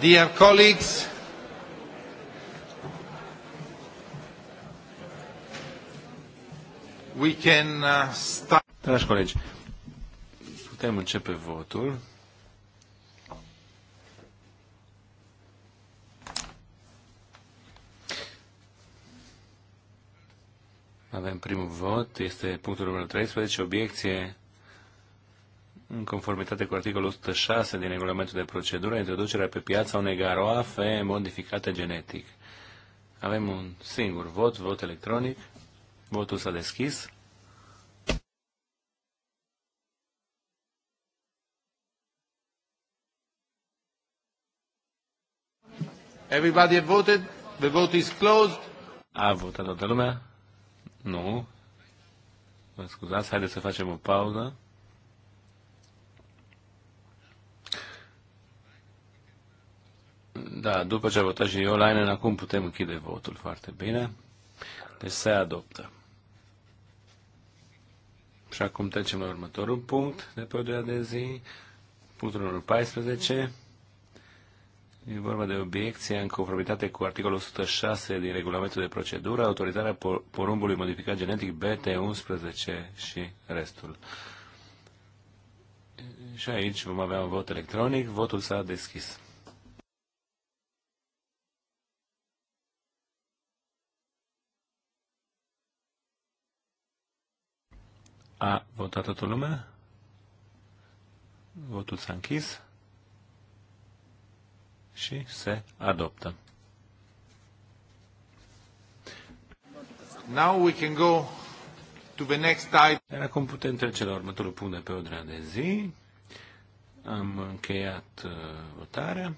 Dear colleagues, we can uh, start. Dragi colegi, putem începe votul. Avem primul vot, este punctul numărul 13, obiecție în conformitate cu articolul 106 din regulamentul de procedură, introducerea pe piață a unei garoafe modificate genetic. Avem un singur vot, vot electronic. Votul s-a deschis. Everybody voted? The vote is closed. A votat toată lumea? Nu. Mă scuzați, haideți să facem o pauză. Da, după ce a votat și online, acum putem închide votul foarte bine. Deci se adoptă. Și acum trecem la următorul punct de pe ordinea de zi, punctul numărul 14. E vorba de obiecția în conformitate cu articolul 106 din regulamentul de procedură, autorizarea porumbului modificat genetic BT11 și restul. Și aici vom avea un vot electronic. Votul s-a deschis. A votat toată lumea? Votul s-a închis și se adoptă. Now we can go to the next item. Acum putem trece la următorul punct de pe ordinea de zi. Am încheiat uh, votarea.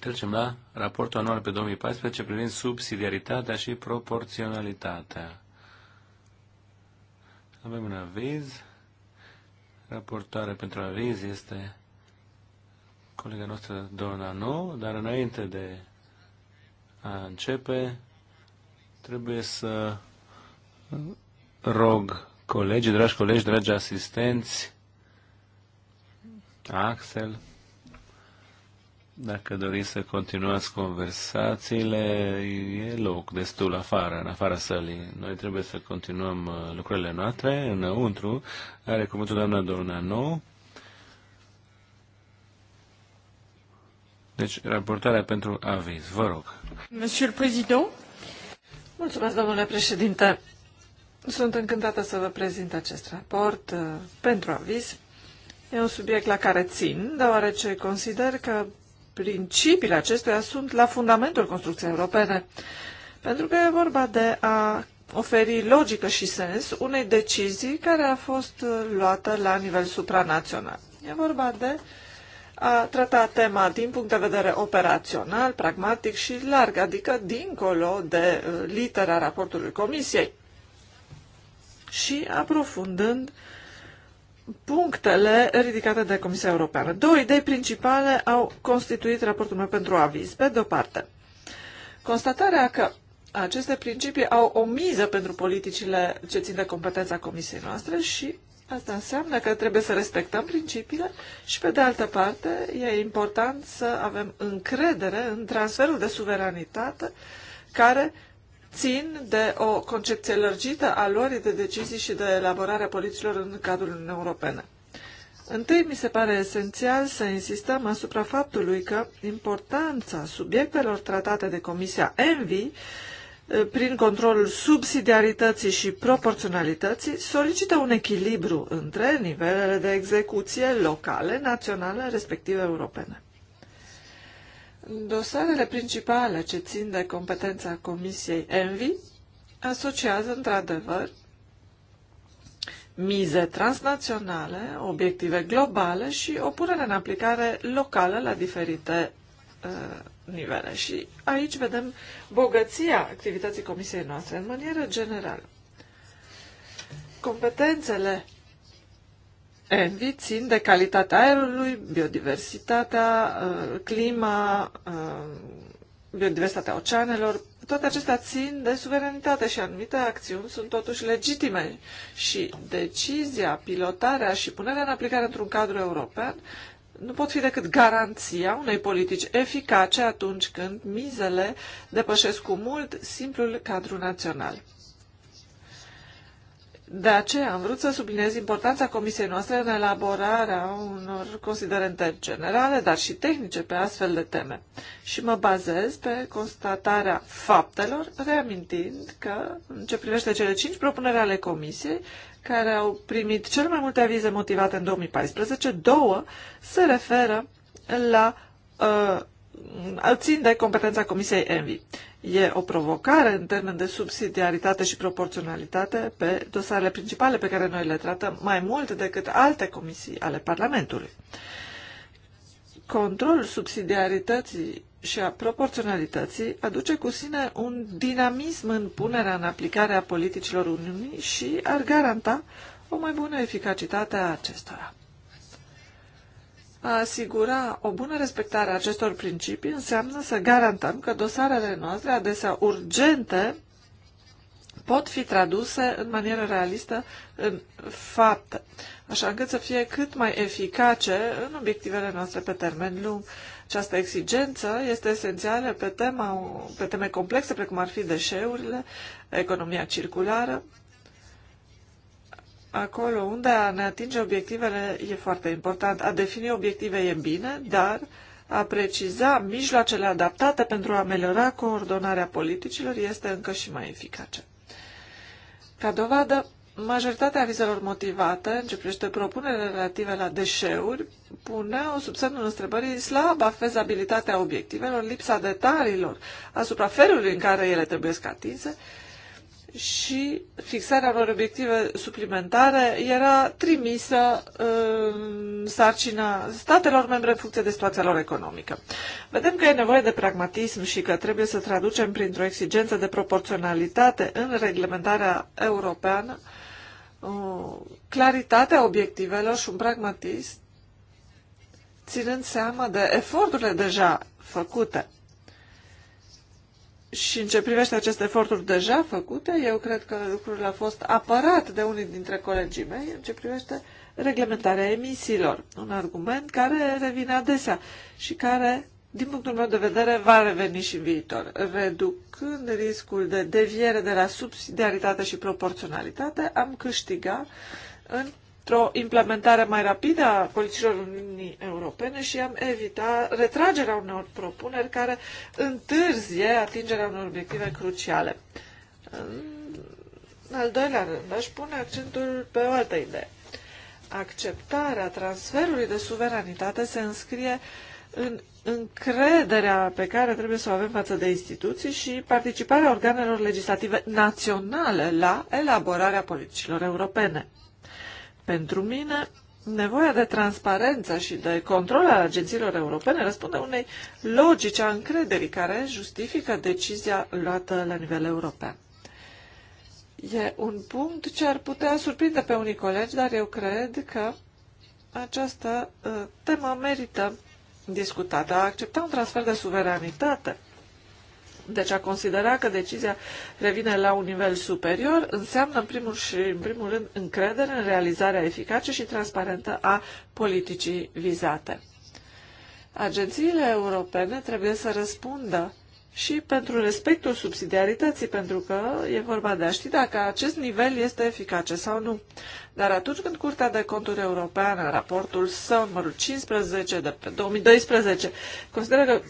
Trecem la raportul anual pe 2014 privind subsidiaritatea și proporționalitatea. Avem un aviz. Raportarea pentru aviz este colega noastră, doamna Nou, dar înainte de a începe, trebuie să rog colegi, dragi colegi, dragi asistenți, Axel, dacă doriți să continuați conversațiile, e loc destul afară, în afara sălii. Noi trebuie să continuăm uh, lucrurile noastre înăuntru. Are cuvântul doamna Nou. Deci, raportarea pentru aviz. Vă rog. Monsieur Président. Mulțumesc, domnule președinte. Sunt încântată să vă prezint acest raport uh, pentru aviz. E un subiect la care țin, deoarece consider că principiile acestea sunt la fundamentul construcției europene, pentru că e vorba de a oferi logică și sens unei decizii care a fost uh, luată la nivel supranațional. E vorba de a trata tema din punct de vedere operațional, pragmatic și larg, adică dincolo de uh, litera raportului Comisiei și aprofundând uh, punctele ridicate de Comisia Europeană. Două idei principale au constituit raportul meu pentru aviz. Pe de-o parte, constatarea că aceste principii au o miză pentru politicile ce țin de competența Comisiei noastre și asta înseamnă că trebuie să respectăm principiile și, pe de altă parte, e important să avem încredere în transferul de suveranitate care uh, țin de o concepție lărgită a luării de decizii și de elaborarea politicilor în cadrul Uniunii Europene. Întâi, mi se pare esențial să insistăm asupra faptului că importanța subiectelor tratate de Comisia ENVI eh, prin controlul subsidiarității și proporționalității, solicită un echilibru între nivelele de execuție locale, naționale, respectiv europene. Dosarele principale ce țin de competența Comisiei ENVI asociază, într-adevăr, mize transnaționale, obiective globale și o punere în aplicare locală la diferite uh, nivele. Și aici vedem bogăția activității Comisiei noastre în manieră generală. Competențele Envi țin de calitatea aerului, biodiversitatea, uh, clima, uh, biodiversitatea oceanelor. Toate acestea țin de suverenitate și anumite acțiuni sunt totuși legitime și decizia, pilotarea și punerea în aplicare într-un cadru european nu pot fi decât garanția unei politici eficace atunci când mizele depășesc cu mult simplul cadru național. De aceea am vrut să subliniez importanța comisiei noastre în elaborarea unor considerente generale, dar și tehnice pe astfel de teme. Și mă bazez pe constatarea faptelor, reamintind că, în ce privește cele cinci propuneri ale comisiei, care au primit cel mai multe avize motivate în 2014, două se referă la uh, țin de competența Comisiei ENVI. E o provocare în termen de subsidiaritate și proporționalitate pe dosarele principale pe care noi le tratăm mai mult decât alte comisii ale Parlamentului. Controlul subsidiarității și a proporționalității aduce cu sine un dinamism în punerea în aplicare a politicilor Uniunii și ar garanta o mai bună eficacitate a acestora. A asigura o bună respectare a acestor principii înseamnă să garantăm că dosarele noastre, adesea urgente, pot fi traduse în manieră realistă în fapte, așa încât să fie cât mai eficace în obiectivele noastre pe termen lung. Această exigență este esențială pe, tema, pe teme complexe, precum ar fi deșeurile, economia circulară, acolo unde a ne atinge obiectivele e foarte important. A defini obiective e bine, dar a preciza mijloacele adaptate pentru a ameliora coordonarea politicilor este încă și mai eficace. Ca dovadă, majoritatea vizelor motivate în ce privește propunerile relative la deșeuri puneau sub semnul întrebării slaba fezabilitatea obiectivelor, lipsa detaliilor asupra felului în care ele trebuie atinse și fixarea unor obiective suplimentare era trimisă în uh, sarcina statelor membre în funcție de situația lor economică. Vedem că e nevoie de pragmatism și că trebuie să traducem printr-o exigență de proporționalitate în reglementarea europeană uh, claritatea obiectivelor și un pragmatism ținând seama de eforturile deja făcute și în ce privește aceste eforturi deja făcute, eu cred că lucrurile au fost apărat de unii dintre colegii mei în ce privește reglementarea emisiilor. Un argument care revine adesea și care, din punctul meu de vedere, va reveni și în viitor, reducând riscul de deviere de la subsidiaritate și proporționalitate, am câștigat în într-o implementare mai rapidă a politicilor Uniunii Europene și am evita retragerea unor propuneri care întârzie atingerea unor obiective cruciale. În al doilea rând, aș pune accentul pe o altă idee. Acceptarea transferului de suveranitate se înscrie în încrederea pe care trebuie să o avem față de instituții și participarea organelor legislative naționale la elaborarea politicilor europene. Pentru mine, nevoia de transparență și de control al agențiilor europene răspunde unei logici a încrederii care justifică decizia luată la nivel european. E un punct ce ar putea surprinde pe unii colegi, dar eu cred că această uh, temă merită discutată. A accepta un transfer de suveranitate deci a considera că decizia revine la un nivel superior înseamnă în primul și în primul rând încredere în realizarea eficace și transparentă a politicii vizate. Agențiile europene trebuie să răspundă și pentru respectul subsidiarității, pentru că e vorba de a ști dacă acest nivel este eficace sau nu. Dar atunci când Curtea de Conturi Europeană, raportul său numărul 15 de pe 2012, consideră că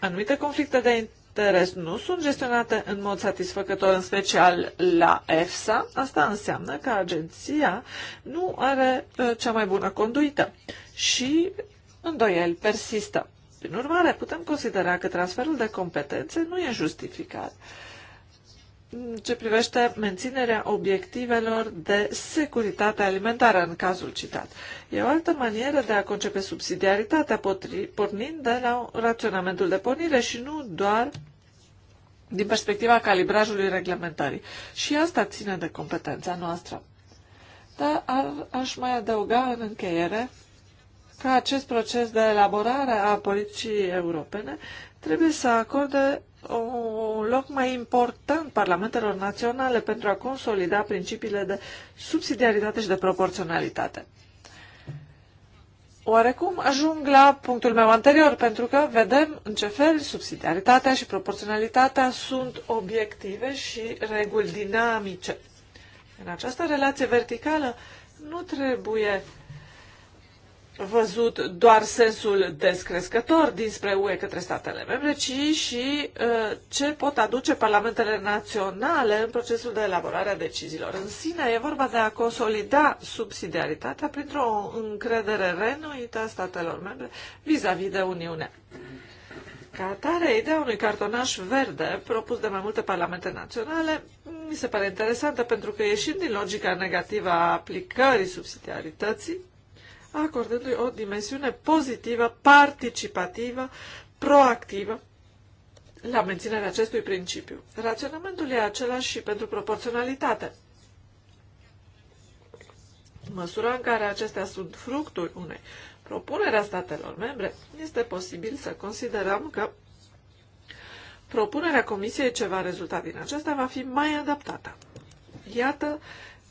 anumite conflicte de de rest nu sunt gestionate în mod satisfăcător, în special la EFSA, asta înseamnă că agenția nu are ă, cea mai bună conduită și îndoiel persistă. Prin urmare, putem considera că transferul de competențe nu e justificat ce privește menținerea obiectivelor de securitate alimentară în cazul citat. E o altă manieră de a concepe subsidiaritatea pornind de la raționamentul de pornire și nu doar din perspectiva calibrajului reglementării. Și asta ține de competența noastră. Dar ar, aș mai adăuga în încheiere că acest proces de elaborare a politicii europene trebuie să acorde un loc mai important parlamentelor naționale pentru a consolida principiile de subsidiaritate și de proporționalitate oarecum ajung la punctul meu anterior, pentru că vedem în ce fel subsidiaritatea și proporționalitatea sunt obiective și reguli dinamice. În această relație verticală nu trebuie văzut doar sensul descrescător dinspre UE către statele membre, ci și uh, ce pot aduce parlamentele naționale în procesul de elaborare a deciziilor. În sine e vorba de a consolida subsidiaritatea printr-o încredere renuită a statelor membre vis-a-vis -vis de Uniune. Ca atare, ideea unui cartonaș verde propus de mai multe parlamente naționale mi se pare interesantă pentru că ieșind din logica negativă a aplicării subsidiarității, acordându-i o dimensiune pozitivă, participativă, proactivă la menținerea acestui principiu. Raționamentul e același și pentru proporționalitate. Măsura în care acestea sunt fructul unei propuneri a statelor membre, este posibil să considerăm că propunerea Comisiei ce va rezulta din acesta va fi mai adaptată. Iată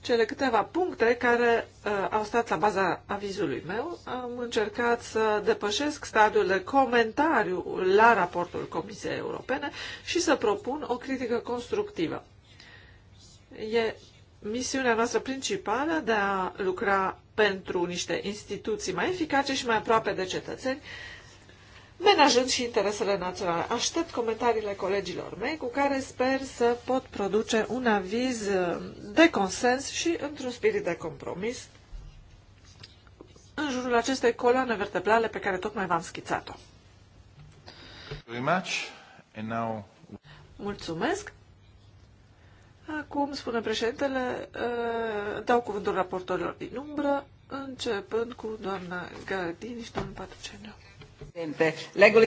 cele câteva puncte care uh, au stat la baza avizului meu. Am încercat să depășesc stadiul de comentariu la raportul Comisiei Europene și să propun o critică constructivă. E misiunea noastră principală de a lucra pentru niște instituții mai eficace și mai aproape de cetățeni, uh, menajând și interesele naționale. Aștept comentariile colegilor mei cu care sper să pot produce un aviz uh, de consens și într-un spirit de compromis în jurul acestei coloane vertebrale pe care tocmai v-am schițat-o. Mulțumesc. Acum, spune președintele, uh, dau cuvântul raportorilor din umbră, începând cu doamna Gardini și domnul Patruceniu.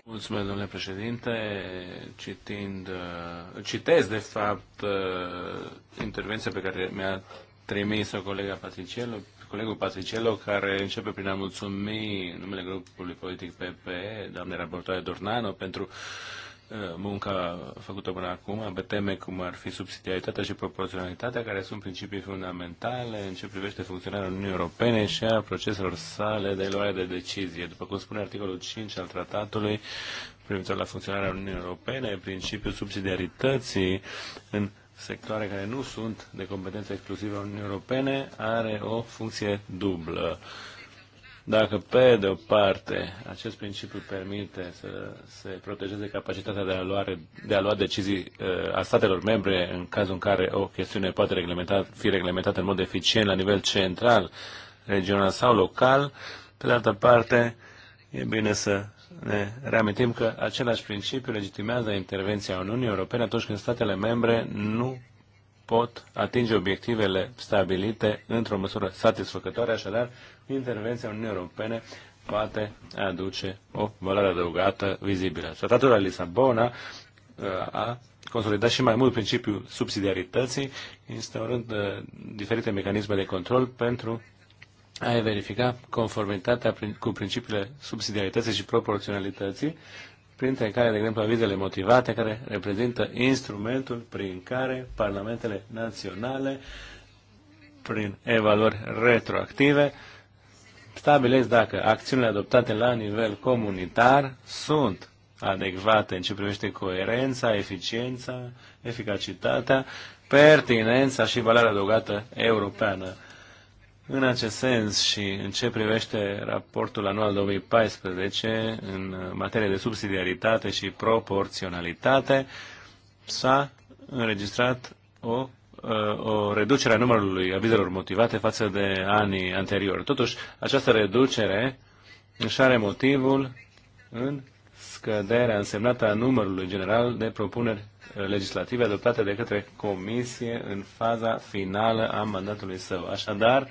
Mulțumesc, domnule președinte. Citind, uh, citesc, de fapt, uh, intervenția pe care mi-a trimis-o colega Patriciello, colegul Patriciello, care începe prin a mulțumi numele grupului politic PP, doamne raportoare Dornano, pentru uh, Eh, munca făcută până acum pe teme cum ar fi subsidiaritatea și proporționalitatea, care sunt principii fundamentale în ce privește funcționarea Uniunii Europene și a proceselor sale de luare de decizie. După cum spune articolul 5 al tratatului privitor la funcționarea Uniunii Europene, principiul subsidiarității în sectoare care nu sunt de competență exclusivă a Uniunii Europene are o funcție dublă dacă, pe de o parte, acest principiu permite să se protejeze capacitatea de a, luare, de a lua decizii uh, a statelor membre în cazul în care o chestiune poate reglementa, fi reglementată în mod eficient la nivel central, regional sau local, pe de altă parte, e bine să ne reamintim că același principiu legitimează intervenția Uniunii Europene atunci când statele membre nu pot atinge obiectivele stabilite într-o măsură satisfăcătoare, așadar intervenția Uniunii Europene poate aduce o valoare adăugată vizibilă. Tratatul la Lisabona uh, a consolidat și mai mult principiul subsidiarității, instaurând uh, diferite mecanisme de control pentru a verifica conformitatea cu principiile subsidiarității și proporționalității printre care, de exemplu, avizele motivate, care reprezintă instrumentul prin care parlamentele naționale, prin evaluări retroactive, stabilesc dacă acțiunile adoptate la nivel comunitar sunt adecvate în ce privește coerența, eficiența, eficacitatea, pertinența și valoarea adăugată europeană în acest sens și în ce privește raportul anual 2014 în materie de subsidiaritate și proporționalitate, s-a înregistrat o, uh, o reducere a numărului avizelor motivate față de anii anteriori. Totuși, această reducere își are motivul în scăderea însemnată a numărului general de propuneri legislative adoptate de către Comisie în faza finală a mandatului său. Așadar,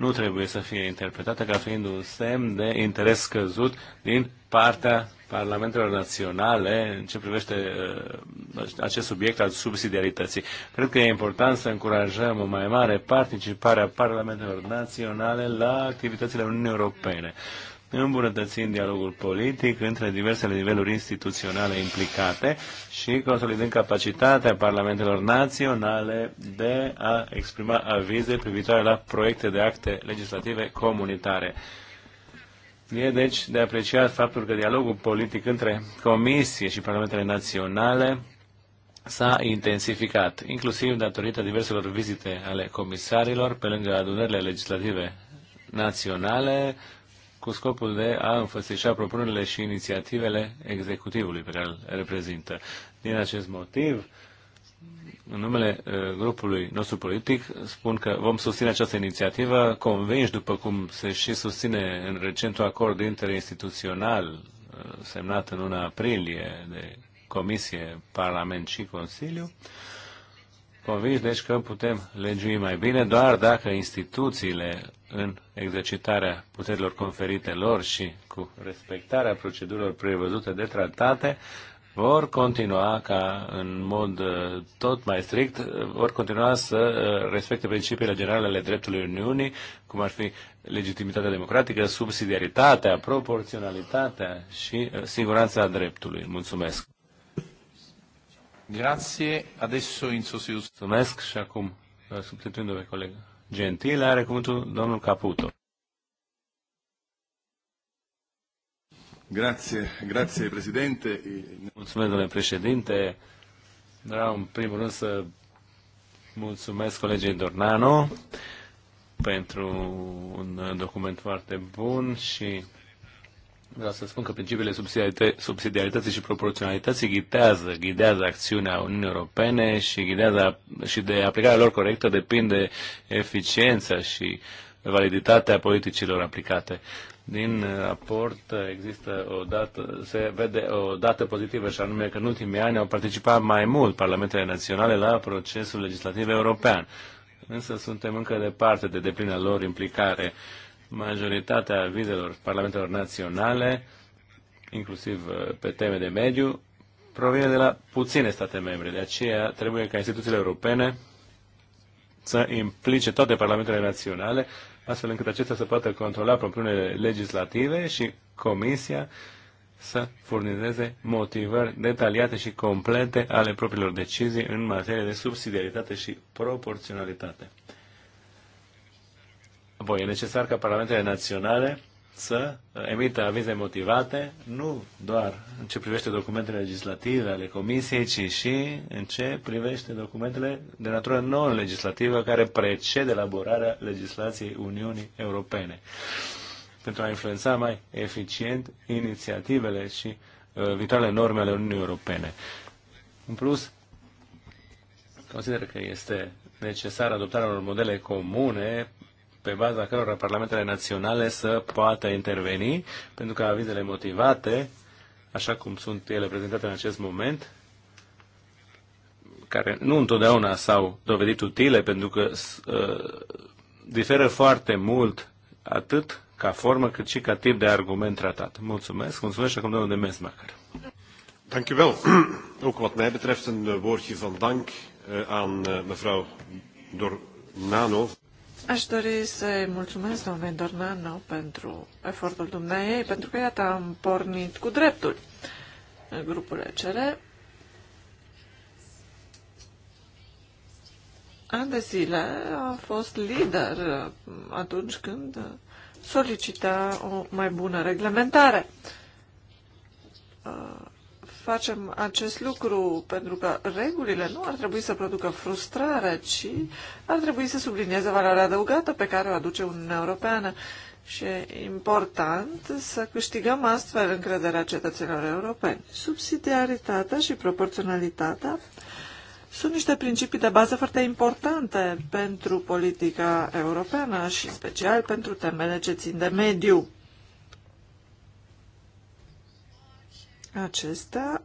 nu trebuie să fie interpretată ca fiind un semn de interes scăzut din partea Parlamentelor Naționale în ce privește uh, acest subiect al subsidiarității. Cred că e important să încurajăm o mai mare participare a Parlamentelor Naționale la activitățile Uniunii Europene îmbunătățind dialogul politic între diversele niveluri instituționale implicate și consolidând capacitatea parlamentelor naționale de a exprima avize privitoare la proiecte de acte legislative comunitare. E deci de apreciat faptul că dialogul politic între Comisie și Parlamentele Naționale s-a intensificat, inclusiv datorită diverselor vizite ale comisarilor, pe lângă adunările legislative naționale, cu scopul de a înfățișa propunerile și inițiativele executivului pe care îl reprezintă. Din acest motiv, în numele uh, grupului nostru politic, spun că vom susține această inițiativă, convinși, după cum se și susține în recentul acord interinstituțional uh, semnat în luna aprilie de Comisie, Parlament și Consiliu, convinși deci că putem legi mai bine doar dacă instituțiile în exercitarea puterilor conferite lor și cu respectarea procedurilor prevăzute de tratate, vor continua ca în mod uh, tot mai strict, uh, vor continua să uh, respecte principiile generale ale dreptului Uniunii, cum ar fi legitimitatea democratică, subsidiaritatea, proporționalitatea și siguranța dreptului. Mulțumesc! Grazie, adesso in sostituzione. Mulțumesc și acum, substituindu-vă colegă. Gentile are cuvântul domnul Caputo. Grazie, grazie Presidente. Mulțumesc, domnule președinte. Vreau în primul rând să mulțumesc colegii Dornano pentru un document foarte bun și vreau să spun că principiile subsidiarității și proporționalității ghidează, ghidează acțiunea Uniunii Europene și, ghidează, și de aplicarea lor corectă depinde eficiența și validitatea politicilor aplicate. Din uh, raport uh, există o dată, se vede o dată pozitivă și anume că în ultimii ani au participat mai mult parlamentele naționale la procesul legislativ european. Însă suntem încă departe de deplină lor implicare. Uh, majoritatea vizelor parlamentelor naționale, inclusiv uh, pe teme de mediu, provine de la puține state membre. De aceea trebuie ca instituțiile europene să implice toate parlamentele naționale, astfel încât acestea să poată controla propunerile legislative și Comisia să furnizeze motivări detaliate și complete ale propriilor decizii în materie de subsidiaritate și proporționalitate. Apoi, e necesar ca parlamentele naționale să emită avize motivate, nu doar în ce privește documentele legislative ale Comisiei, ci și în ce privește documentele de natură non-legislativă care preced elaborarea legislației Uniunii Europene, pentru a influența mai eficient inițiativele și uh, viitoarele norme ale Uniunii Europene. În plus, consider că este necesar adoptarea unor modele comune pe baza cărora parlamentele naționale să poată interveni, pentru că avizele motivate, așa cum sunt ele prezentate în acest moment, care nu întotdeauna s-au dovedit utile, pentru că uh, diferă foarte mult atât ca formă, cât și ca tip de argument tratat. Mulțumesc, mulțumesc și acum domnul de Mesmacher. Dank u wel. Ook wat mij betreft een woordje van dank eh, aan eh, mevrouw Dornano. Aș dori să-i mulțumesc, domnului Dornano, pentru efortul dumneavoastră, pentru că, iată, am pornit cu dreptul în grupul ECR. An de zile a fost lider atunci când solicita o mai bună reglementare facem acest lucru, pentru că regulile nu ar trebui să producă frustrare, ci ar trebui să sublinieze valoarea adăugată pe care o aduce Uniunea Europeană. Și e important să câștigăm astfel încrederea cetățenilor europeni. Subsidiaritatea și proporționalitatea sunt niște principii de bază foarte importante pentru politica europeană și special pentru temele ce țin de mediu. Acestea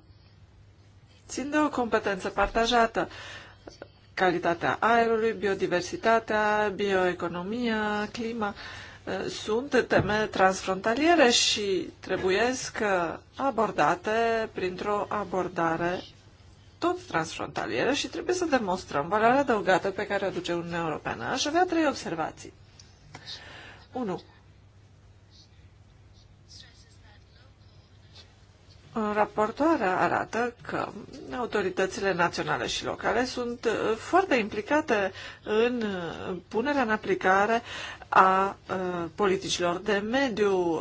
țin de o competență partajată. Calitatea aerului, biodiversitatea, bioeconomia, clima eh, sunt teme transfrontaliere și trebuiesc eh, abordate printr-o abordare tot transfrontalieră și trebuie să demonstrăm valoarea adăugată pe care o aduce Uniunea Europeană. Aș avea trei observații. 1. Raportoarea arată că autoritățile naționale și locale sunt uh, foarte implicate în uh, punerea în aplicare a uh, politicilor de mediu.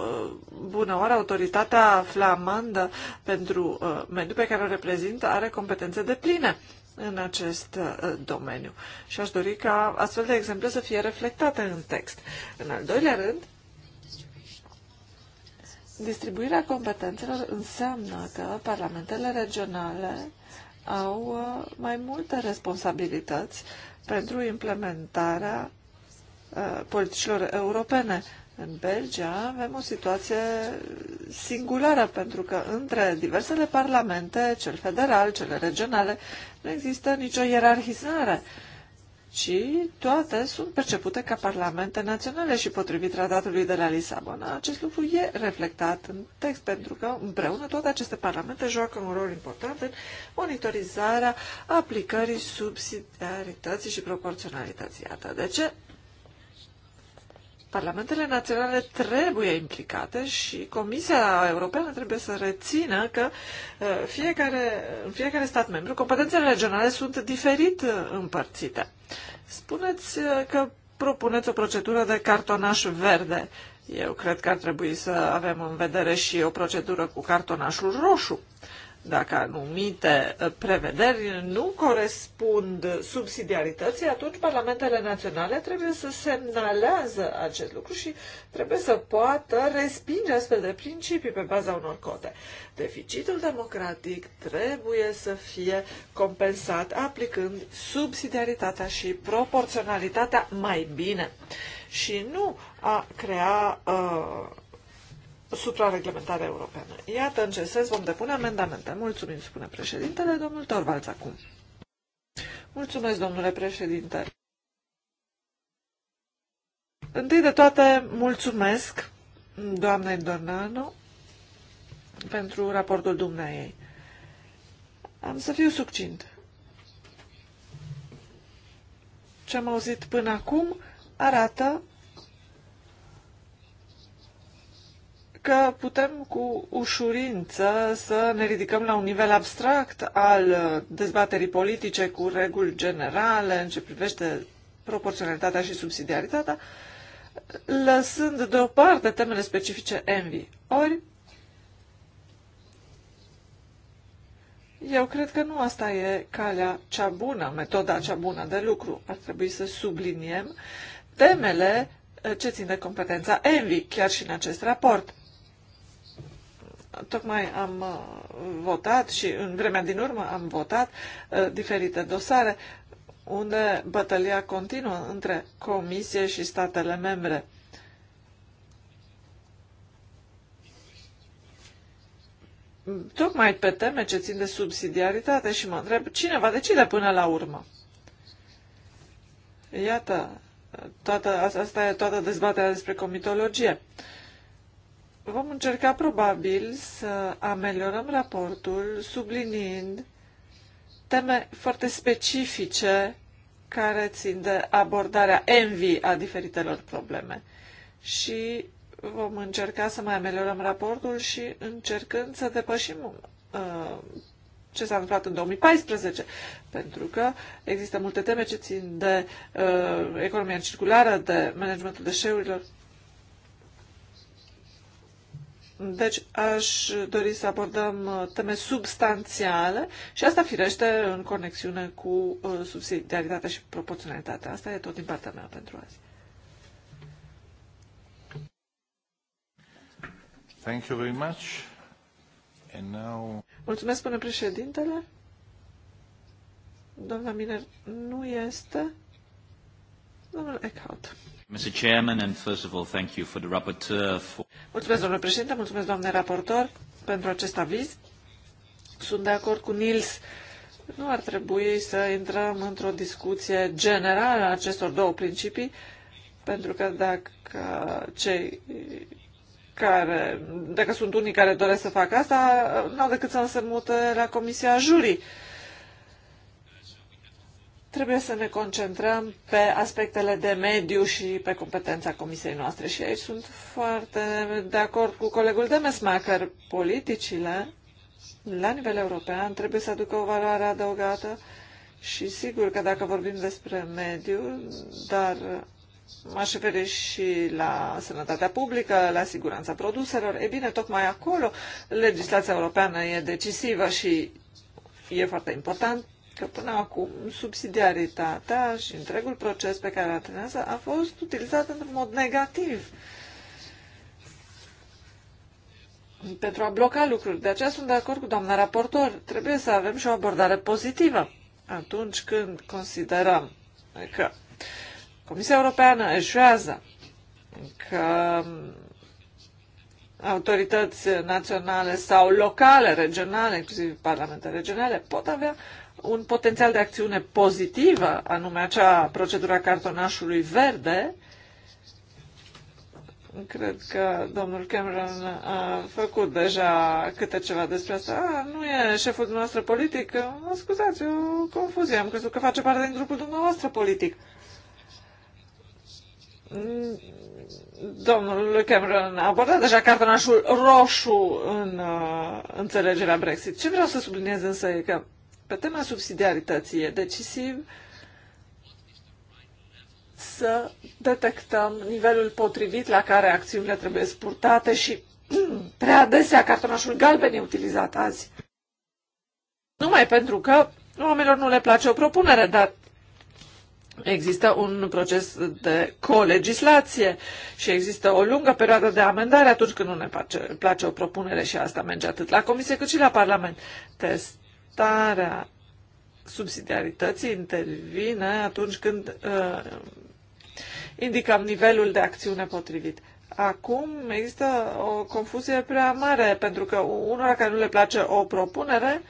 Bună oară, autoritatea flamandă pentru mediu pe care o reprezintă are competențe de pline în acest domeniu. Și aș dori ca astfel de exemple să fie reflectate în text. În al doilea rând, Distribuirea competențelor înseamnă că parlamentele regionale au uh, mai multe responsabilități pentru implementarea uh, politicilor europene. În Belgia avem o situație singulară, pentru că între diversele parlamente, cel federal, cele regionale, nu există nicio ierarhizare. Uh, ci toate sunt percepute ca parlamente naționale și potrivit tratatului de la Lisabona, acest lucru e reflectat în text, pentru că împreună toate aceste parlamente joacă un rol important în monitorizarea aplicării subsidiarității și proporționalității. Iată de ce Parlamentele naționale trebuie implicate și Comisia Europeană trebuie să rețină că uh, fiecare, în fiecare stat membru competențele regionale sunt diferit uh, împărțite. Spuneți uh, că propuneți o procedură de cartonaș verde. Eu cred că ar trebui să avem în vedere și o procedură cu cartonașul roșu. Uh, dacă anumite uh, prevederi nu corespund subsidiarității, atunci parlamentele naționale trebuie să semnalează acest lucru și trebuie să poată respinge astfel de principii pe baza unor cote. Deficitul democratic trebuie să fie compensat aplicând subsidiaritatea și proporționalitatea mai bine și nu a crea uh, suprareglementare europeană. Iată în ce sens vom depune amendamente. Mulțumim, spune președintele, domnul Torvalds acum. Mulțumesc, domnule președinte. Întâi de toate, mulțumesc doamnei Dornano pentru raportul dumneai. Am să fiu succint. Ce am auzit până acum arată că putem cu ușurință să ne ridicăm la un nivel abstract al uh, dezbaterii politice cu reguli generale în ce privește proporționalitatea și subsidiaritatea, lăsând deoparte temele specifice envy. Ori, eu cred că nu asta e calea cea bună, metoda cea bună de lucru. Ar trebui să subliniem temele uh, ce țin de competența Envi, chiar și în acest raport tocmai am uh, votat și în vremea din urmă am votat uh, diferite dosare unde bătălia continuă între Comisie și statele membre. Tocmai pe teme ce țin de subsidiaritate și mă întreb cine va decide până la urmă. Iată, toată, asta e toată dezbaterea despre comitologie. Uh, Vom încerca probabil să ameliorăm raportul subliniind teme foarte specifice care țin de abordarea envy a diferitelor probleme. Și vom încerca să mai ameliorăm raportul și încercând să depășim uh, ce s-a întâmplat în 2014, pentru că există multe teme ce țin de uh, economia circulară, de managementul deșeurilor deci aș dori să abordăm uh, teme substanțiale și asta firește în conexiune cu uh, subsidiaritatea și proporționalitatea. Asta e tot din partea mea pentru azi. Thank you very much. And now... Mulțumesc, până președintele. Doamna Miner nu este. Domnul Eckhout. Mr. Chairman, and first of all, thank you for the rapporteur for... Mulțumesc, domnule președinte, mulțumesc, doamne raportor, pentru acest aviz. Sunt de acord cu Nils. Nu ar trebui să intrăm într-o discuție generală a acestor două principii, pentru că dacă cei care, dacă sunt unii care doresc să facă asta, nu au decât să mute la Comisia Jurii trebuie să ne concentrăm pe aspectele de mediu și pe competența comisiei noastre. Și aici sunt foarte de acord cu colegul Demesmacher. Politicile, la nivel european, trebuie să aducă o valoare adăugată și sigur că dacă vorbim despre mediu, dar m-aș referi și la sănătatea publică, la siguranța produselor, e bine, tocmai acolo legislația europeană e decisivă și e foarte important că până acum subsidiaritatea și întregul proces pe care atenează a fost utilizat într-un mod negativ pentru a bloca lucruri. De aceea sunt de acord cu doamna raportor. Trebuie să avem și o abordare pozitivă atunci când considerăm că Comisia Europeană eșuează, că autorități naționale sau locale, regionale, inclusiv parlamente regionale, pot avea un potențial de acțiune pozitivă, anume acea a cartonașului verde, cred că domnul Cameron a făcut deja câte ceva despre asta. A, nu e șeful dumneavoastră politic? Mă scuzați, o confuzie. Am crezut că face parte din grupul dumneavoastră politic. Domnul Cameron a abordat deja cartonașul roșu în uh, înțelegerea Brexit. Ce vreau să subliniez însă e că pe tema subsidiarității e decisiv să detectăm nivelul potrivit la care acțiunile trebuie spurtate și prea adesea cartonașul galben e utilizat azi. Numai pentru că oamenilor nu le place o propunere, dar Există un proces de colegislație și există o lungă perioadă de amendare atunci când nu ne place, place o propunere și asta merge atât la Comisie cât și la Parlament. Test adaptarea subsidiarității intervine atunci când uh, indicăm nivelul de acțiune potrivit. Acum există o confuzie prea mare, pentru că unora care nu le place o propunere,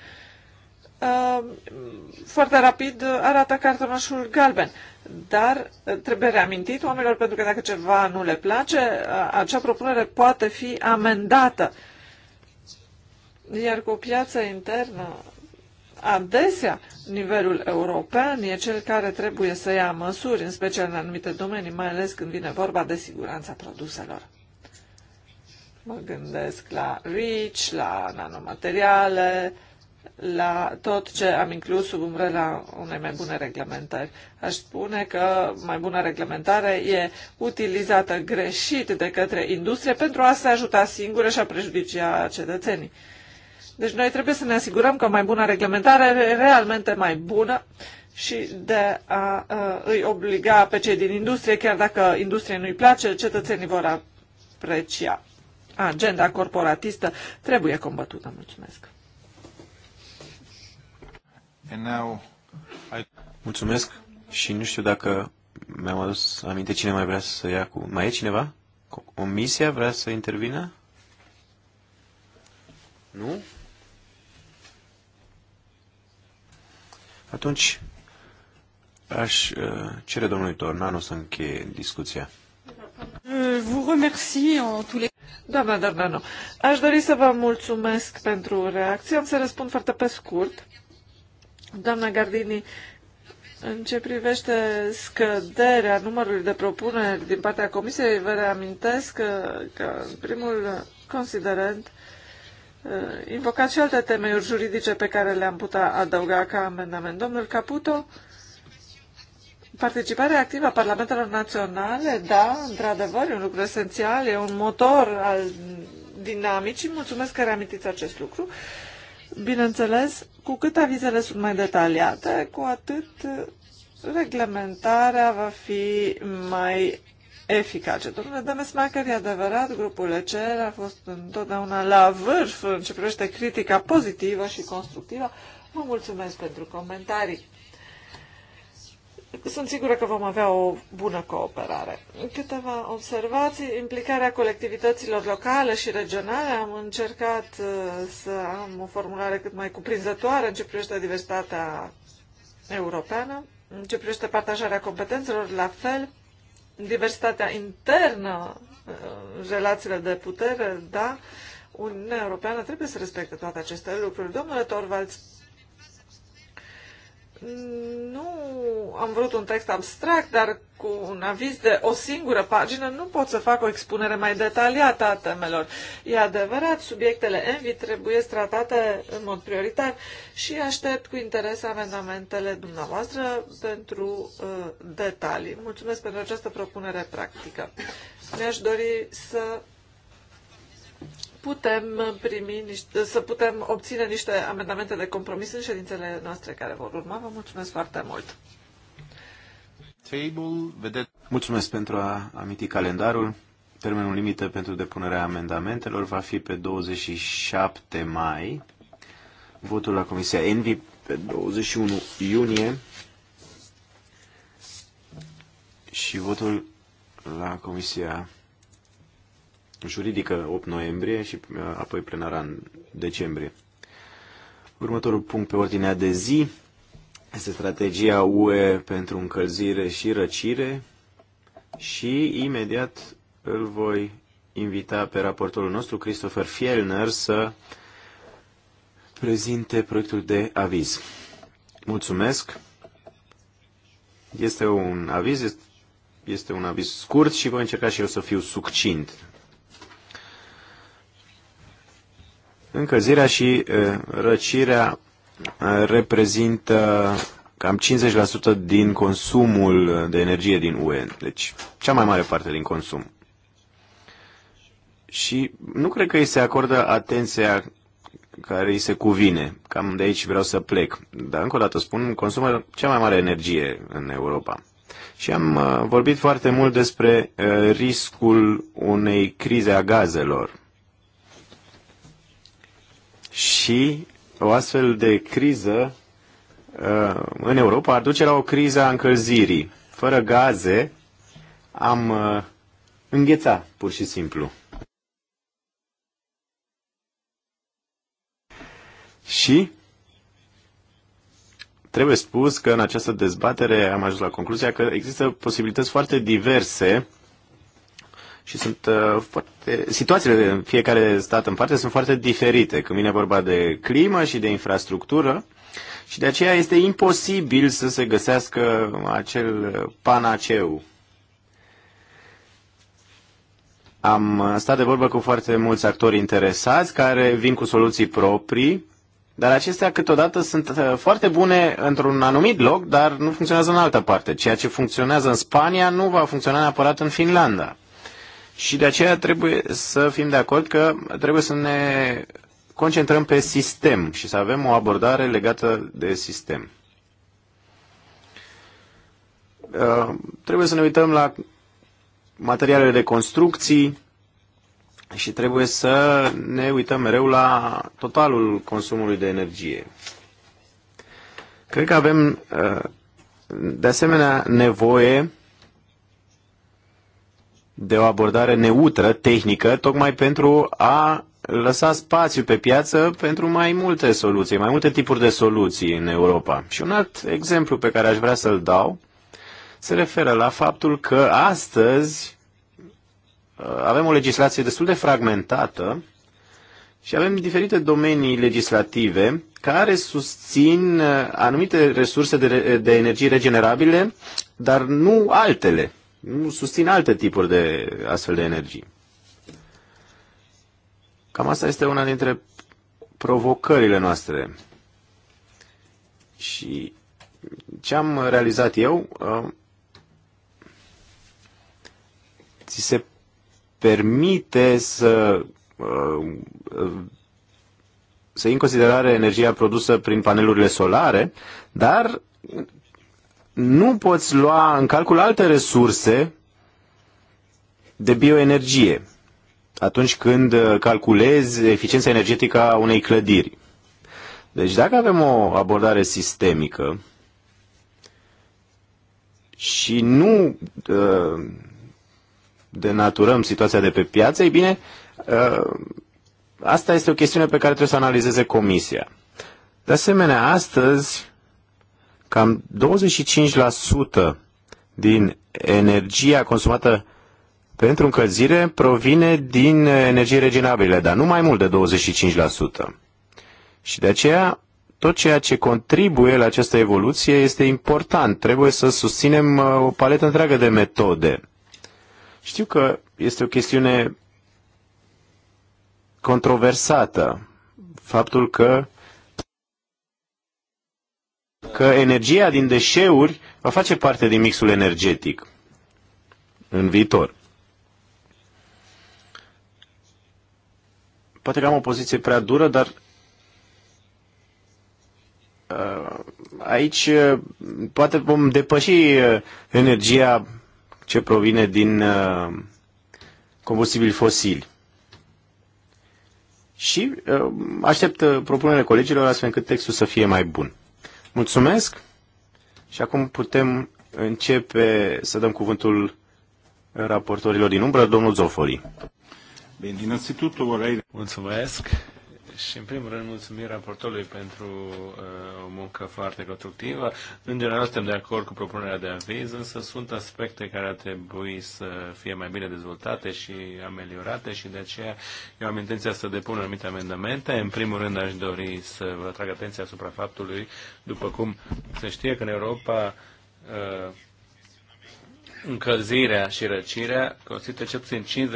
uh, foarte rapid arată cartonașul galben. Dar uh, trebuie reamintit oamenilor, pentru că dacă ceva nu le place, uh, acea propunere poate fi amendată. Iar cu piață internă Adesea, nivelul european e cel care trebuie să ia măsuri, în special în anumite domenii, mai ales când vine vorba de siguranța produselor. Mă gândesc la REACH, la nanomateriale, la tot ce am inclus sub umbrela unei mai bune reglementări. Aș spune că mai bună reglementare e utilizată greșit de către industrie pentru a se ajuta singură și a prejudicia cetățenii. Deci noi trebuie să ne asigurăm că mai bună reglementare e realmente mai bună și de a îi obliga pe cei din industrie, chiar dacă industrie nu-i place, cetățenii vor aprecia. Agenda corporatistă trebuie combătută. Mulțumesc! Now, I... Mulțumesc și nu știu dacă mi-am adus aminte cine mai vrea să ia cu... Mai e cineva? Comisia vrea să intervină? Nu? Atunci aș uh, cere domnului Tornanu să încheie discuția. Euh, vă Doamna Dardano, aș dori să vă mulțumesc pentru reacție. Am să răspund foarte pe scurt. Doamna Gardini, în ce privește scăderea numărului de propuneri din partea Comisiei, vă reamintesc că, că primul considerent Uh, invocat și alte temeiuri juridice pe care le-am putea adăuga ca amendament. Domnul Caputo, participarea activă a parlamentelor naționale, da, într-adevăr, e un lucru esențial, e un motor al dinamicii. Mulțumesc că reamintiți acest lucru. Bineînțeles, cu cât avizele sunt mai detaliate, cu atât reglementarea va fi mai eficace. Domnule Demesmacher, e adevărat, grupul ECR a fost întotdeauna la vârf în ce privește critica pozitivă și constructivă. Vă mulțumesc pentru comentarii. Sunt sigură că vom avea o bună cooperare. Câteva observații. Implicarea colectivităților locale și regionale. Am încercat uh, să am o formulare cât mai cuprinzătoare în ce privește diversitatea europeană, în ce privește partajarea competențelor, la fel diversitatea internă, uh, relațiile de putere, da, Uniunea Europeană trebuie să respecte toate aceste lucruri. Domnule Torvalds, nu am vrut un text abstract, dar cu un aviz de o singură pagină nu pot să fac o expunere mai detaliată a temelor. E adevărat, subiectele ENVI trebuie tratate în mod prioritar și aștept cu interes amendamentele dumneavoastră pentru uh, detalii. Mulțumesc pentru această propunere practică. Mi-aș dori să putem primi niște, să putem obține niște amendamente de compromis în ședințele noastre care vor urma. Vă mulțumesc foarte mult! Mulțumesc pentru a aminti calendarul. Termenul limită pentru depunerea amendamentelor va fi pe 27 mai. Votul la Comisia Envi pe 21 iunie și votul la Comisia juridică 8 noiembrie și uh, apoi plenara în decembrie. Următorul punct pe ordinea de zi este strategia UE pentru încălzire și răcire și imediat îl voi invita pe raportorul nostru, Christopher Fielner, să prezinte proiectul de aviz. Mulțumesc! Este un aviz, este un aviz scurt și voi încerca și eu să fiu succint. Încălzirea și răcirea reprezintă cam 50% din consumul de energie din UE, deci cea mai mare parte din consum. Și nu cred că îi se acordă atenția care îi se cuvine. Cam de aici vreau să plec. Dar încă o dată spun, consumă cea mai mare energie în Europa. Și am vorbit foarte mult despre riscul unei crize a gazelor și o astfel de criză uh, în Europa ar duce la o criză a încălzirii. Fără gaze am uh, îngheța, pur și simplu. Și trebuie spus că în această dezbatere am ajuns la concluzia că există posibilități foarte diverse și sunt uh, foarte, situațiile în fiecare stat în parte sunt foarte diferite când vine vorba de climă și de infrastructură și de aceea este imposibil să se găsească acel panaceu. Am stat de vorbă cu foarte mulți actori interesați care vin cu soluții proprii, dar acestea câteodată sunt uh, foarte bune într-un anumit loc, dar nu funcționează în altă parte. Ceea ce funcționează în Spania nu va funcționa neapărat în Finlanda. Și de aceea trebuie să fim de acord că trebuie să ne concentrăm pe sistem și să avem o abordare legată de sistem. Uh, trebuie să ne uităm la materialele de construcții și trebuie să ne uităm mereu la totalul consumului de energie. Cred că avem uh, de asemenea nevoie de o abordare neutră, tehnică, tocmai pentru a lăsa spațiu pe piață pentru mai multe soluții, mai multe tipuri de soluții în Europa. Și un alt exemplu pe care aș vrea să-l dau se referă la faptul că astăzi uh, avem o legislație destul de fragmentată și avem diferite domenii legislative care susțin uh, anumite resurse de, de energie regenerabile, dar nu altele nu susțin alte tipuri de astfel de energii. Cam asta este una dintre provocările noastre. Și ce am realizat eu, uh, ți se permite să uh, să iei în considerare energia produsă prin panelurile solare, dar nu poți lua în calcul alte resurse de bioenergie atunci când uh, calculezi eficiența energetică a unei clădiri. Deci dacă avem o abordare sistemică și nu uh, denaturăm situația de pe piață, e bine, uh, asta este o chestiune pe care trebuie să analizeze comisia. De asemenea, astăzi Cam 25% din energia consumată pentru încălzire provine din energie regenerabile, dar nu mai mult de 25%. Și de aceea tot ceea ce contribuie la această evoluție este important. Trebuie să susținem uh, o paletă întreagă de metode. Știu că este o chestiune controversată. Faptul că că energia din deșeuri va face parte din mixul energetic în viitor. Poate că am o poziție prea dură, dar uh, aici uh, poate vom depăși uh, energia ce provine din combustibili fosili. Și aștept propunerile colegilor astfel încât textul să fie mai bun. Mulțumesc și acum putem începe să dăm cuvântul raportorilor din umbră, domnul Zofori. Bine, innanzitutto vorrei... Mulțumesc. Și în primul rând mulțumim raportorului pentru uh, o muncă foarte constructivă. În general suntem de acord cu propunerea de aviz, însă sunt aspecte care ar trebui să fie mai bine dezvoltate și ameliorate și de aceea eu am intenția să depun anumite amendamente. În primul rând aș dori să vă atrag atenția asupra faptului, după cum se știe că în Europa uh, încălzirea și răcirea constituie cel puțin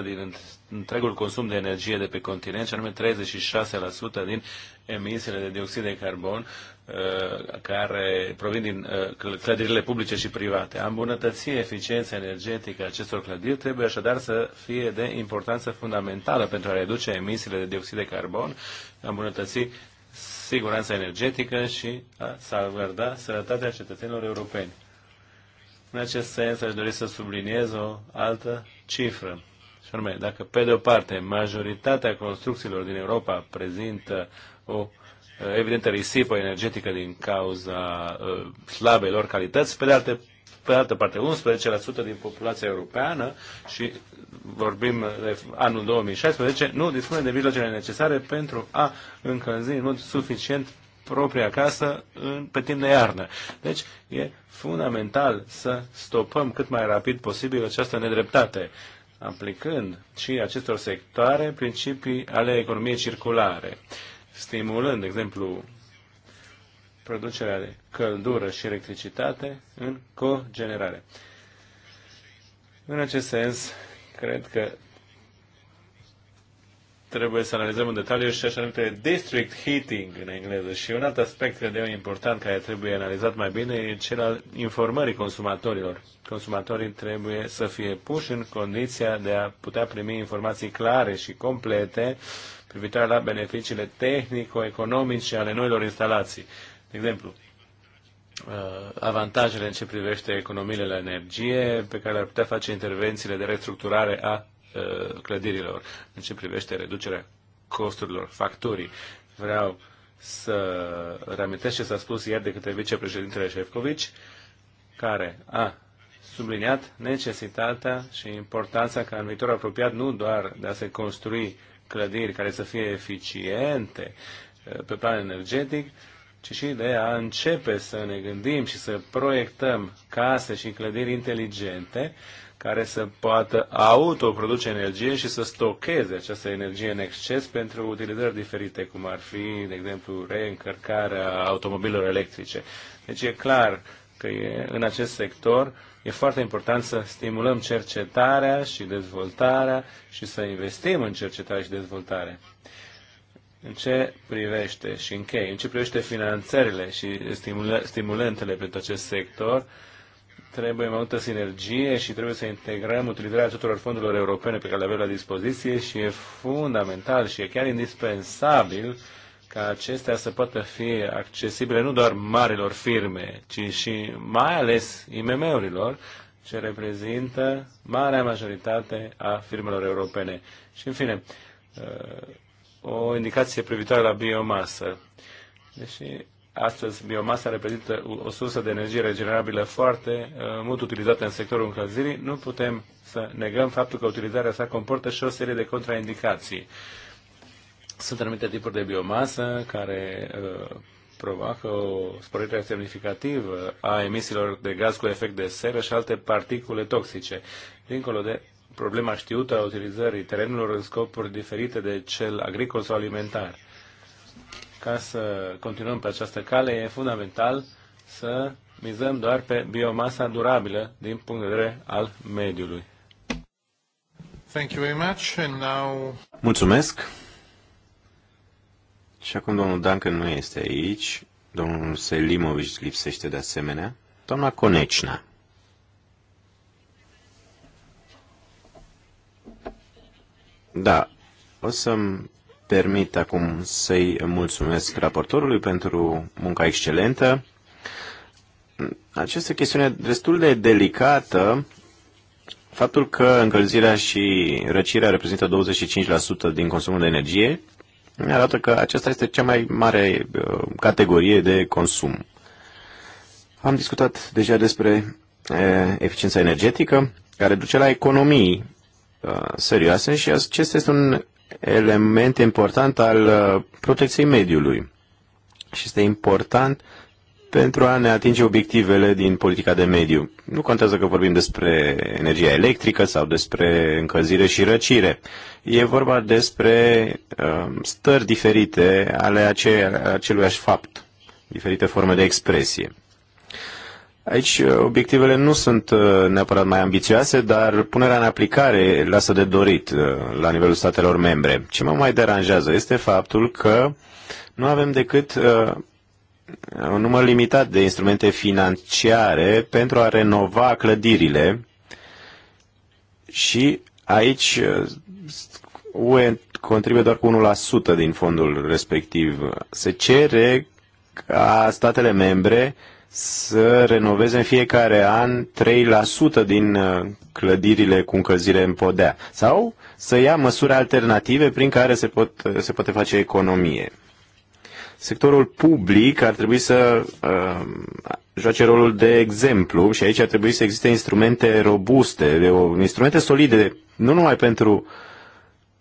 50% din întregul consum de energie de pe continent și anume 36% din emisiile de dioxid de carbon uh, care provin din uh, clădirile publice și private. A îmbunătăți eficiența energetică a acestor clădiri trebuie așadar să fie de importanță fundamentală pentru a reduce emisiile de dioxid de carbon, a îmbunătăți siguranța energetică și a salvaguarda sănătatea cetățenilor europeni. În acest sens aș dori să subliniez o altă cifră. Și anume, dacă pe de o parte majoritatea construcțiilor din Europa prezintă o eh, evidentă risipă energetică din cauza uh, slabei lor calități, pe de altă pe de altă parte, 11% din populația europeană și vorbim de anul 2016, nu dispune de mijloacele necesare pentru a încălzi în mod suficient propria casă în, pe timp de iarnă. Deci e fundamental să stopăm cât mai rapid posibil această nedreptate, aplicând și acestor sectoare principii ale economiei circulare, stimulând, de exemplu, producerea de căldură și electricitate în cogenerare. În acest sens, cred că trebuie să analizăm în detaliu și așa numite district heating în engleză. Și un alt aspect, cred eu, important care trebuie analizat mai bine e cel al informării consumatorilor. Consumatorii trebuie să fie puși în condiția de a putea primi informații clare și complete privitoare la beneficiile tehnico-economice ale noilor instalații. De exemplu, uh, avantajele în ce privește economiile la energie pe care ar putea face intervențiile de restructurare a Uh, clădirilor în ce privește reducerea costurilor, facturii. Vreau să reamintesc ce s-a spus ieri de către vicepreședintele Șefcovici, care a subliniat necesitatea și importanța ca în viitor apropiat nu doar de a se construi clădiri care să fie eficiente uh, pe plan energetic, ci și de a începe să ne gândim și să proiectăm case și clădiri inteligente care să poată autoproduce energie și să stocheze această energie în exces pentru utilizări diferite, cum ar fi, de exemplu, reîncărcarea automobilelor electrice. Deci e clar că e, în acest sector e foarte important să stimulăm cercetarea și dezvoltarea și să investim în cercetare și dezvoltare. În ce privește și închei, în ce privește finanțările și stimulentele pentru acest sector, uh, trebuie mai multă sinergie și trebuie să integrăm utilizarea tuturor fondurilor europene pe care le avem la dispoziție și e fundamental și e chiar indispensabil ca acestea să poată fi accesibile nu doar marilor firme, ci și mai ales IMM-urilor, ce reprezintă marea majoritate a firmelor europene. Și, în fine, uh, o indicație privitoare la biomasă. Deși Astăzi, biomasa reprezintă o sursă de energie regenerabilă foarte uh, mult utilizată în sectorul încălzirii. Nu putem să negăm faptul că utilizarea sa comportă și o serie de contraindicații. Sunt anumite tipuri de biomasă care uh, provoacă o sporire semnificativă a emisiilor de gaz cu efect de seră și alte particule toxice. Dincolo de problema știută a utilizării terenurilor în scopuri diferite de cel agricol sau alimentar ca să continuăm pe această cale, e fundamental să mizăm doar pe biomasa durabilă din punct de vedere al mediului. Thank you very much. And now... Mulțumesc. Și acum domnul Duncan nu este aici. Domnul Selimovic lipsește de asemenea. Doamna Conecina. Da, o să-mi permit acum să-i mulțumesc raportorului pentru munca excelentă. Această chestiune destul de delicată, faptul că încălzirea și răcirea reprezintă 25% din consumul de energie, ne arată că aceasta este cea mai mare uh, categorie de consum. Am discutat deja despre uh, eficiența energetică, care duce la economii uh, serioase și acesta este un element important al uh, protecției mediului și este important pentru a ne atinge obiectivele din politica de mediu. Nu contează că vorbim despre energia electrică sau despre încălzire și răcire. E vorba despre uh, stări diferite ale acelui aceluiași fapt, diferite forme de expresie. Aici uh, obiectivele nu sunt uh, neapărat mai ambițioase, dar punerea în aplicare lasă de dorit uh, la nivelul statelor membre. Ce mă mai deranjează este faptul că nu avem decât un număr limitat de instrumente financiare pentru a renova clădirile și aici UE contribuie doar cu 1% din fondul respectiv. Se cere ca statele membre să renoveze în fiecare an 3% din uh, clădirile cu încălzire în podea sau să ia măsuri alternative prin care se, pot, uh, se poate face economie. Sectorul public ar trebui să uh, joace rolul de exemplu și aici ar trebui să existe instrumente robuste, de o, instrumente solide, nu numai pentru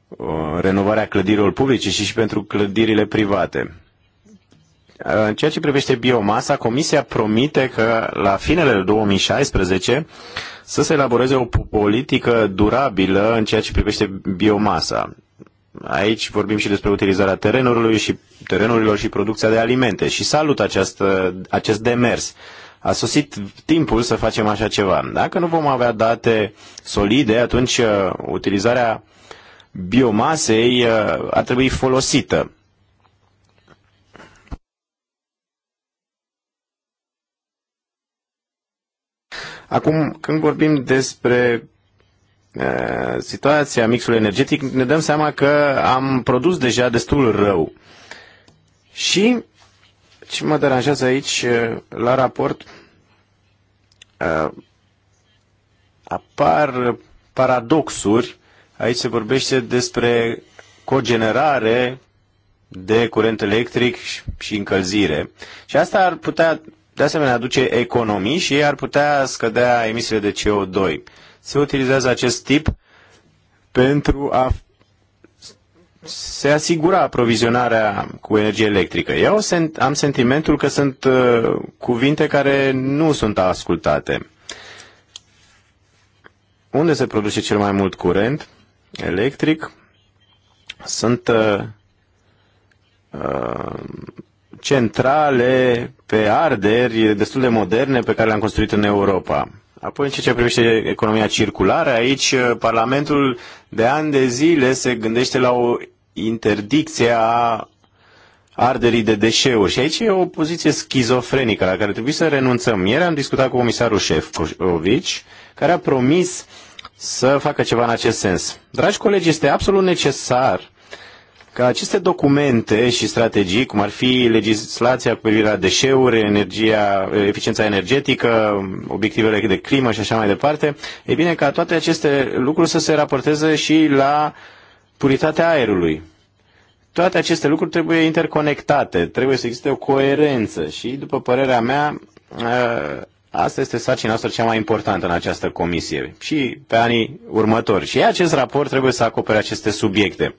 uh, renovarea clădirilor publice, ci și pentru clădirile private. În ceea ce privește biomasa, Comisia promite că la finele 2016 să se elaboreze o politică durabilă în ceea ce privește biomasa. Aici vorbim și despre utilizarea terenurilor și terenurilor și producția de alimente și salut această, acest demers. A sosit timpul să facem așa ceva. Dacă nu vom avea date solide, atunci uh, utilizarea biomasei uh, ar trebui folosită. Acum, când vorbim despre situația mixului energetic, ne dăm seama că am produs deja destul rău. Și ce mă deranjează aici la raport apar paradoxuri. Aici se vorbește despre cogenerare de curent electric și încălzire. Și asta ar putea de asemenea, aduce economii și ar putea scădea emisiile de CO2. Se utilizează acest tip pentru a se asigura aprovizionarea cu energie electrică. Eu am sentimentul că sunt uh, cuvinte care nu sunt ascultate. Unde se produce cel mai mult curent electric? Sunt uh, uh, centrale pe arderi destul de moderne pe care le-am construit în Europa. Apoi, în ceea ce privește economia circulară, aici uh, Parlamentul de ani de zile se gândește la o interdicție a arderii de deșeuri. Și aici e o poziție schizofrenică la care trebuie să renunțăm. Ieri am discutat cu comisarul Șefcovici, care a promis să facă ceva în acest sens. Dragi colegi, este absolut necesar ca aceste documente și strategii, cum ar fi legislația cu privire la deșeuri, energia, eficiența energetică, obiectivele de climă și așa mai departe, e bine ca toate aceste lucruri să se raporteze și la puritatea aerului. Toate aceste lucruri trebuie interconectate, trebuie să existe o coerență și, după părerea mea, Asta este sarcina noastră cea mai importantă în această comisie și pe anii următori. Și acest raport trebuie să acopere aceste subiecte.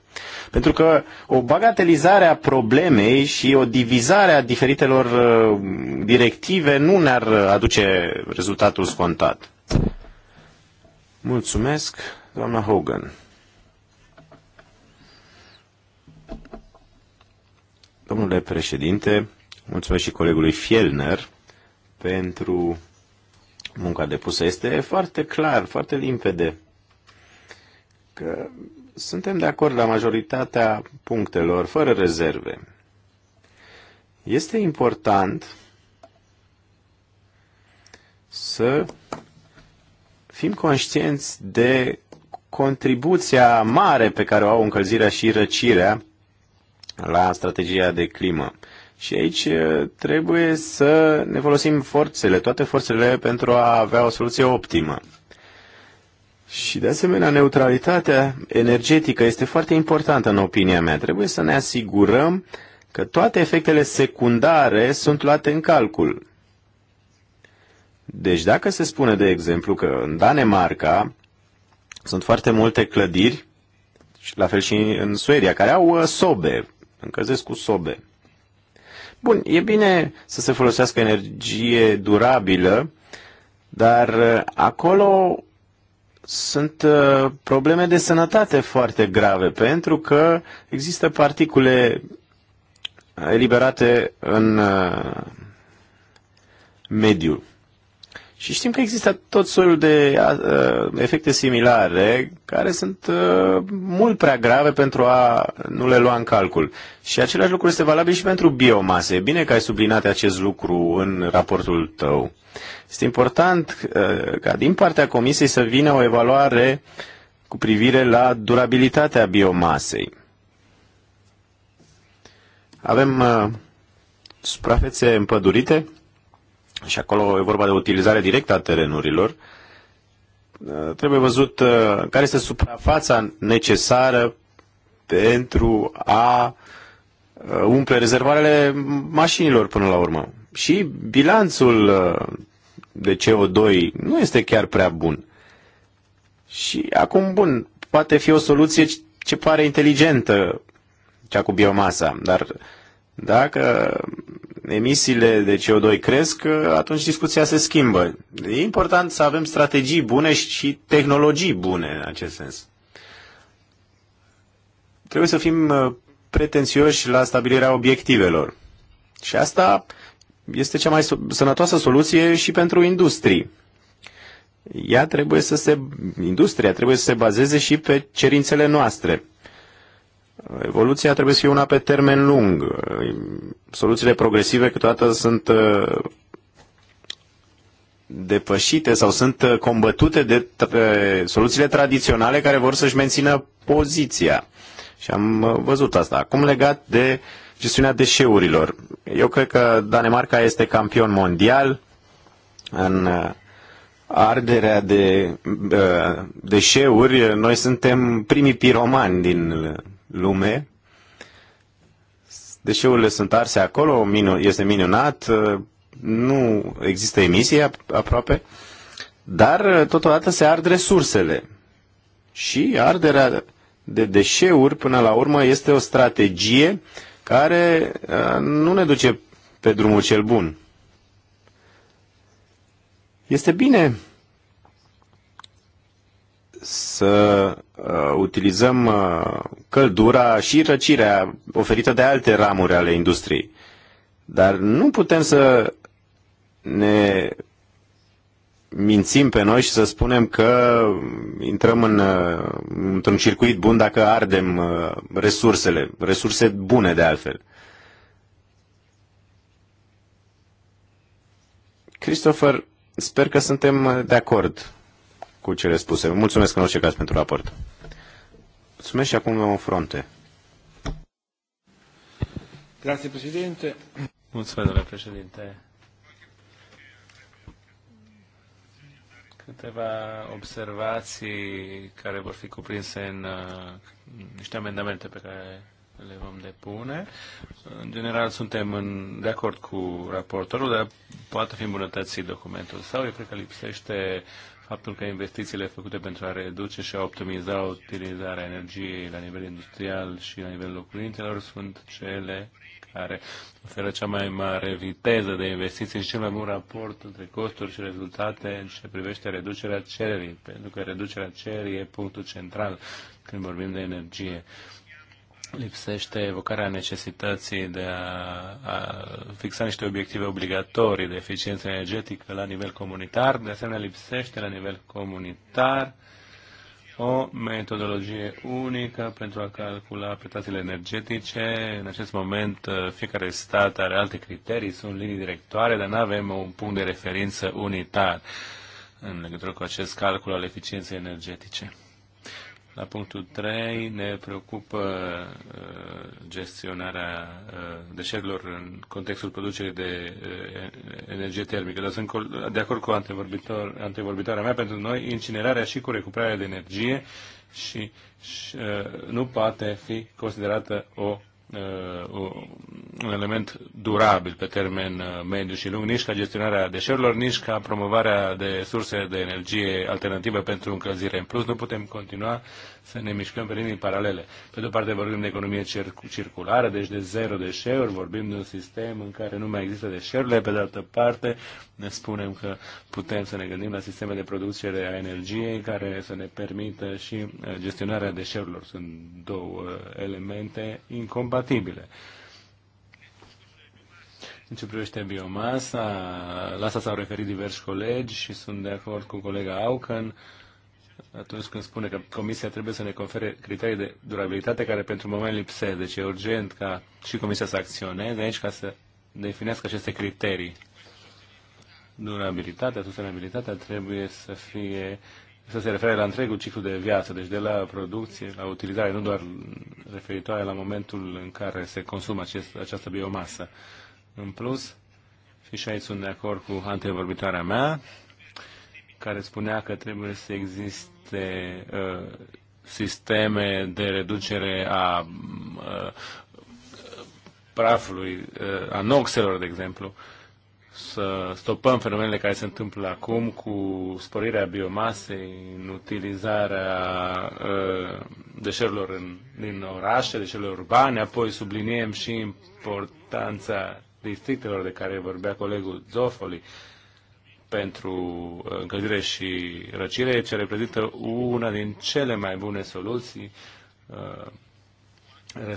Pentru că o bagatelizare a problemei și o divizare a diferitelor uh, directive nu ne-ar uh, aduce rezultatul scontat. Mulțumesc, doamna Hogan. Domnule președinte, mulțumesc și colegului Fielner pentru munca depusă. Este foarte clar, foarte limpede că suntem de acord la majoritatea punctelor, fără rezerve. Este important să fim conștienți de contribuția mare pe care o au încălzirea și răcirea la strategia de climă. Și aici trebuie să ne folosim forțele, toate forțele pentru a avea o soluție optimă. Și de asemenea, neutralitatea energetică este foarte importantă în opinia mea. Trebuie să ne asigurăm că toate efectele secundare sunt luate în calcul. Deci dacă se spune, de exemplu, că în Danemarca sunt foarte multe clădiri, la fel și în Suedia, care au uh, sobe, încălzesc cu sobe. Bun, e bine să se folosească energie durabilă, dar uh, acolo sunt uh, probleme de sănătate foarte grave, pentru că există particule eliberate în uh, mediu. Și știm că există tot soiul de uh, efecte similare care sunt uh, mult prea grave pentru a nu le lua în calcul. Și același lucru este valabil și pentru biomase. E bine că ai subliniat acest lucru în raportul tău. Este important uh, ca din partea Comisiei să vină o evaluare cu privire la durabilitatea biomasei. Avem uh, suprafețe împădurite și acolo e vorba de utilizare directă a terenurilor, uh, trebuie văzut uh, care este suprafața necesară pentru a uh, umple rezervoarele mașinilor până la urmă. Și bilanțul de CO2 nu este chiar prea bun. Și acum, bun, poate fi o soluție ce pare inteligentă, cea cu biomasa, dar uh, dacă emisiile de CO2 cresc, atunci discuția se schimbă. E important să avem strategii bune și tehnologii bune în acest sens. Trebuie să fim uh, pretențioși la stabilirea obiectivelor. Și asta este cea mai sănătoasă soluție și pentru industrii. Ea trebuie să se, industria trebuie să se bazeze și pe cerințele noastre. Evoluția trebuie să fie una pe termen lung. Soluțiile progresive câteodată sunt uh, depășite sau sunt uh, combătute de uh, soluțiile tradiționale care vor să-și mențină poziția. Și am văzut asta. Acum legat de gestiunea deșeurilor. Eu cred că Danemarca este campion mondial în arderea de deșeuri. Noi suntem primii piromani din lume. Deșeurile sunt arse acolo, minu- este minunat, uh, nu există emisie aproape, dar uh, totodată se ard resursele. Și arderea de deșeuri, până la urmă, este o strategie care uh, nu ne duce pe drumul cel bun. Este bine să uh, utilizăm uh, căldura și răcirea oferită de alte ramuri ale industriei. Dar nu putem să ne mințim pe noi și să spunem că intrăm în, uh, într-un circuit bun dacă ardem resursele, resurse bune de altfel. Christopher, sper că suntem de acord cu cele spuse. Mulțumesc în orice caz pentru raport. Mulțumesc și acum domnul Fronte. Grazie, președinte. Mulțumesc, domnule președinte. Câteva observații care vor fi cuprinse în uh, niște amendamente pe care le vom depune. În general suntem în, de acord cu raportorul, dar poate fi îmbunătățit documentul sau eu cred că lipsește faptul că investițiile făcute pentru a reduce și a optimiza utilizarea energiei la nivel industrial și la nivel locuințelor sunt cele care oferă cea mai mare viteză de investiții și cel mai bun raport între costuri și rezultate în ce privește reducerea cererii, pentru că reducerea cererii e punctul central când vorbim de energie. Uh, lipsește evocarea necesității de a, a fixa niște obiective obligatorii de eficiență energetică la nivel comunitar, de asemenea lipsește la nivel comunitar o metodologie unică pentru a calcula prețurile energetice. În acest moment uh, fiecare stat are alte criterii, sunt linii directoare, dar nu avem un punct de referință unitar în legătură cu acest calcul al eficienței energetice. La punctul 3 ne preocupă uh, gestionarea uh, deșeurilor în contextul producerii de uh, energie termică, dar sunt de acord cu antevorbitor, antevorbitoarea mea, pentru noi incinerarea și cu recuperarea de energie și, și nu poate fi considerată o Uh, un element durabil pe termen uh, mediu și lung, nici ca gestionarea deșeurilor, nici ca promovarea de surse de energie alternative pentru încălzire. În plus, nu putem continua să ne mișcăm pe linii paralele. Pe de o parte vorbim de economie cir- circulară, deci de zero deșeuri, vorbim de un sistem în care nu mai există deșeurile, pe de altă parte ne spunem că putem să ne gândim la sisteme de producere a energiei care să ne permită și uh, gestionarea deșeurilor. Sunt două uh, elemente incompatibile. În ce privește biomasa, la asta s-au referit diversi colegi și sunt de acord cu colega Aucan. Uh, atunci când spune că Comisia trebuie să ne confere criterii de durabilitate care pentru moment lipsesc. Deci e urgent ca și Comisia să acționeze aici ca să definească aceste criterii. Durabilitatea, sustenabilitatea trebuie să fie să se refere la întregul ciclu de viață, deci de la producție la utilizare, nu doar referitoare la momentul în care se consumă acest, această biomasă. În plus, și, și aici sunt de acord cu antevorbitoarea mea, care spunea că trebuie să existe uh, sisteme de reducere a uh, prafului, uh, a noxelor, de exemplu, să stopăm fenomenele care se întâmplă acum cu sporirea biomasei, în utilizarea uh, deșeurilor în, din orașe, deșeurilor urbane, apoi subliniem și importanța districtelor de care vorbea colegul Zofoli, uh, pentru uh, încălzire și răcire, ce reprezintă una din cele mai bune soluții, uh,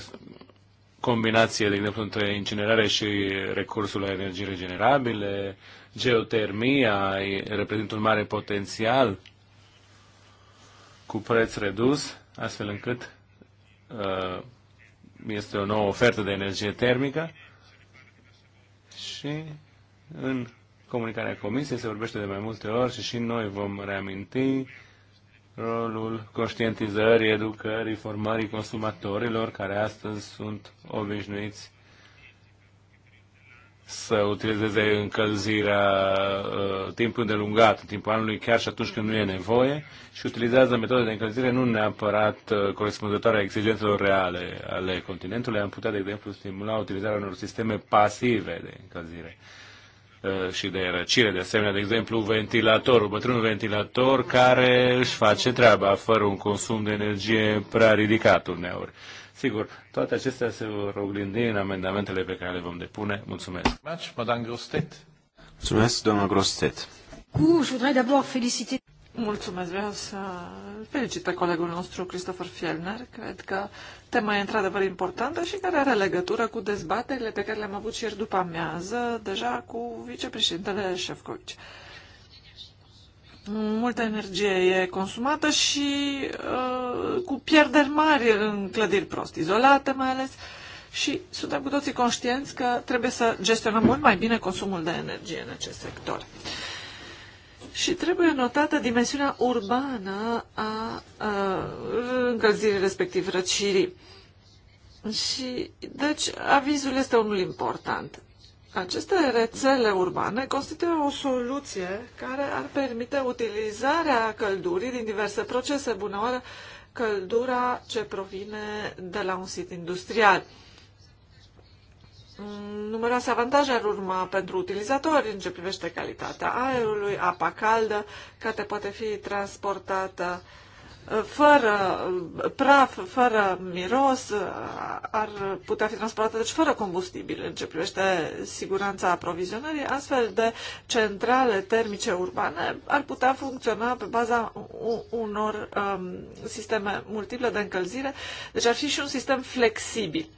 combinație, de exemplu, între incinerare și recursul la energii regenerabile, geotermia reprezintă un mare potențial cu preț redus, astfel încât uh, este o nouă ofertă de energie termică și în comunicarea Comisiei se vorbește de mai multe ori și și noi vom reaminti rolul conștientizării, educării, formării consumatorilor care astăzi sunt obișnuiți să utilizeze încălzirea uh, timpul îndelungat, timpul anului, chiar și atunci când nu e nevoie și utilizează metode de încălzire nu neapărat uh, corespunzătoare a exigențelor reale ale continentului. Am putea, de exemplu, stimula utilizarea unor sisteme pasive de încălzire. Uh, Uh, și de răcire, de asemenea, de exemplu, ventilatorul, bătrânul ventilator care își face treaba fără un consum de energie prea ridicat uneori. Sigur, toate acestea se vor oglindi în amendamentele pe care le vom depune. Mulțumesc. Mulțumesc, doamna Grostet. Uh, je voudrais d'abord féliciter Mulțumesc, vreau să felicit pe colegul nostru, Christopher Fielner. Cred că tema e într-adevăr importantă și care are legătură cu dezbaterile pe care le-am avut și ieri după amiază, deja cu vicepreședintele Șefcovici. Multă energie e consumată și uh, cu pierderi mari în clădiri prost izolate, mai ales, și suntem cu toții conștienți că trebuie să gestionăm mult mai bine consumul de energie în acest sector. Uh, și trebuie notată dimensiunea urbană a, a încălzirii respectiv răcirii. Și, deci, avizul este unul important. Aceste rețele urbane constituie o soluție care ar permite utilizarea căldurii din diverse procese. Bună oară, căldura ce provine de la un sit industrial numeroase avantaje ar urma pentru utilizatori în ce privește calitatea aerului, apa caldă, care poate fi transportată uh, fără uh, praf, fără miros, uh, ar putea fi transportată, deci fără combustibil în ce privește siguranța aprovizionării, astfel de centrale termice urbane ar putea funcționa pe baza unor um, sisteme multiple de încălzire, deci ar fi și un sistem flexibil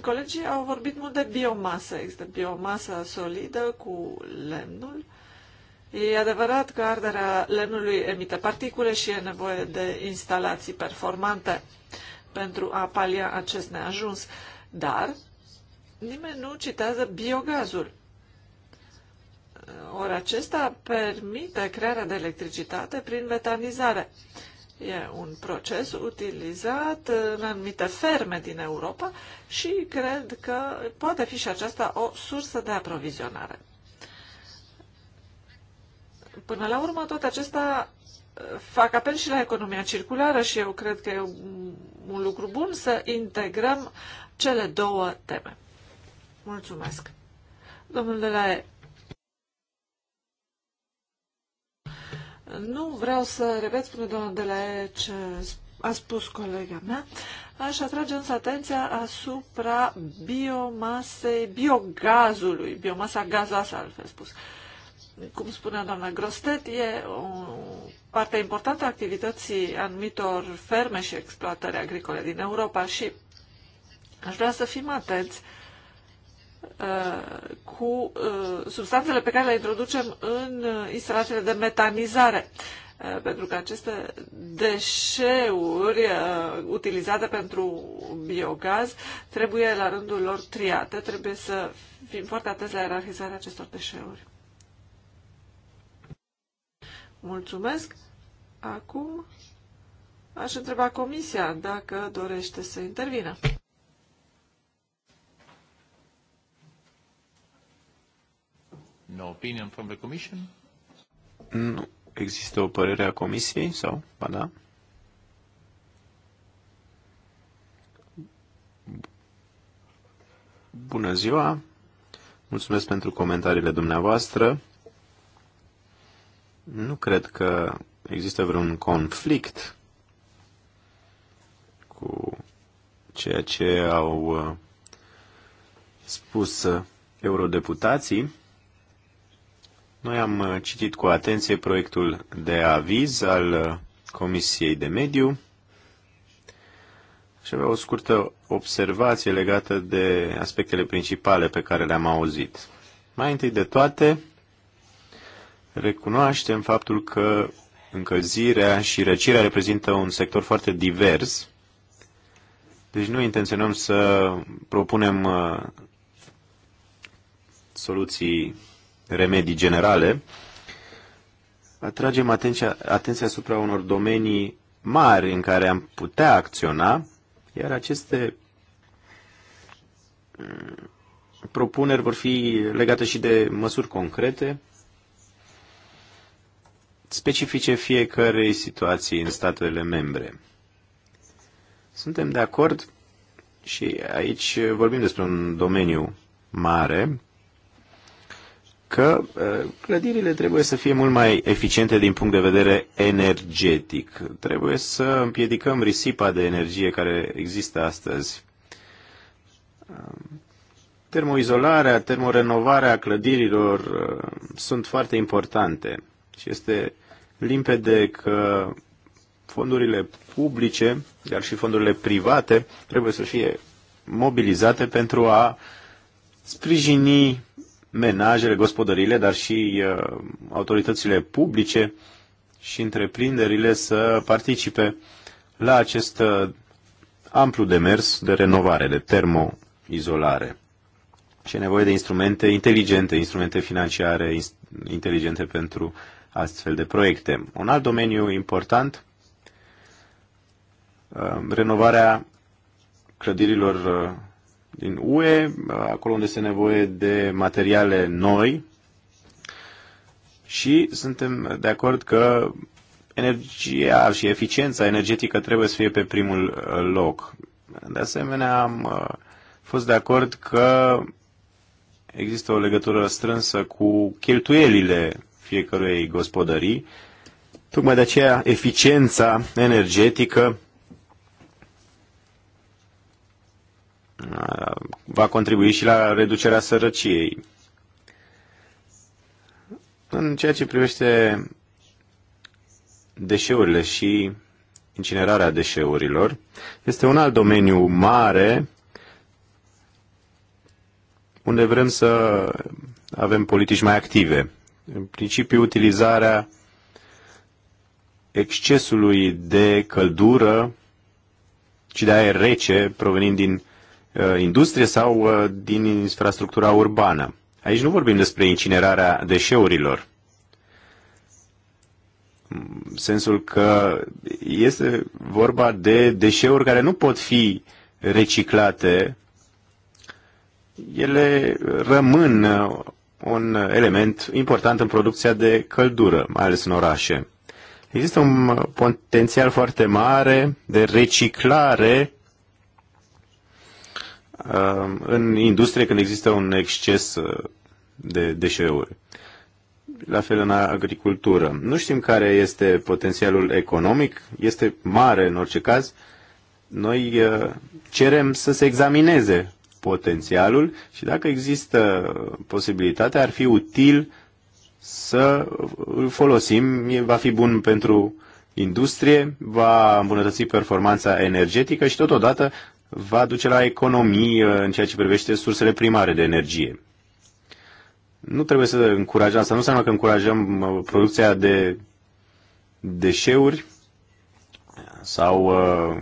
Colegii au vorbit mult de biomasă. Există biomasa solidă cu lemnul. E adevărat că arderea lemnului emite particule și e nevoie de instalații performante pentru a palia acest neajuns. Dar nimeni nu citează biogazul. Ori acesta permite crearea de electricitate prin metanizare. E un proces utilizat în anumite ferme din Europa și cred că poate fi și aceasta o sursă de aprovizionare. Până la urmă, tot acesta uh, fac apel și la economia circulară și eu cred că e un lucru bun să integrăm cele două teme. Mulțumesc. Domnule Nu vreau să repet, spune doamna de la ce a spus colega mea, aș atrage însă atenția asupra biomasei, biogazului, biomasa gazoasă, altfel spus. Cum spunea doamna Grostet, e o parte importantă a activității anumitor ferme și exploatări agricole din Europa și aș vrea să fim atenți uh, Uh, cu uh, substanțele pe care le introducem în uh, instalațiile de metanizare pentru că aceste deșeuri utilizate pentru biogaz trebuie la rândul lor triate, trebuie să fim foarte atenți la ierarhizarea acestor deșeuri. Mulțumesc. Acum aș întreba Comisia dacă dorește să intervină. No opinion from the commission? Nu. Există o părere a comisiei sau? Ba da. Bună ziua! Mulțumesc pentru comentariile dumneavoastră. Nu cred că există vreun conflict cu ceea ce au uh, spus uh, eurodeputații. Noi am uh, citit cu atenție proiectul de aviz al uh, Comisiei de Mediu și avea o scurtă observație legată de aspectele principale pe care le-am auzit. Mai întâi de toate, recunoaștem faptul că încălzirea și răcirea reprezintă un sector foarte divers, deci nu intenționăm să propunem uh, soluții remedii generale, atragem atenția, atenția asupra unor domenii mari în care am putea acționa, iar aceste mm, propuneri vor fi legate și de măsuri concrete, specifice fiecarei situații în statele membre. Suntem de acord și aici vorbim despre un domeniu mare că clădirile trebuie să fie mult mai eficiente din punct de vedere energetic. Trebuie să împiedicăm risipa de energie care există astăzi. Termoizolarea, termorenovarea clădirilor sunt foarte importante și este limpede că fondurile publice, dar și fondurile private, trebuie să fie mobilizate pentru a sprijini menajele, gospodările, dar și uh, autoritățile publice și întreprinderile să participe la acest uh, amplu demers de renovare, de termoizolare. Și e nevoie de instrumente inteligente, instrumente financiare inteligente pentru astfel de proiecte. Un alt domeniu important, uh, renovarea clădirilor din UE, acolo unde este nevoie de materiale noi și suntem de acord că energia și eficiența energetică trebuie să fie pe primul uh, loc. De asemenea, am uh, fost de acord că există o legătură strânsă cu cheltuielile fiecărei gospodării. Tocmai de aceea eficiența energetică va contribui și la reducerea sărăciei. În ceea ce privește deșeurile și incinerarea deșeurilor, este un alt domeniu mare unde vrem să avem politici mai active. În principiu, utilizarea excesului de căldură și de aer rece provenind din Uh, industrie sau uh, din infrastructura urbană. Aici nu vorbim despre incinerarea deșeurilor. În mm, sensul că este vorba de deșeuri care nu pot fi reciclate, ele rămân uh, un element important în producția de căldură, mai ales în orașe. Există un potențial foarte mare de reciclare Um, în industrie când există un exces uh, de deșeuri. La fel în agricultură. Nu știm care este potențialul economic, este mare în orice caz. Noi uh, cerem să se examineze potențialul și dacă există posibilitatea, ar fi util să îl folosim, va fi bun pentru industrie, va îmbunătăți performanța energetică și totodată va duce la economii uh, în ceea ce privește sursele primare de energie. Nu trebuie să încurajăm, asta nu înseamnă că încurajăm uh, producția de deșeuri sau uh,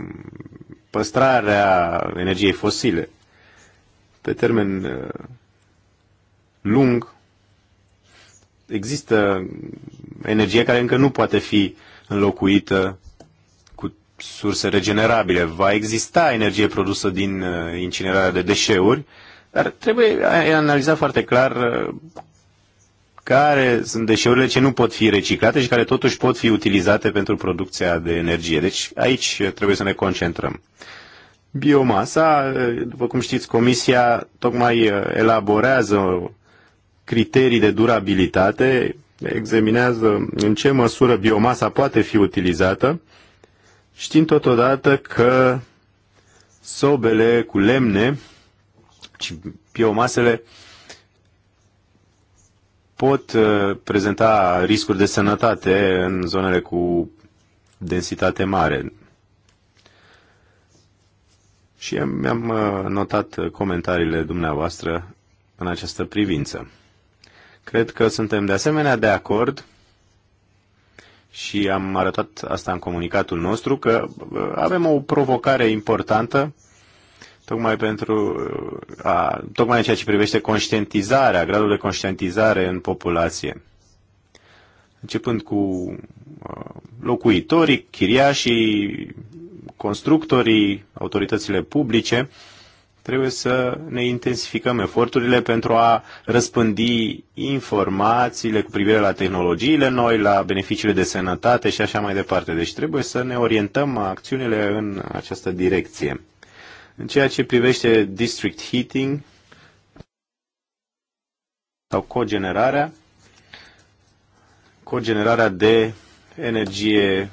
păstrarea energiei fosile. Pe termen lung există energie care încă nu poate fi înlocuită surse regenerabile, va exista energie produsă din uh, incinerarea de deșeuri, dar trebuie analizat foarte clar uh, care sunt deșeurile ce nu pot fi reciclate și care totuși pot fi utilizate pentru producția de energie. Deci aici trebuie să ne concentrăm. Biomasa, uh, după cum știți, Comisia tocmai elaborează criterii de durabilitate, examinează în ce măsură biomasa poate fi utilizată Știm totodată că sobele cu lemne și biomasele pot uh, prezenta riscuri de sănătate în zonele cu densitate mare. Și mi-am uh, notat comentariile dumneavoastră în această privință. Cred că suntem de asemenea de acord și am arătat asta în comunicatul nostru, că uh, avem o provocare importantă tocmai pentru uh, a, tocmai în ceea ce privește conștientizarea, gradul de conștientizare în populație. Începând cu uh, locuitorii, chiriașii, constructorii, autoritățile publice, Trebuie să ne intensificăm eforturile pentru a răspândi informațiile cu privire la tehnologiile noi, la beneficiile de sănătate și așa mai departe. Deci trebuie să ne orientăm acțiunile în această direcție. În ceea ce privește district heating sau cogenerarea, cogenerarea de energie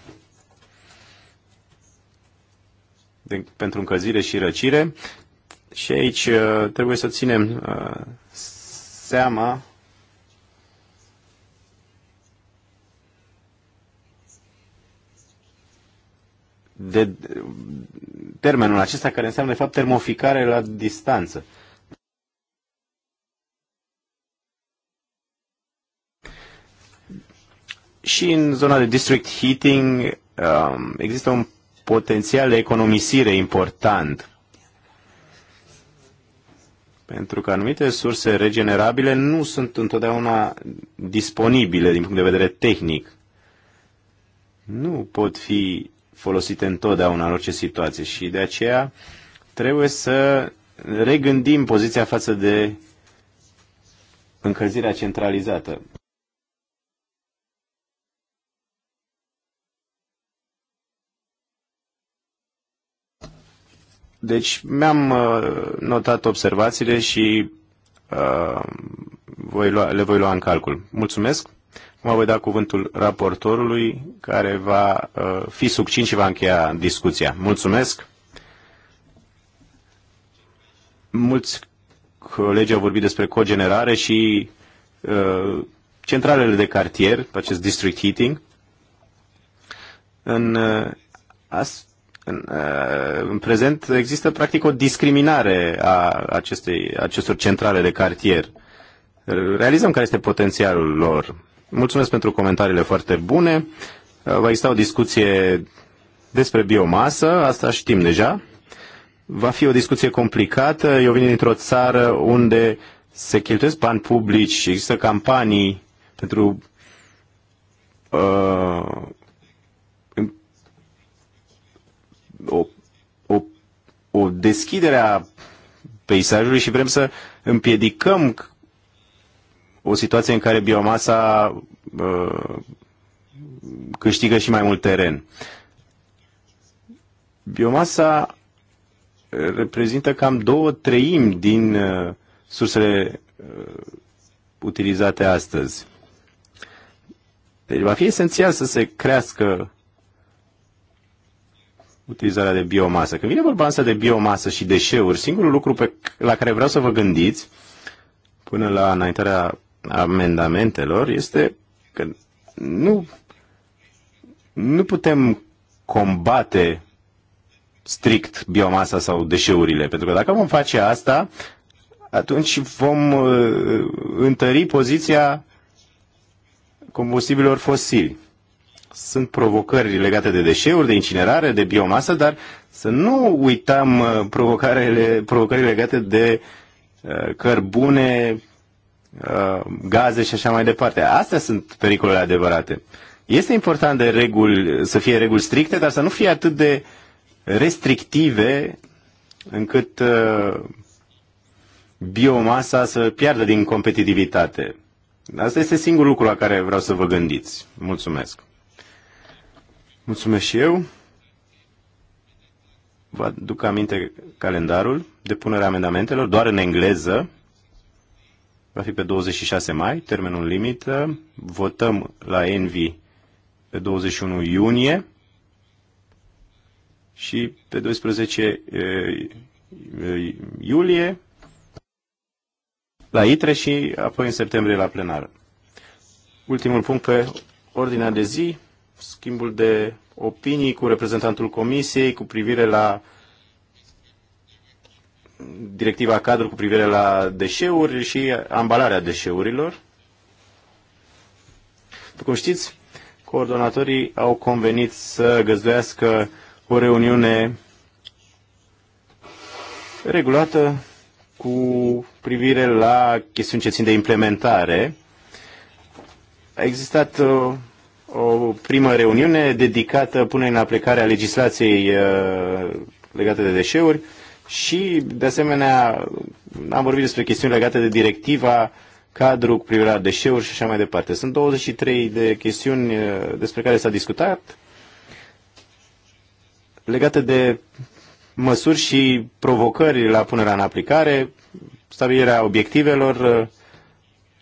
de, pentru încălzire și răcire. Și aici uh, trebuie să ținem uh, seama de termenul acesta care înseamnă de fapt termoficare la distanță. Și în zona de district heating um, există un potențial de economisire important pentru că anumite surse regenerabile nu sunt întotdeauna disponibile din punct de vedere tehnic. Nu pot fi folosite întotdeauna în orice situație și de aceea trebuie să regândim poziția față de încălzirea centralizată. Deci mi-am uh, notat observațiile și uh, voi lua, le voi lua în calcul. Mulțumesc! Mă voi da cuvântul raportorului care va uh, fi succint și va încheia discuția. Mulțumesc! Mulți colegi au vorbit despre cogenerare și uh, centralele de cartier, acest district heating. În uh, în, uh, în prezent există practic o discriminare a acestei, acestor centrale de cartier. Realizăm care este potențialul lor. Mulțumesc pentru comentariile foarte bune. Uh, va exista o discuție despre biomasă, asta știm deja. Va fi o discuție complicată. Eu vin dintr-o țară unde se cheltuiesc bani publici, există campanii pentru uh, o, o, o deschidere a peisajului și vrem să împiedicăm o situație în care biomasa uh, câștigă și mai mult teren. Biomasa uh, reprezintă cam două treimi din uh, sursele uh, utilizate astăzi. Deci va fi esențial să se crească utilizarea de biomasă. Când vine vorba însă de biomasă și deșeuri, singurul lucru pe, la care vreau să vă gândiți până la înaintarea amendamentelor este că nu, nu putem combate strict biomasa sau deșeurile, pentru că dacă vom face asta, atunci vom uh, întări poziția combustibilor fosili sunt provocări legate de deșeuri, de incinerare, de biomasă, dar să nu uităm uh, provocările, provocările legate de uh, cărbune, uh, gaze și așa mai departe. Astea sunt pericolele adevărate. Este important de reguli, să fie reguli stricte, dar să nu fie atât de restrictive încât biomasa să piardă din competitivitate. Asta este singurul lucru la care vreau să vă gândiți. Mulțumesc. Mulțumesc și eu. Vă duc aminte calendarul. de a amendamentelor, doar în engleză, va fi pe 26 mai, termenul limită. Votăm la Envi pe 21 iunie și pe 12 iulie la ITRE și apoi în septembrie la plenar. Ultimul punct pe ordinea de zi, schimbul de opinii cu reprezentantul Comisiei cu privire la directiva cadru cu privire la deșeuri și ambalarea deșeurilor. După cum știți, coordonatorii au convenit să găzduiască o reuniune regulată cu privire la chestiuni ce țin de implementare. A existat uh, o primă reuniune dedicată punerii în aplicare a legislației uh, legate de deșeuri și, de asemenea, am vorbit despre chestiuni legate de directiva cadru cu privire la deșeuri și așa mai departe. Sunt 23 de chestiuni uh, despre care s-a discutat legate de măsuri și provocări la punerea în aplicare, stabilirea obiectivelor, uh,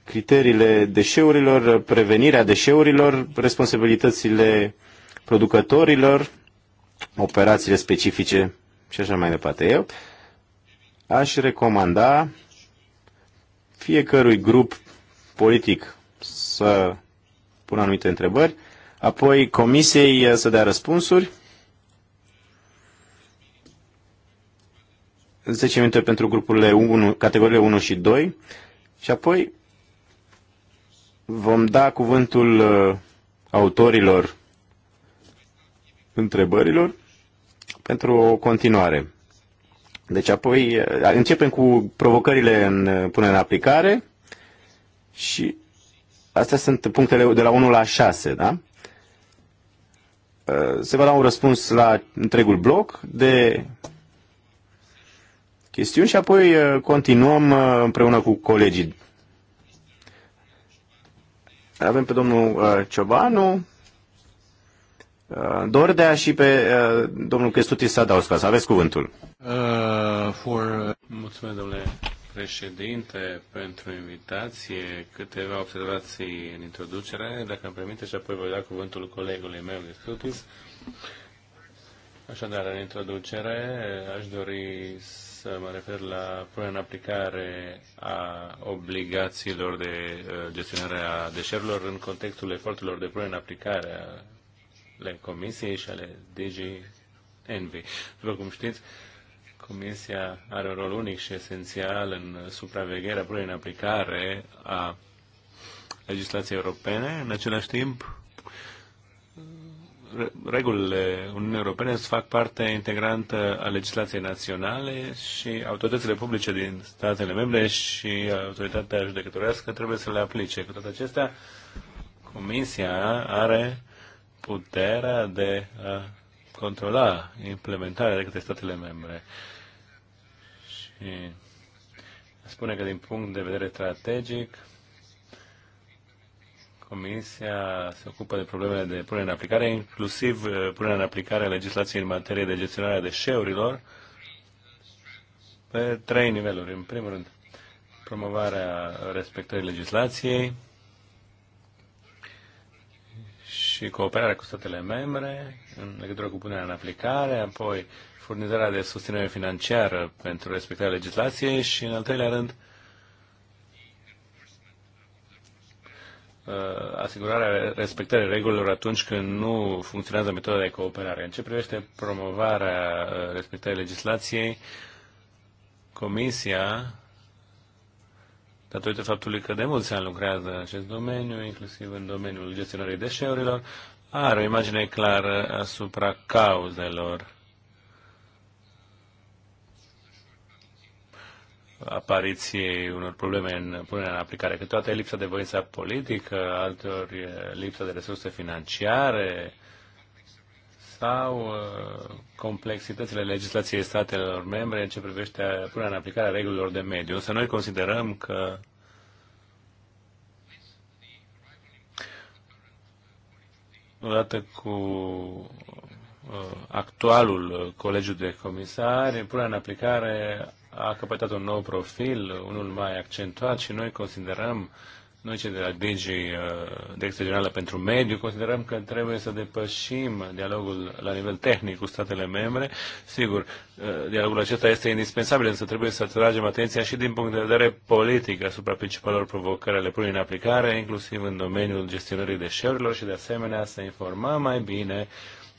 criteriile deșeurilor, prevenirea deșeurilor, responsabilitățile producătorilor, operațiile specifice și așa mai departe. Eu aș recomanda fiecărui grup politic să pună anumite întrebări, apoi comisiei să dea răspunsuri, 10 minute pentru grupurile 1, categoriile 1 și 2 și apoi Vom da cuvântul uh, autorilor întrebărilor pentru o continuare. Deci apoi uh, începem cu provocările în uh, punerea în aplicare și astea sunt punctele de la 1 la 6, da? Se va da un răspuns la întregul bloc de chestiuni și apoi continuăm împreună cu colegii avem pe domnul uh, Ciobanu, uh, Dordea și pe uh, domnul Chestutis Sadauskas. Aveți cuvântul. Uh, for... Mulțumesc, domnule președinte, pentru invitație. Câteva observații în introducere, dacă îmi permite, și apoi voi da cuvântul colegului meu, Căstuti. Așadar, în introducere, aș dori să mă refer la punerea în aplicare a obligațiilor de uh, gestionare a deșeurilor în contextul eforturilor de punere în aplicare ale Comisiei și ale DG Envy. După cum știți, Comisia are un rol unic și esențial în supravegherea punerii în aplicare a legislației europene. În același timp, regulile Uniunii Europene fac parte integrantă a legislației naționale și autoritățile publice din statele membre și autoritatea judecătorească trebuie să le aplice. Cu toate acestea, Comisia are puterea de a controla implementarea de către statele membre. Și spune că din punct de vedere strategic, Comisia se ocupă de problemele de punere în aplicare, inclusiv uh, punerea în aplicare a legislației în materie de gestionare a deșeurilor pe trei niveluri. În primul rând, promovarea respectării legislației și cooperarea cu statele membre în legătură cu punerea în aplicare, apoi furnizarea de susținere financiară pentru respectarea legislației și, în al treilea rând, uh, Uh, asigurarea respectării regulilor atunci când nu funcționează metoda de cooperare. În ce privește promovarea uh, respectării legislației, Comisia, datorită faptului că de mulți ani lucrează în acest domeniu, inclusiv în domeniul gestionării deșeurilor, are o imagine clară asupra cauzelor apariției unor probleme în punerea în aplicare. Câteodată e lipsa de voință politică, altor e lipsa de resurse financiare sau uh, complexitățile legislației statelor membre în ce privește punerea în aplicare a regulilor de mediu. Însă noi considerăm că odată cu uh, actualul colegiu de comisari, punerea în aplicare a căpătat un nou profil, unul mai accentuat și noi considerăm, noi cei de la DG, uh, Direcția Generală pentru Mediu, considerăm că trebuie să depășim dialogul la nivel tehnic cu statele membre. Sigur, uh, dialogul acesta este indispensabil, însă trebuie să tragem atenția și din punct de vedere politic asupra principalelor provocări ale punerii în aplicare, inclusiv în domeniul gestionării deșeurilor și de asemenea să informăm mai bine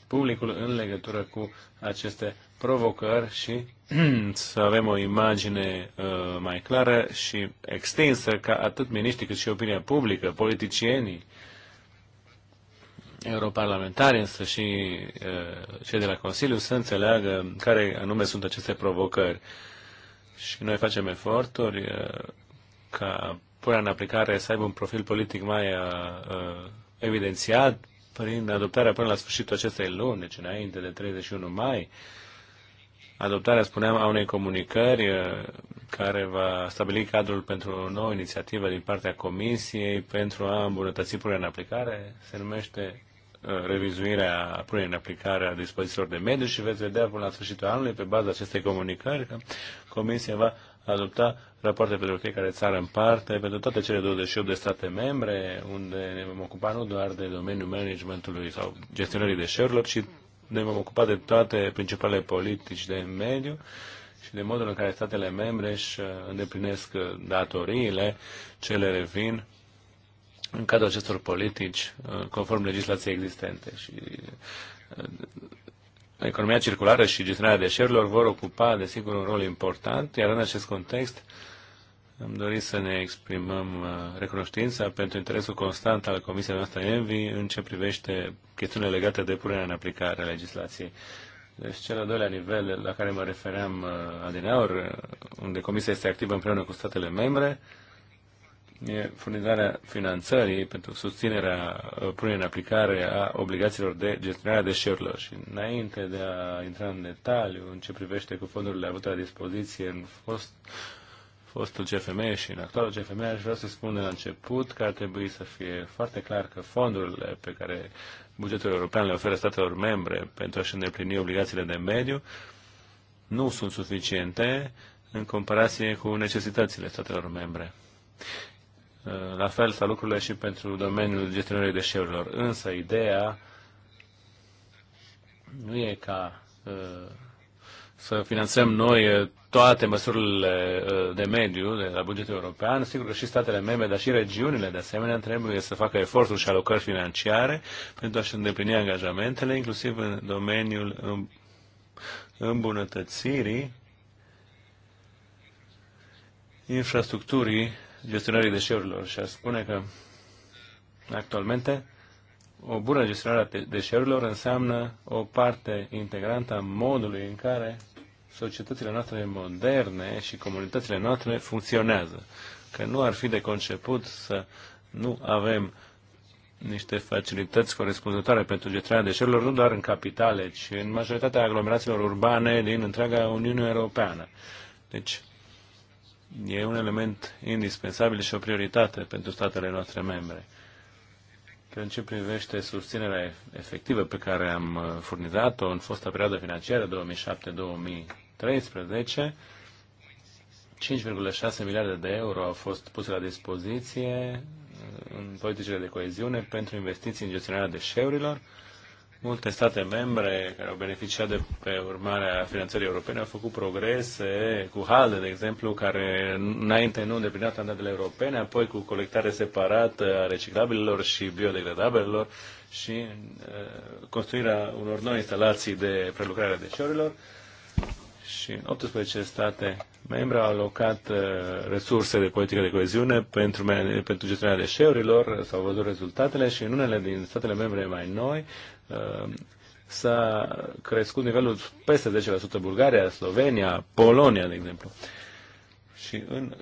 publicul în legătură cu aceste provocări și să avem o imagine uh, mai clară și extinsă ca atât miniștri cât și opinia publică, politicienii, europarlamentari, însă și uh, cei de la Consiliu să înțeleagă care anume sunt aceste provocări. Și noi facem eforturi uh, ca punerea în aplicare să aibă un profil politic mai evidențiat prin adoptarea până la sfârșitul acestei luni, deci înainte de 31 mai, adoptarea, spuneam, a unei comunicări uh, care va stabili cadrul pentru o nouă inițiativă din partea Comisiei pentru a îmbunătăți punerea în aplicare. Se numește uh, revizuirea, punerea în aplicare a dispozițiilor de mediu și veți vedea până la sfârșitul anului, pe baza acestei comunicări, că Comisia va adopta rapoarte pentru fiecare țară în parte, pentru toate cele 28 de state membre, unde ne vom ocupa nu doar de domeniul managementului sau gestionării deșeurilor, ci ne vom ocupa de toate principalele politici de mediu și de modul în care statele membre își uh, îndeplinesc uh, datoriile ce le revin în cadrul acestor politici uh, conform legislației existente. Și economia circulară și gestionarea deșeurilor vor ocupa, desigur, un rol important, iar în acest context am dorit să ne exprimăm recunoștința pentru interesul constant al Comisiei noastre ENVI în ce privește chestiunile legate de punerea în aplicare a legislației. Deci cel al doilea nivel la care mă refeream uh, adineaur, uh, unde Comisia este activă împreună cu statele membre, e furnizarea finanțării pentru susținerea uh, punerii în aplicare a obligațiilor de gestionare a deșeurilor. Și înainte de a intra în detaliu în ce privește cu fondurile avute la dispoziție în fost, fostul CFM și în actualul CFM, aș vrea să spun de la început că ar trebui să fie foarte clar că fondurile pe care bugetul european le oferă statelor membre pentru a-și îndeplini obligațiile de mediu nu sunt suficiente în comparație cu necesitățile statelor membre. Uh, la fel stau lucrurile și pentru domeniul gestionării deșeurilor. Însă ideea nu e ca uh, să finanțăm noi eh, toate măsurile eh, de mediu de la bugetul european. Sigur că și statele membre, dar și regiunile de asemenea trebuie să facă eforturi și alocări financiare pentru a-și îndeplini angajamentele, inclusiv în domeniul îmbunătățirii infrastructurii gestionării deșeurilor. Și a spune că actualmente o bună gestionare a deșeurilor înseamnă o parte integrantă a modului în care societățile noastre moderne și comunitățile noastre funcționează. Că nu ar fi de conceput să nu avem niște facilități corespunzătoare pentru gestionarea deșeurilor, nu doar în capitale, ci în majoritatea aglomerațiilor urbane din întreaga Uniune Europeană. Deci, e un element indispensabil și o prioritate pentru statele noastre membre că în ce privește susținerea efectivă pe care am uh, furnizat-o în fosta perioadă financiară 2007-2013, 5,6 miliarde de euro au fost puse la dispoziție uh, în politicile de coeziune pentru investiții în gestionarea deșeurilor, Multe state membre care au beneficiat de pe urmarea finanțării europene au făcut progrese cu halde, de exemplu, care înainte nu îndeplinea standardele europene, apoi cu colectare separată a reciclabililor și biodegradabililor și uh, construirea unor noi instalații de prelucrare a deșeurilor și 18 state membre au alocat uh, resurse de politică de coeziune pentru, pentru gestionarea deșeurilor, s-au văzut rezultatele și în unele din statele membre mai noi Ehm, s-a crescut nivelul peste 10%, Bulgaria, Slovenia, Polonia, de exemplu. Și în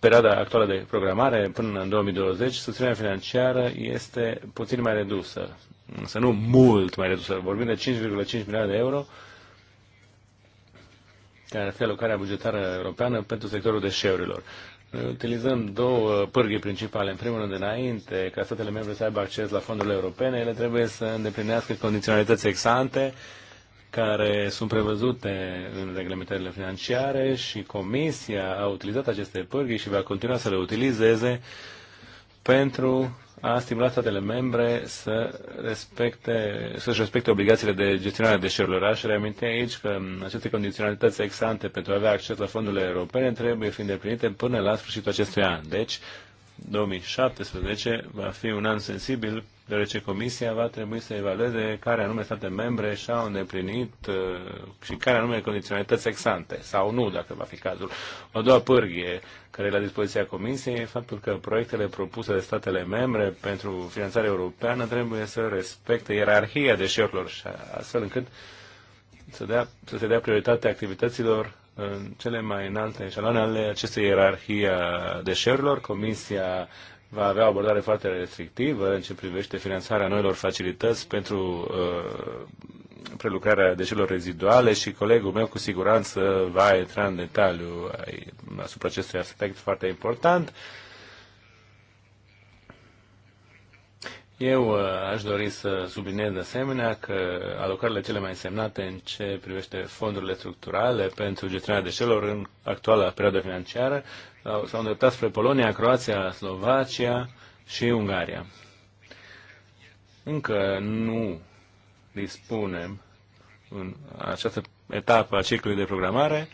perioada actuală de programare, până în 2020, susținerea financiară este puțin mai redusă, însă nu mult mai redusă. Vorbim de 5,5 milioane de euro, care ar fi alocarea bugetară europeană pentru sectorul deșeurilor. Noi utilizăm două pârghii principale. În primul rând, înainte ca statele membre să aibă acces la fondurile europene, ele trebuie să îndeplinească condiționalități exante care sunt prevăzute în reglementările financiare și Comisia a utilizat aceste pârghii și va continua să le utilizeze pentru a stimula statele membre să respecte, să-și respecte obligațiile de gestionare a deșeurilor. Aș reaminte aici că aceste condiționalități exante pentru a avea acces la fondurile europene trebuie fi îndeplinite până la sfârșitul acestui an. Deci, 2017 va fi un an sensibil deoarece Comisia va trebui să evalueze care anume state membre și-au îndeplinit uh, și care anume condiționalități exante sau nu, dacă va fi cazul. O doua pârghie care e la dispoziția Comisiei e faptul că proiectele propuse de statele membre pentru finanțare europeană trebuie să respecte ierarhia deșeurilor și astfel încât să, dea, să se dea prioritate activităților în cele mai înalte eșaloane ale acestei ierarhii a deșeurilor. Comisia va avea o abordare foarte restrictivă în ce privește finanțarea noilor facilități pentru uh, prelucrarea deșelor reziduale și colegul meu cu siguranță va intra în detaliu asupra acestui aspect foarte important. Uh, Eu uh, aș dori să subliniez de asemenea că alocările cele mai însemnate în ce privește fondurile structurale pentru gestionarea deșelor în actuala perioadă financiară s-au îndreptat spre Polonia, Croația, Slovacia și Ungaria. Încă nu dispunem în această etapă a ciclului de programare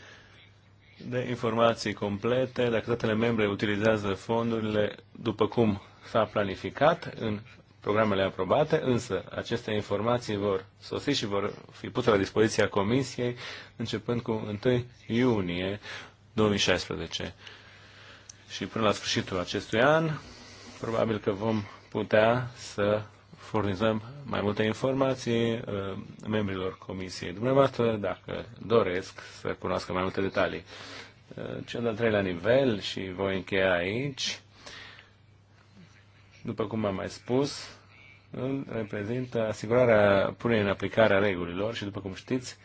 de informații complete dacă statele membre utilizează fondurile după cum s-a planificat în programele aprobate, însă aceste informații vor sosi și vor fi puse la dispoziția Comisiei începând cu 1 iunie 2016. Și până la sfârșitul acestui an, probabil că vom putea să furnizăm mai multe informații uh, membrilor Comisiei dumneavoastră, dacă doresc să cunoască mai multe detalii. Uh, cel de-al treilea nivel, și voi încheia aici, după cum am mai spus, îl reprezintă asigurarea punerii în aplicare a regulilor și, după cum știți,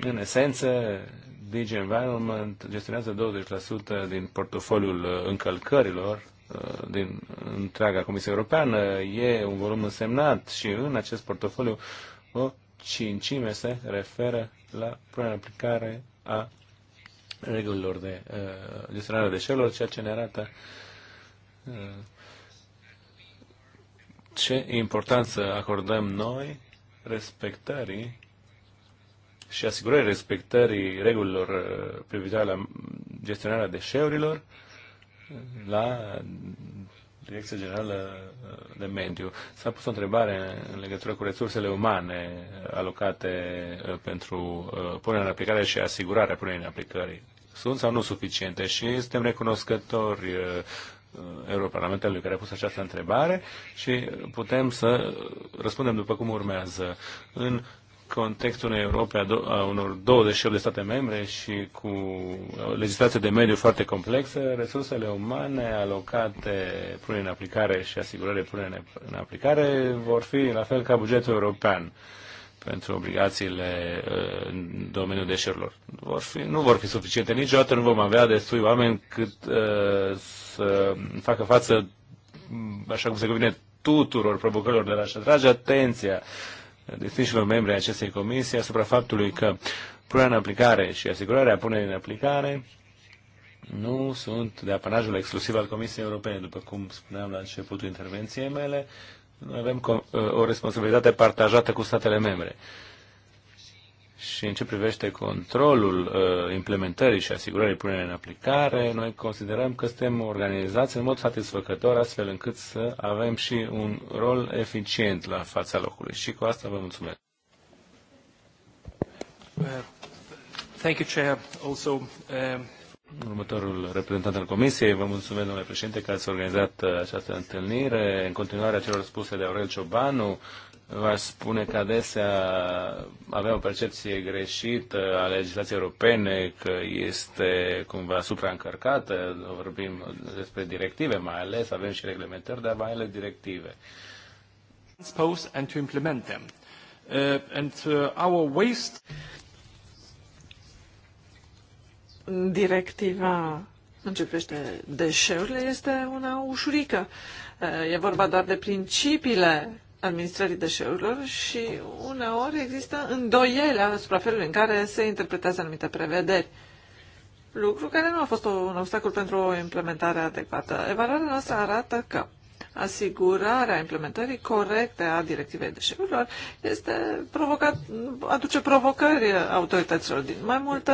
în esență, DG Environment gestionează 20% din portofoliul uh, încălcărilor uh, din întreaga Comisie Europeană. E un volum însemnat și în acest portofoliu o cincime se referă la punerea în aplicare a regulilor de uh, gestionare a deșeurilor, ceea ce ne arată uh, ce importanță acordăm noi respectării și asigurării respectării regulilor uh, privitoare la gestionarea deșeurilor uh, la Direcția Generală uh, de Mediu. S-a pus o întrebare în legătură cu resursele umane alocate pentru punerea în aplicare și asigurarea punerii în aplicării. Sunt sau nu suficiente și suntem recunoscători Europarlamentarului care a pus această întrebare și putem să răspundem după cum urmează. În contextul unei Europe a unor 28 de state membre și cu legislație de mediu foarte complexă, resursele umane alocate pune în aplicare și asigurările pune în aplicare vor fi la fel ca bugetul european pentru obligațiile uh, în domeniul deșeurilor. Vor fi, nu vor fi suficiente niciodată, nu vom avea destui oameni cât uh, să facă față, așa cum se cuvine, tuturor provocărilor de la așa. Trage atenția distinșilor membri acestei comisii asupra faptului că punerea în aplicare și asigurarea punerii în aplicare nu sunt de apanajul exclusiv al Comisiei Europene, după cum spuneam la începutul intervenției mele, noi avem uh, o responsabilitate partajată cu statele membre. Și în ce privește controlul uh, implementării și asigurării punerii în aplicare, noi considerăm că suntem organizați în mod satisfăcător astfel încât să avem și un rol eficient la fața locului. Și cu asta vă mulțumesc. Uh, thank you, Chair. Also, uh următorul reprezentant al Comisiei. Vă mulțumesc, domnule președinte, că ați organizat uh, această întâlnire. În continuare a celor spuse de Aurel Ciobanu, v-aș spune că adesea avea o percepție greșită a legislației europene, că este cumva supraîncărcată. Vorbim despre directive, mai ales avem și reglementări, dar mai ales directive. Transpose and to implement them. Uh, and uh, our waste directiva în ce privește deșeurile este una ușurică. E vorba doar de principiile administrării deșeurilor și uneori există îndoiele asupra felului în care se interpretează anumite prevederi. Lucru care nu a fost un obstacol pentru o implementare adecvată. Evaluarea noastră arată că Asigurarea implementării corecte a directivei deșeurilor este provocat, aduce provocări autorităților din mai multe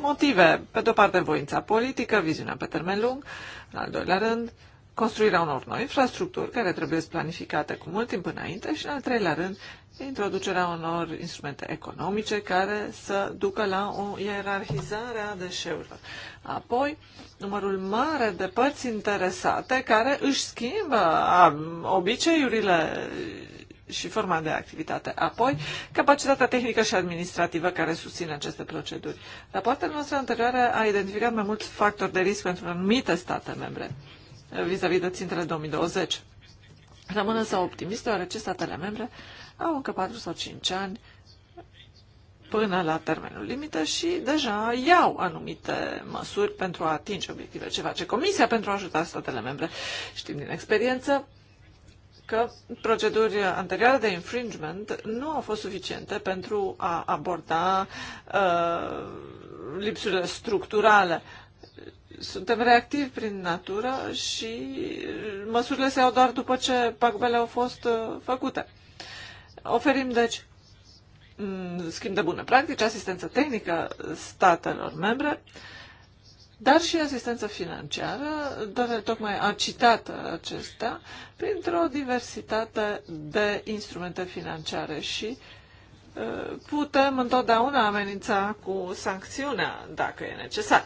motive. Pe de o parte, voința politică, viziunea pe termen lung, în al doilea rând, construirea unor noi infrastructuri care trebuie planificate cu mult timp înainte și, în al treilea rând, introducerea unor instrumente economice care să ducă la o ierarhizare a deșeurilor. Apoi, numărul mare de părți interesate care își schimbă obiceiurile și forma de activitate. Apoi, capacitatea tehnică și administrativă care susține aceste proceduri. Rapoartele noastre anterioare a identificat mai mulți factori de risc pentru anumite state membre vis-a-vis -vis de țintele 2020. Rămână să optimist, deoarece statele membre au încă 4 sau 5 ani până la termenul limită și deja iau anumite măsuri pentru a atinge obiective. Ce face Comisia pentru a ajuta statele membre? Știm din experiență că proceduri anterioare de infringement nu au fost suficiente pentru a aborda uh, lipsurile structurale. Suntem reactivi prin natură și măsurile se iau doar după ce pagubele au fost uh, făcute. Oferim, deci, schimb de bune practici, asistență tehnică statelor membre, dar și asistență financiară, dar tocmai a citat acesta, printr-o diversitate de instrumente financiare și uh, putem întotdeauna amenința cu sancțiunea, dacă e necesar.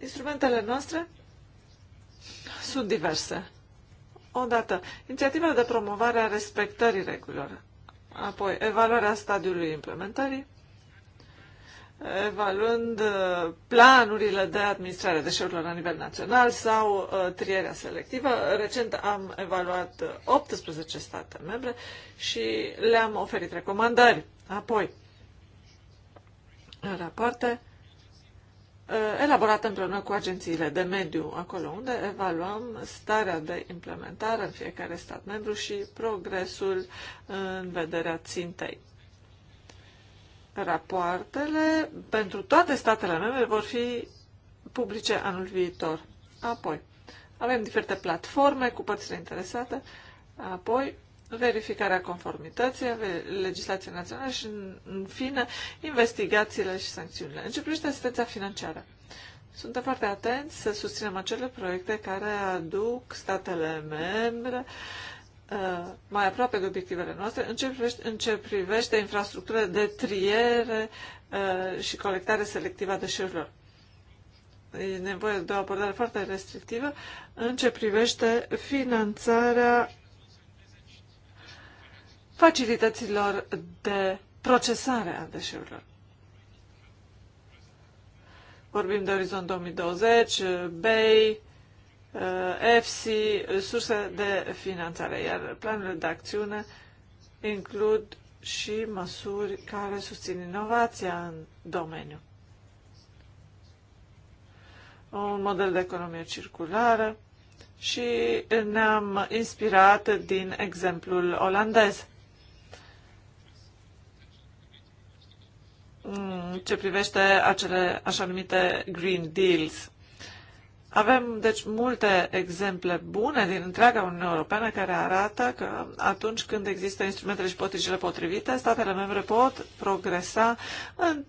Instrumentele noastre sunt diverse Odată, inițiativele de promovare a respectării regulilor, apoi evaluarea stadiului implementării, evaluând uh, planurile de administrare deșeurilor la nivel național sau uh, trierea selectivă. Recent am evaluat 18 uh, state membre și le-am oferit recomandări. Apoi, rapoarte Uh, elaborată împreună cu agențiile de mediu, acolo unde evaluăm starea de implementare în fiecare stat membru și progresul în vederea țintei. Rapoartele pentru toate statele membre vor fi publice anul viitor. Apoi, avem diferite platforme cu părțile interesate, apoi verificarea conformității legislației naționale și, în fine, investigațiile și sancțiunile. În ce privește asistența financiară? Suntem foarte atenți să susținem acele proiecte care aduc statele membre uh, mai aproape de obiectivele noastre în ce privește, în ce privește infrastructură de triere uh, și colectare selectivă a deșeurilor. E nevoie de o abordare foarte restrictivă în ce privește finanțarea facilităților de procesare a deșeurilor. Vorbim de Orizont 2020, BEI, FC surse de finanțare, iar planurile de acțiune includ și măsuri care susțin inovația în domeniu. Un model de economie circulară și ne-am inspirat din exemplul olandez. Mm, ce privește acele așa numite Green Deals. Avem, deci, multe exemple bune din întreaga Uniune Europeană care arată că atunci când există instrumentele și politicile potrivite, statele membre pot progresa în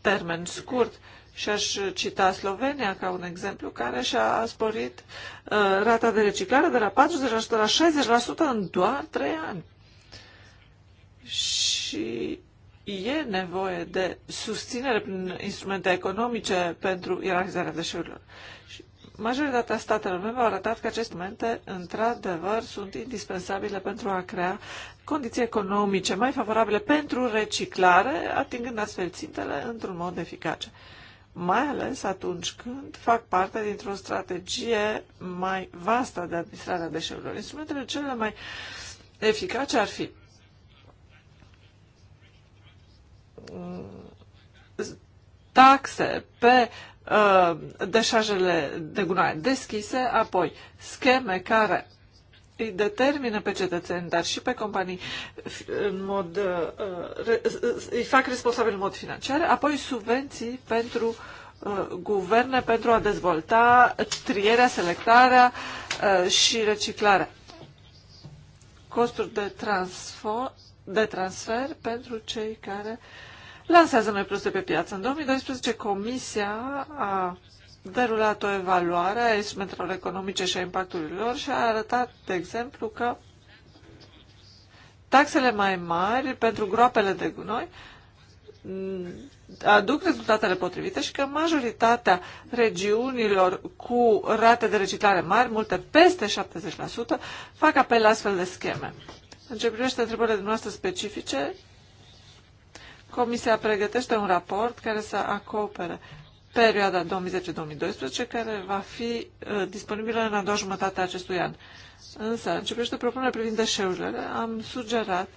termen scurt. Și aș cita Slovenia ca un exemplu care și-a sporit uh, rata de reciclare de la 40% la 60% în doar 3 ani. Și e nevoie de susținere prin instrumente economice pentru ierarhizarea deșeurilor. Și majoritatea statelor membre au arătat că aceste instrumente, într-adevăr, sunt indispensabile pentru a crea condiții economice mai favorabile pentru reciclare, atingând astfel țintele într-un mod eficace mai ales atunci când fac parte dintr-o strategie mai vastă de administrare a deșeurilor. Instrumentele cele mai eficace ar fi taxe pe uh, deșajele de gunoaie deschise, apoi scheme care îi determină pe cetățeni, dar și pe companii, în mod, uh, uh, îi fac responsabil în mod financiar, apoi subvenții pentru uh, guverne pentru a dezvolta trierea, selectarea și reciclarea. Costuri de transfer, de transfer pentru cei care uh, lansează noi produse pe piață. În 2012, Comisia a derulat o evaluare a instrumentelor economice și a impactului lor și a arătat, de exemplu, că taxele mai mari pentru groapele de gunoi aduc rezultatele potrivite și că majoritatea regiunilor cu rate de reciclare mari, multe peste 70%, fac apel la astfel de scheme. În ce privește întrebările noastre specifice, Comisia pregătește un raport care să acopere perioada 2010-2012, care va fi uh, disponibilă în a doua jumătate a acestui an. Însă, în ce privește propunerea privind deșeurile, am sugerat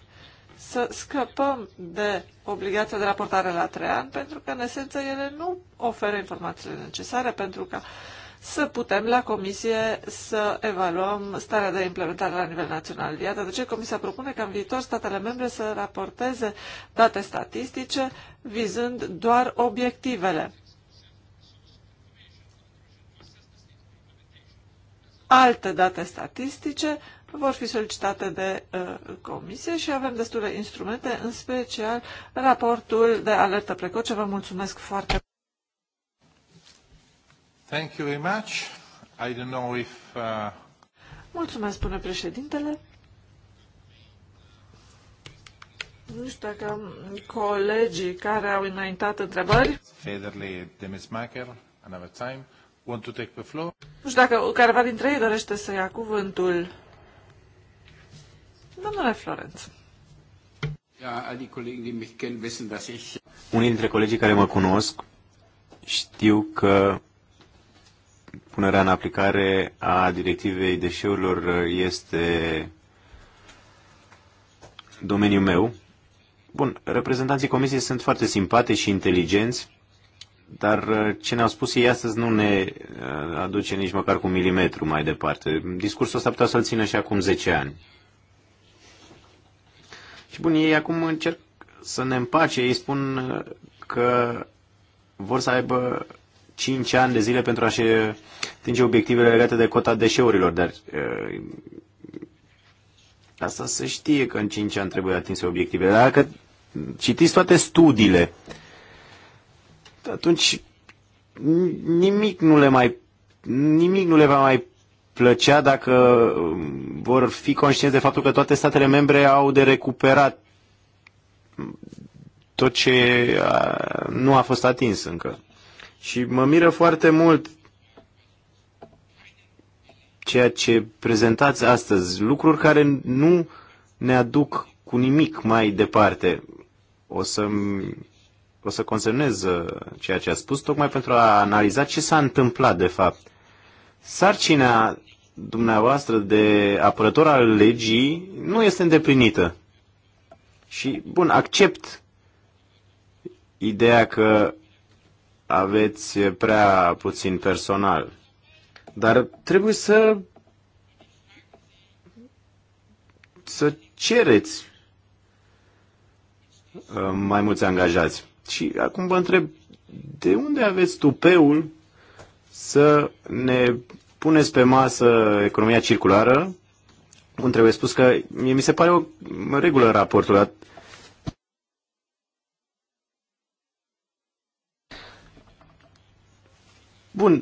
să scăpăm de obligația de raportare la trei ani, pentru că, în esență, ele nu oferă informațiile necesare pentru ca uh, să putem la Comisie să evaluăm starea de implementare la nivel național. Iată de ce Comisia propune ca în viitor statele membre să raporteze date statistice vizând doar obiectivele. Alte date statistice vor fi solicitate de uh, comisie și avem destule instrumente, în special raportul de alertă precoce. Vă mulțumesc foarte mult! Thank you very much. I don't know if... Uh, Mulțumesc, spune președintele. Nu știu dacă colegii care au înaintat întrebări. Federle Demesmacher, another time. Want to take the floor? Nu știu dacă careva dintre ei dorește să ia cuvântul. Domnule Florenț. Unii dintre colegii care mă cunosc știu că Punerea în aplicare a directivei deșeurilor este domeniul meu. Bun, reprezentanții comisiei sunt foarte simpate și inteligenți, dar uh, ce ne-au spus ei astăzi nu ne uh, aduce nici măcar cu milimetru mai departe. Discursul ăsta putea să-l țină și acum 10 ani. Și bun, ei acum încerc să ne împace. Ei spun uh, că vor să aibă 5 ani de zile pentru a-și uh, atinge obiectivele legate de cota deșeurilor, dar uh, asta se știe că în 5 ani trebuie atinse obiectivele. Dacă citiți toate studiile, atunci nimic nu le mai nimic nu le va mai plăcea dacă um, vor fi conștienți de faptul că toate statele membre au de recuperat tot ce a, nu a fost atins încă. Și mă miră foarte mult ceea ce prezentați astăzi, lucruri care nu ne aduc cu nimic mai departe. O să, o să consemnez uh, ceea ce a spus, tocmai pentru a analiza ce s-a întâmplat de fapt. Sarcina dumneavoastră de apărător al legii nu este îndeplinită. Și, bun, accept ideea că aveți prea puțin personal. Dar trebuie să să cereți uh, mai mulți angajați. Și acum vă întreb, de unde aveți tupeul să ne puneți pe masă economia circulară? Unde trebuie spus că mie mi se pare o regulă în raportul, dar Bun,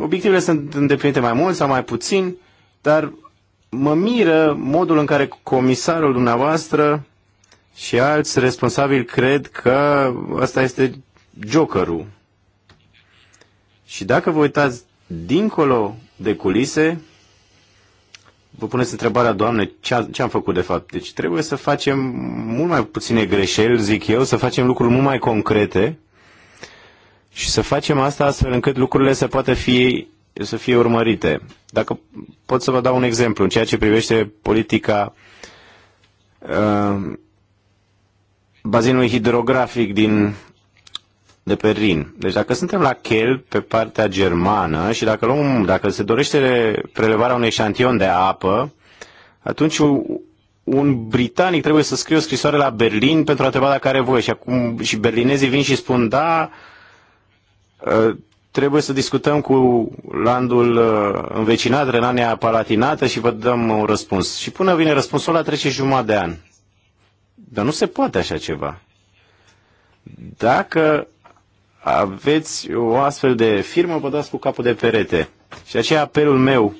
obiectivele sunt îndeplinite mai mult sau mai puțin, dar mă miră modul în care comisarul dumneavoastră și alți responsabili cred că ăsta este jokerul. Și dacă vă uitați dincolo de culise, vă puneți întrebarea, Doamne, ce am făcut de fapt? Deci trebuie să facem mult mai puține greșeli, zic eu, să facem lucruri mult mai concrete și să facem asta astfel încât lucrurile să poată fi, să fie urmărite. Dacă pot să vă dau un exemplu în ceea ce privește politica uh, bazinului hidrografic din de pe Rin. Deci dacă suntem la Kiel, pe partea germană, și dacă, luăm, dacă se dorește prelevarea unui eșantion de apă, atunci un britanic trebuie să scrie o scrisoare la Berlin pentru a întreba dacă are voie. Și acum și berlinezii vin și spun, da, Uh, trebuie să discutăm cu landul uh, învecinat, Renania Palatinată și vă dăm un răspuns. Și până vine răspunsul ăla trece jumătate de an. Dar nu se poate așa ceva. Dacă aveți o astfel de firmă, vă dați cu capul de perete. Și aceea apelul meu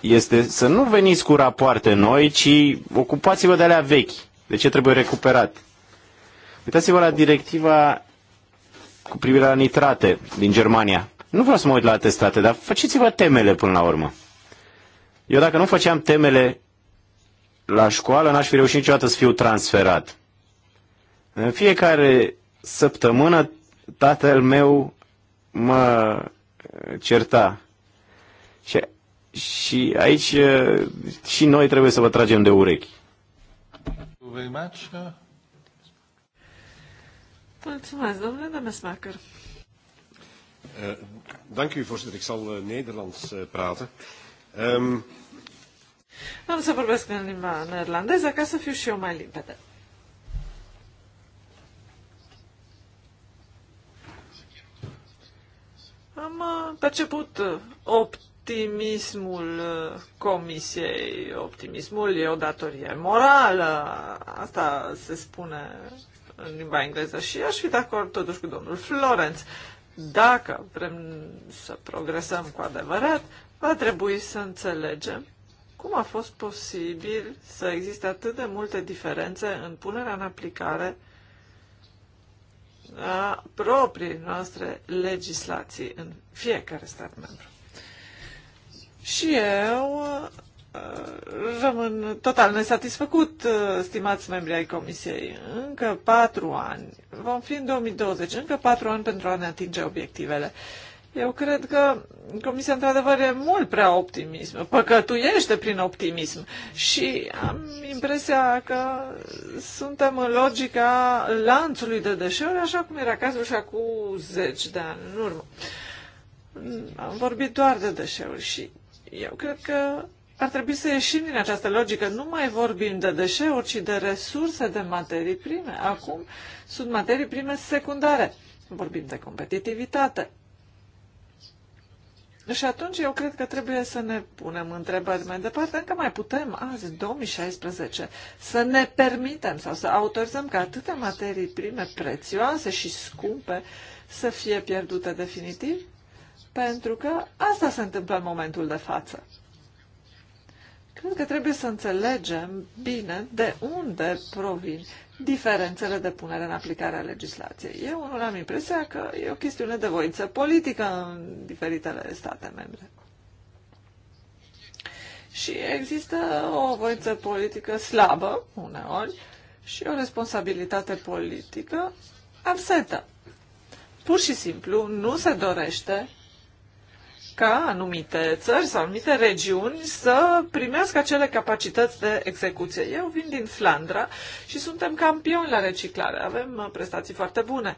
este să nu veniți cu rapoarte noi, ci ocupați-vă de alea vechi. De ce trebuie recuperat? Uitați-vă la directiva cu privire la nitrate din Germania. Nu vreau să mă uit la alte state, dar faceți-vă temele până la urmă. Eu dacă nu făceam temele la școală, n-aș fi reușit niciodată să fiu transferat. În fiecare săptămână, tatăl meu mă uh, certa. Și, și aici uh, și noi trebuie să vă tragem de urechi. very much. Mulțumesc, domnule Demesmacher. Uh, eh, dank u, voorzitter. Ik zal uh, Nederlands uh, praten. Ehm, Am să vorbesc în limba neerlandeză ca să fiu și eu mai limpede. Am perceput optimismul comisiei. Optimismul e o datorie morală. Asta se spune în limba engleză și aș fi de acord totuși cu domnul Florence. Dacă vrem să progresăm cu adevărat, va trebui să înțelegem cum a fost posibil să existe atât de multe diferențe în punerea în aplicare a proprii noastre legislații în fiecare stat membru. Și eu Uh, rămân total nesatisfăcut, uh, stimați membri ai Comisiei. Încă patru ani, vom fi în 2020, încă patru ani pentru a ne atinge obiectivele. Eu cred că Comisia, într-adevăr, e mult prea optimism, păcătuiește prin optimism și am impresia că suntem în logica lanțului de deșeuri, așa cum era cazul și acum zeci de ani în urmă. Am vorbit doar de deșeuri și eu cred că ar trebui să ieșim din această logică. Nu mai vorbim de deșeuri, ci de resurse de materii prime. Acum sunt materii prime secundare. Vorbim de competitivitate. Și atunci eu cred că trebuie să ne punem întrebări mai departe, încă mai putem azi, în 2016, să ne permitem sau să autorizăm ca atâtea materii prime prețioase și scumpe să fie pierdute definitiv? Pentru că asta se întâmplă în momentul de față. Cred că trebuie să înțelegem bine de unde provin diferențele de punere în aplicare a legislației. Eu unul am impresia că e o chestiune de voință politică în diferitele state membre. Și există o voință politică slabă, uneori, și o responsabilitate politică absentă. Pur și simplu nu se dorește ca anumite țări sau anumite regiuni să primească acele capacități de execuție. Eu vin din Flandra și suntem campioni la reciclare. Avem uh, prestații foarte bune.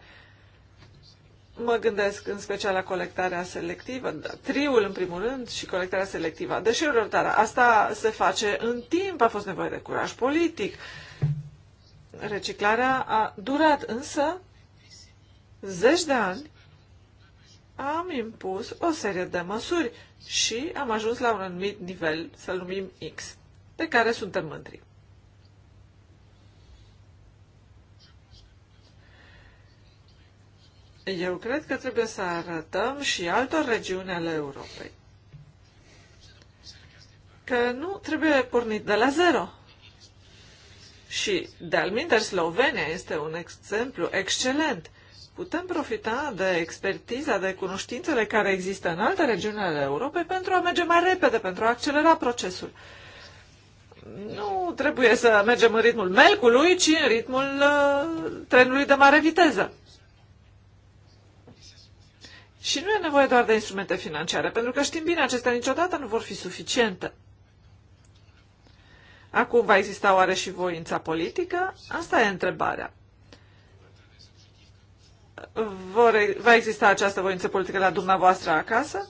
Mă gândesc în special la colectarea selectivă, triul în primul rând și colectarea selectivă deși deșeurilor, dar asta se face în timp, a fost nevoie de curaj politic. Reciclarea a durat însă zeci de ani am impus o serie de măsuri și am ajuns la un anumit nivel, să-l numim X, pe care suntem mândri. Eu cred că trebuie să arătăm și altor regiuni ale Europei că nu trebuie pornit de la zero. Și, de-al Slovenia este un exemplu excelent putem profita de expertiza, de cunoștințele care există în alte regiuni ale Europei pentru a merge mai repede, pentru a accelera procesul. Nu trebuie să mergem în ritmul melcului, ci în ritmul uh, trenului de mare viteză. Și nu e nevoie doar de instrumente financiare, pentru că știm bine, acestea niciodată nu vor fi suficiente. Acum va exista oare și voința politică? Asta e întrebarea vor, va exista această voință politică la dumneavoastră acasă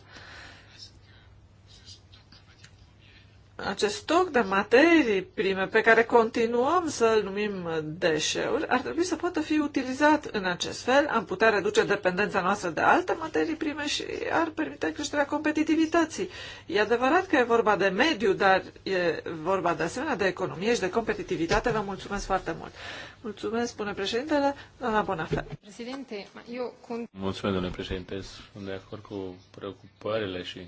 acest stoc de materii prime pe care continuăm să-l numim deșeuri ar trebui să poată fi utilizat în acest fel. Am putea reduce dependența noastră de alte materii prime și ar permite creșterea competitivității. E adevărat că e vorba de mediu, dar e vorba de asemenea de economie și de competitivitate. Vă mulțumesc foarte mult. Mulțumesc, spune președintele, doamna Bonafel. Președinte, eu... Mulțumesc, domnule președinte. Sunt de acord cu preocupările și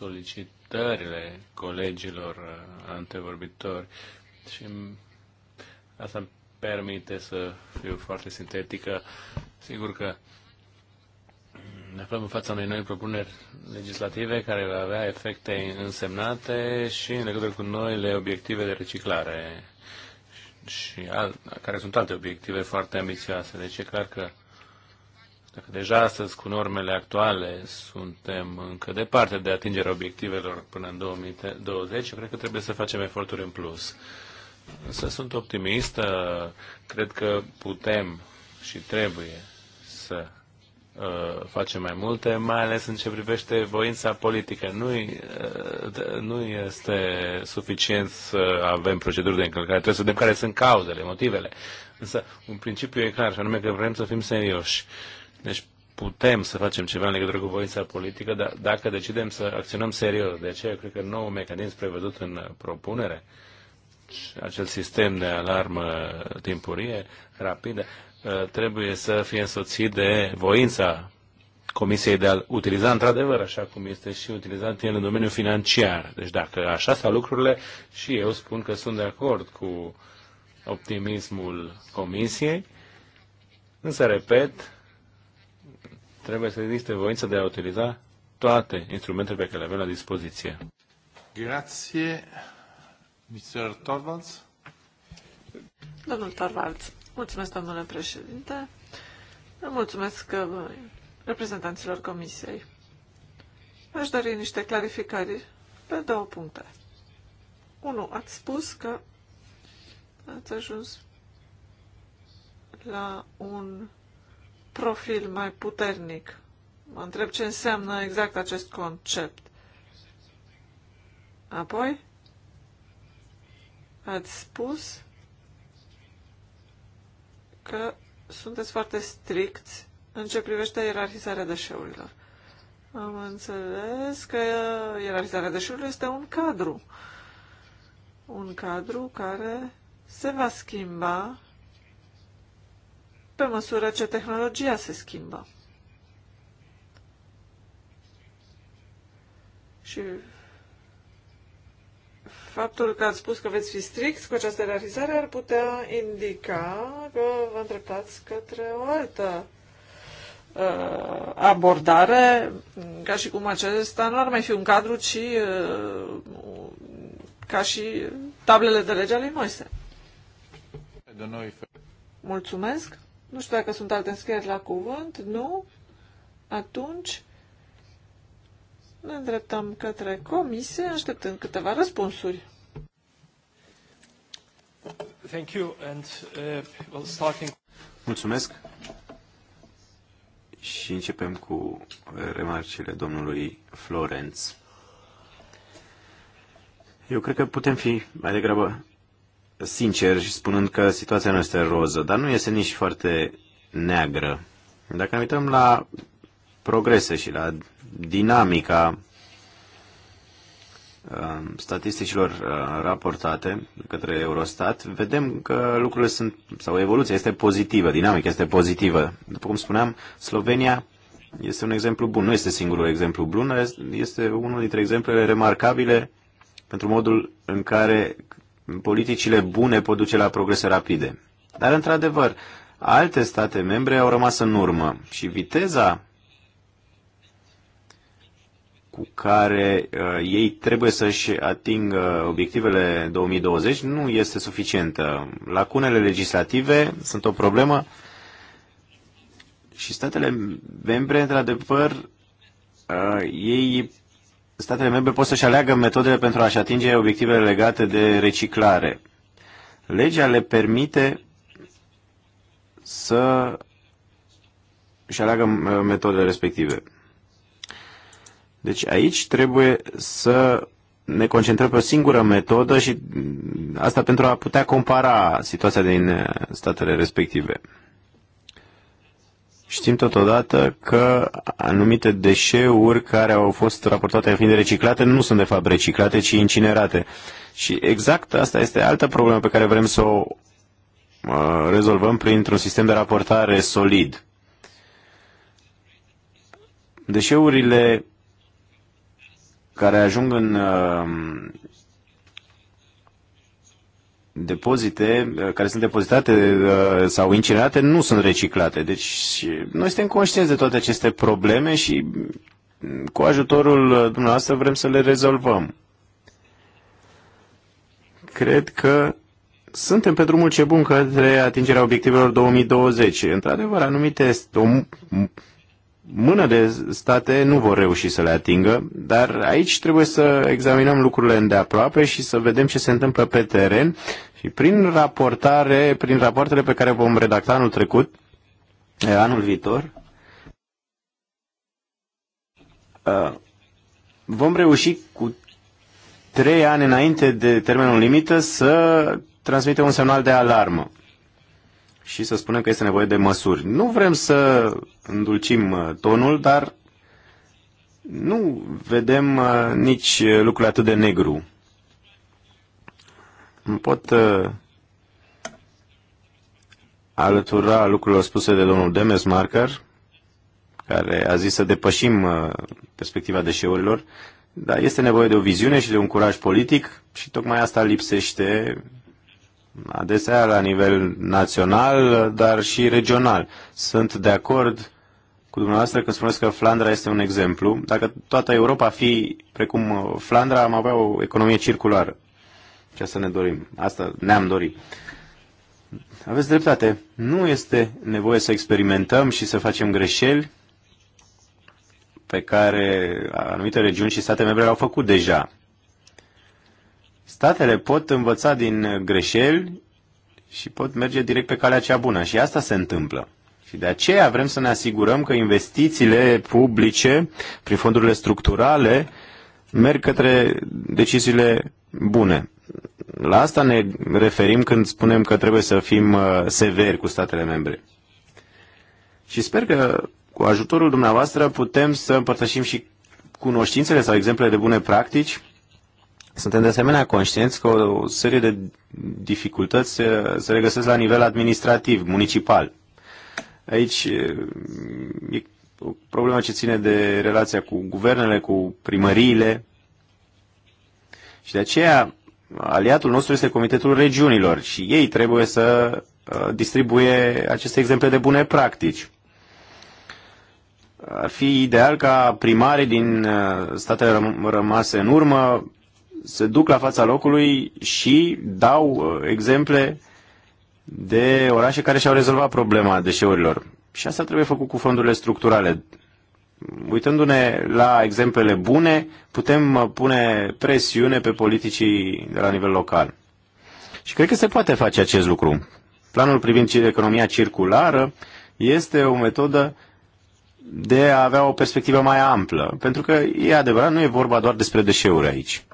solicitările colegilor uh, antevorbitori și asta îmi permite să fiu foarte sintetică. Sigur că ne aflăm în fața unei noi propuneri legislative care va avea efecte însemnate și în legătură cu noile obiective de reciclare și al, care sunt alte obiective foarte ambițioase. Deci e clar că dacă deja astăzi cu normele actuale suntem încă departe de atingerea obiectivelor până în 2020, cred că trebuie să facem eforturi în plus. Însă sunt optimist, cred că putem și trebuie să uh, facem mai multe, mai ales în ce privește voința politică. Nu, uh, nu este suficient să avem proceduri de încălcare, trebuie să vedem care sunt cauzele, motivele. Însă un principiu e clar, și anume că vrem să fim serioși. Deci putem să facem ceva în legătură cu voința politică, dar dacă decidem să acționăm serios. De aceea cred că nou mecanism prevăzut în propunere, acel sistem de alarmă timpurie, rapidă, trebuie să fie însoțit de voința Comisiei de a utiliza într-adevăr așa cum este și utilizat el în domeniul financiar. Deci dacă așa sunt lucrurile, și eu spun că sunt de acord cu optimismul Comisiei, însă, repet, trebuie să existe voință de a utiliza toate instrumentele pe care le avem la dispoziție. Grazie, Mr. Torvalds. Domnul Torvalds, mulțumesc, domnule președinte. Mulțumesc uh, reprezentanților comisiei. Aș dori niște clarificări pe două puncte. Unu, Ați spus că ați ajuns la un profil mai puternic. Mă întreb ce înseamnă exact acest concept. Apoi, ați spus că sunteți foarte stricți în ce privește ierarhizarea deșeurilor. Am înțeles că ierarhizarea deșeurilor este un cadru. Un cadru care se va schimba pe măsură ce tehnologia se schimbă. Și faptul că ați spus că veți fi strict cu această realizare ar putea indica că vă îndreptați către o altă uh, abordare, ca și cum acesta nu ar mai fi un cadru, ci uh, ca și tablele de lege ale Moise. Mulțumesc! Nu știu dacă sunt alte înscrieri la cuvânt. Nu? Atunci ne îndreptăm către comisie, așteptând câteva răspunsuri. Thank you and, uh, well, starting... Mulțumesc. Și începem cu uh, remarcile domnului Florenț. Eu cred că putem fi mai degrabă sincer și spunând că situația nu este roză, dar nu este nici foarte neagră. Dacă ne uităm la progrese și la dinamica uh, statisticilor uh, raportate către Eurostat, vedem că lucrurile sunt, sau evoluția este pozitivă, dinamica este pozitivă. După cum spuneam, Slovenia este un exemplu bun, nu este singurul exemplu bun, este unul dintre exemplele remarcabile pentru modul în care politicile bune pot duce la progrese rapide. Dar, într-adevăr, alte state membre au rămas în urmă și viteza cu care uh, ei trebuie să-și atingă obiectivele 2020 nu este suficientă. Lacunele legislative sunt o problemă și statele membre, într-adevăr, uh, ei statele membre pot să-și aleagă metodele pentru a-și atinge obiectivele legate de reciclare. Legea le permite să și aleagă metodele respective. Deci aici trebuie să ne concentrăm pe o singură metodă și asta pentru a putea compara situația din uh, statele respective. Știm totodată că anumite deșeuri care au fost raportate fiind reciclate nu sunt de fapt reciclate, ci incinerate. Și exact asta este altă problemă pe care vrem să o rezolvăm printr-un sistem de raportare solid. Deșeurile care ajung în uh, depozite uh, care sunt depozitate uh, sau incinerate nu sunt reciclate. Deci noi suntem conștienți de toate aceste probleme și mm, cu ajutorul uh, dumneavoastră vrem să le rezolvăm. Cred că suntem pe drumul ce bun către atingerea obiectivelor 2020. Într-adevăr, anumite mână de state nu vor reuși să le atingă, dar aici trebuie să examinăm lucrurile îndeaproape și să vedem ce se întâmplă pe teren și prin raportare, prin rapoartele pe care vom redacta anul trecut, eh, anul viitor, eh, vom reuși cu trei ani înainte de termenul limită să transmitem un semnal de alarmă și să spunem că este nevoie de măsuri. Nu vrem să îndulcim uh, tonul, dar nu vedem uh, nici uh, lucrurile atât de negru. pot alătura lucrurilor spuse de domnul Marker, care a zis să depășim perspectiva deșeurilor, dar este nevoie de o viziune și de un curaj politic și tocmai asta lipsește adesea la nivel național, dar și regional. Sunt de acord cu dumneavoastră când spuneți că Flandra este un exemplu. Dacă toată Europa fi precum uh, Flandra, am avea o economie circulară. Ce să ne dorim. Asta ne-am dorit. Aveți dreptate. Nu este nevoie să experimentăm și să facem greșeli pe care anumite regiuni și state membre le-au făcut deja. Statele pot învăța din greșeli și pot merge direct pe calea cea bună. Și asta se întâmplă. Și de aceea vrem să ne asigurăm că investițiile publice, prin fondurile structurale, merg către deciziile bune. La asta ne referim când spunem că trebuie să fim uh, severi cu statele membre. Și sper că cu ajutorul dumneavoastră putem să împărtășim și cunoștințele sau exemplele de bune practici suntem de asemenea conștienți că o serie de dificultăți eh, se, regăsesc la nivel administrativ, municipal. Aici eh, e o problemă ce ține de relația cu guvernele, cu primăriile. Și de aceea aliatul nostru este Comitetul Regiunilor și ei trebuie să eh, distribuie aceste exemple de bune practici. Ar fi ideal ca primarii din statele rămase în urmă se duc la fața locului și dau uh, exemple de orașe care și-au rezolvat problema deșeurilor. Și asta trebuie făcut cu fondurile structurale. Uitându-ne la exemplele bune, putem uh, pune presiune pe politicii de la nivel local. Și cred că se poate face acest lucru. Planul privind economia circulară este o metodă de a avea o perspectivă mai amplă. Pentru că e adevărat, nu e vorba doar despre deșeuri aici.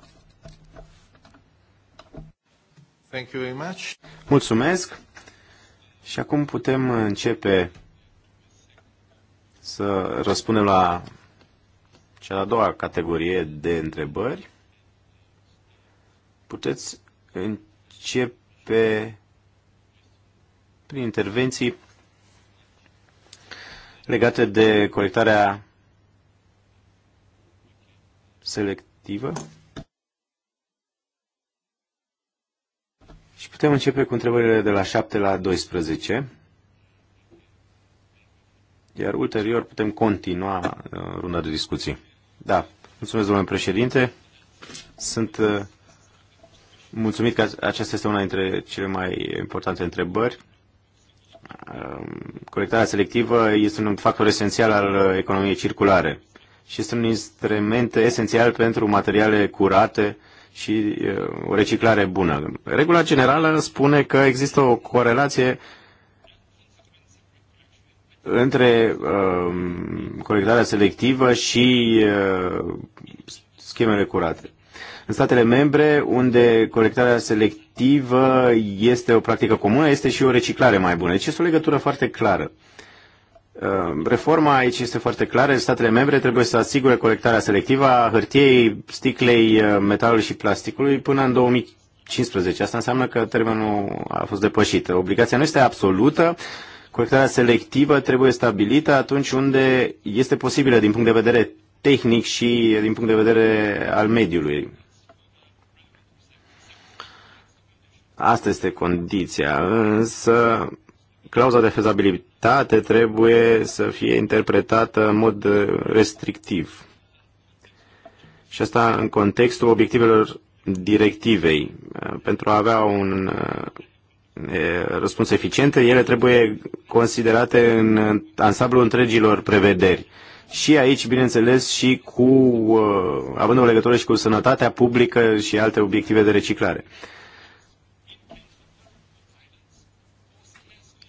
Thank you very much. Mulțumesc. Și acum putem începe să răspundem la cea a doua categorie de întrebări. Puteți începe prin intervenții legate de colectarea selectivă. Și putem începe cu întrebările de la 7 la 12. Iar ulterior putem continua uh, runda de discuții. Da, mulțumesc, domnule președinte. Sunt uh, mulțumit că aceasta este una dintre cele mai importante întrebări. Um, colectarea selectivă este un factor esențial al uh, economiei circulare și este un instrument esențial pentru materiale curate, și o reciclare bună. Regula generală spune că există o corelație între uh, colectarea selectivă și uh, schemele curate. În statele membre, unde colectarea selectivă este o practică comună, este și o reciclare mai bună. Deci este o legătură foarte clară. Uh, reforma aici este foarte clară. Statele membre trebuie să asigure colectarea selectivă a hârtiei, sticlei, uh, metalului și plasticului până în 2015. Asta înseamnă că termenul a fost depășit. Obligația nu este absolută. Colectarea selectivă trebuie stabilită atunci unde este posibilă din punct de vedere tehnic și din punct de vedere al mediului. Asta este condiția, însă clauza de fezabilitate trebuie să fie interpretată în mod uh, restrictiv. Și asta în contextul obiectivelor directivei. Uh, pentru a avea un uh, răspuns eficient, ele trebuie considerate în ansamblul întregilor prevederi. Și aici, bineînțeles, și cu, având o legătură și cu sănătatea publică și alte obiective de reciclare.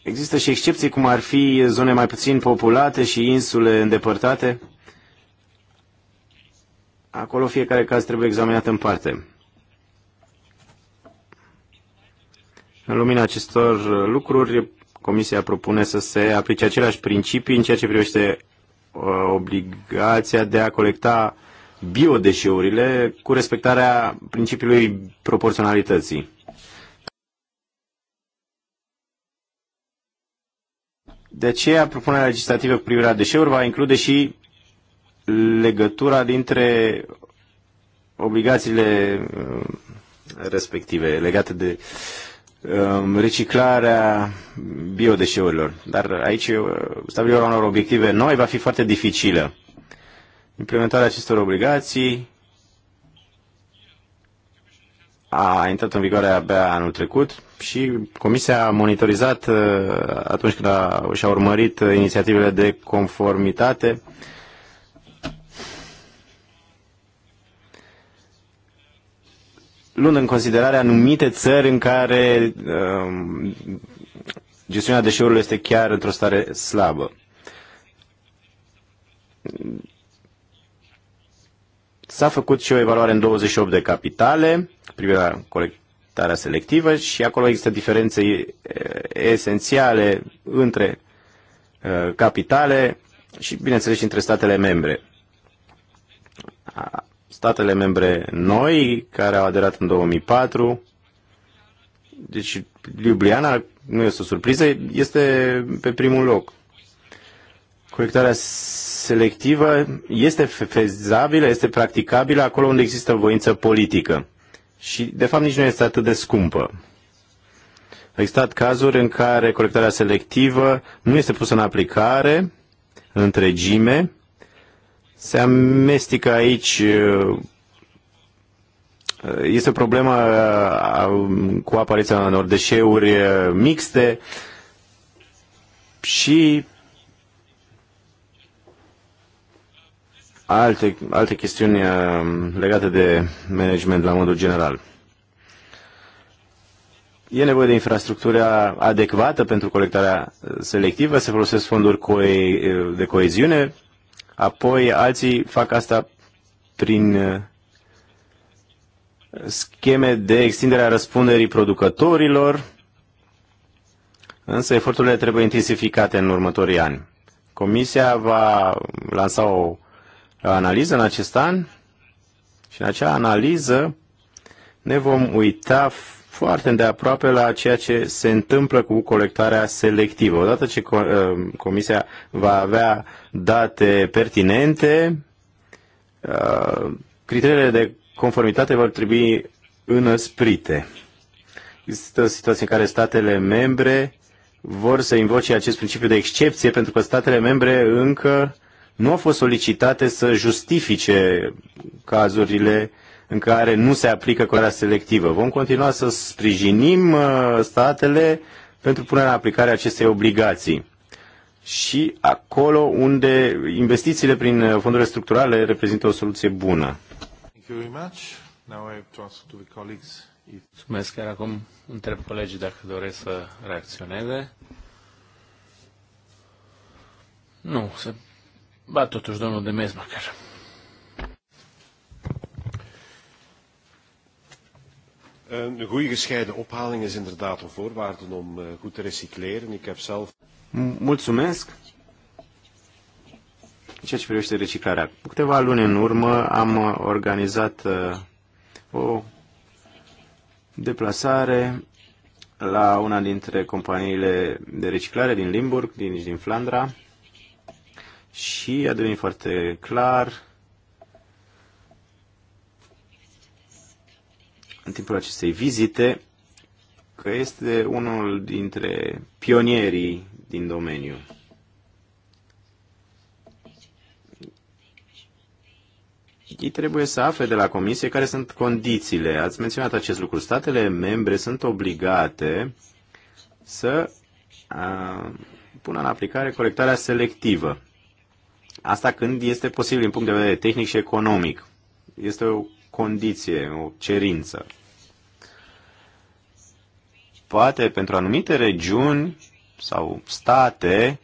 Există și excepții, cum ar fi zone mai puțin populate și insule îndepărtate. Acolo fiecare caz trebuie examinat în parte. În lumina acestor lucruri, Comisia propune să se aplice aceleași principii în ceea ce privește uh, obligația de a colecta biodeșeurile cu respectarea principiului proporționalității. De aceea, propunerea legislativă cu privire la deșeuri va include și legătura dintre obligațiile uh, respective legate de um, reciclarea biodeșeurilor. Dar aici uh, stabilirea unor obiective noi va fi foarte dificilă. Implementarea acestor obligații a intrat în vigoare abia anul trecut și Comisia a monitorizat uh, atunci când a, și-a urmărit inițiativele de conformitate. luând în considerare anumite țări în care uh, gestiunea deșeurilor este chiar într-o stare slabă. S-a făcut și o evaluare în 28 de capitale, privirea corect selectarea selectivă și acolo există diferențe esențiale între capitale și, bineînțeles, și între statele membre. Statele membre noi, care au aderat în 2004, deci Ljubljana, nu este o surpriză, este pe primul loc. Colectarea selectivă este fezabilă, este practicabilă acolo unde există voință politică și de fapt nici nu este atât de scumpă. Au existat cazuri în care colectarea selectivă nu este pusă în aplicare în întregime. Se amestecă aici uh, este o problemă uh, cu apariția unor deșeuri uh, mixte și alte, alte chestiuni uh, legate de management la modul general. E nevoie de infrastructura adecvată pentru colectarea uh, selectivă, se folosesc fonduri uh, de coeziune, apoi alții fac asta prin scheme de extindere a răspunderii producătorilor, însă eforturile trebuie intensificate în următorii ani. Comisia va lansa o analiză în acest an și în acea analiză ne vom uita foarte îndeaproape la ceea ce se întâmplă cu colectarea selectivă. Odată ce uh, Comisia va avea date pertinente, uh, criteriile de conformitate vor trebui înăsprite. Există situație în care statele membre vor să invoce acest principiu de excepție pentru că statele membre încă nu au fost solicitate să justifice cazurile în care nu se aplică coarea selectivă. Vom continua să sprijinim uh, statele pentru punerea în aplicare a acestei obligații. Și acolo unde investițiile prin uh, fondurile structurale reprezintă o soluție bună. Mulțumesc, iar acum întreb colegii dacă doresc să reacționeze. Nu, se Ba, totuși, domnul de măcar. Een goede gescheiden ophaling is inderdaad een voorwaarde om eh, goed te recycleren. Ik heb zelf... Mulțumesc. Ceea ce privește reciclarea. Cu câteva luni în urmă am eh, organizat eh, o deplasare la una dintre companiile de reciclare din Limburg, din, din Flandra, și a devenit foarte clar în timpul acestei vizite că este unul dintre pionierii din domeniu. Ei trebuie să afle de la Comisie care sunt condițiile. Ați menționat acest lucru. Statele membre sunt obligate să a, pună în aplicare colectarea selectivă. Asta când este posibil din punct de vedere tehnic și economic. Este o condiție, o cerință. Poate pentru anumite regiuni sau state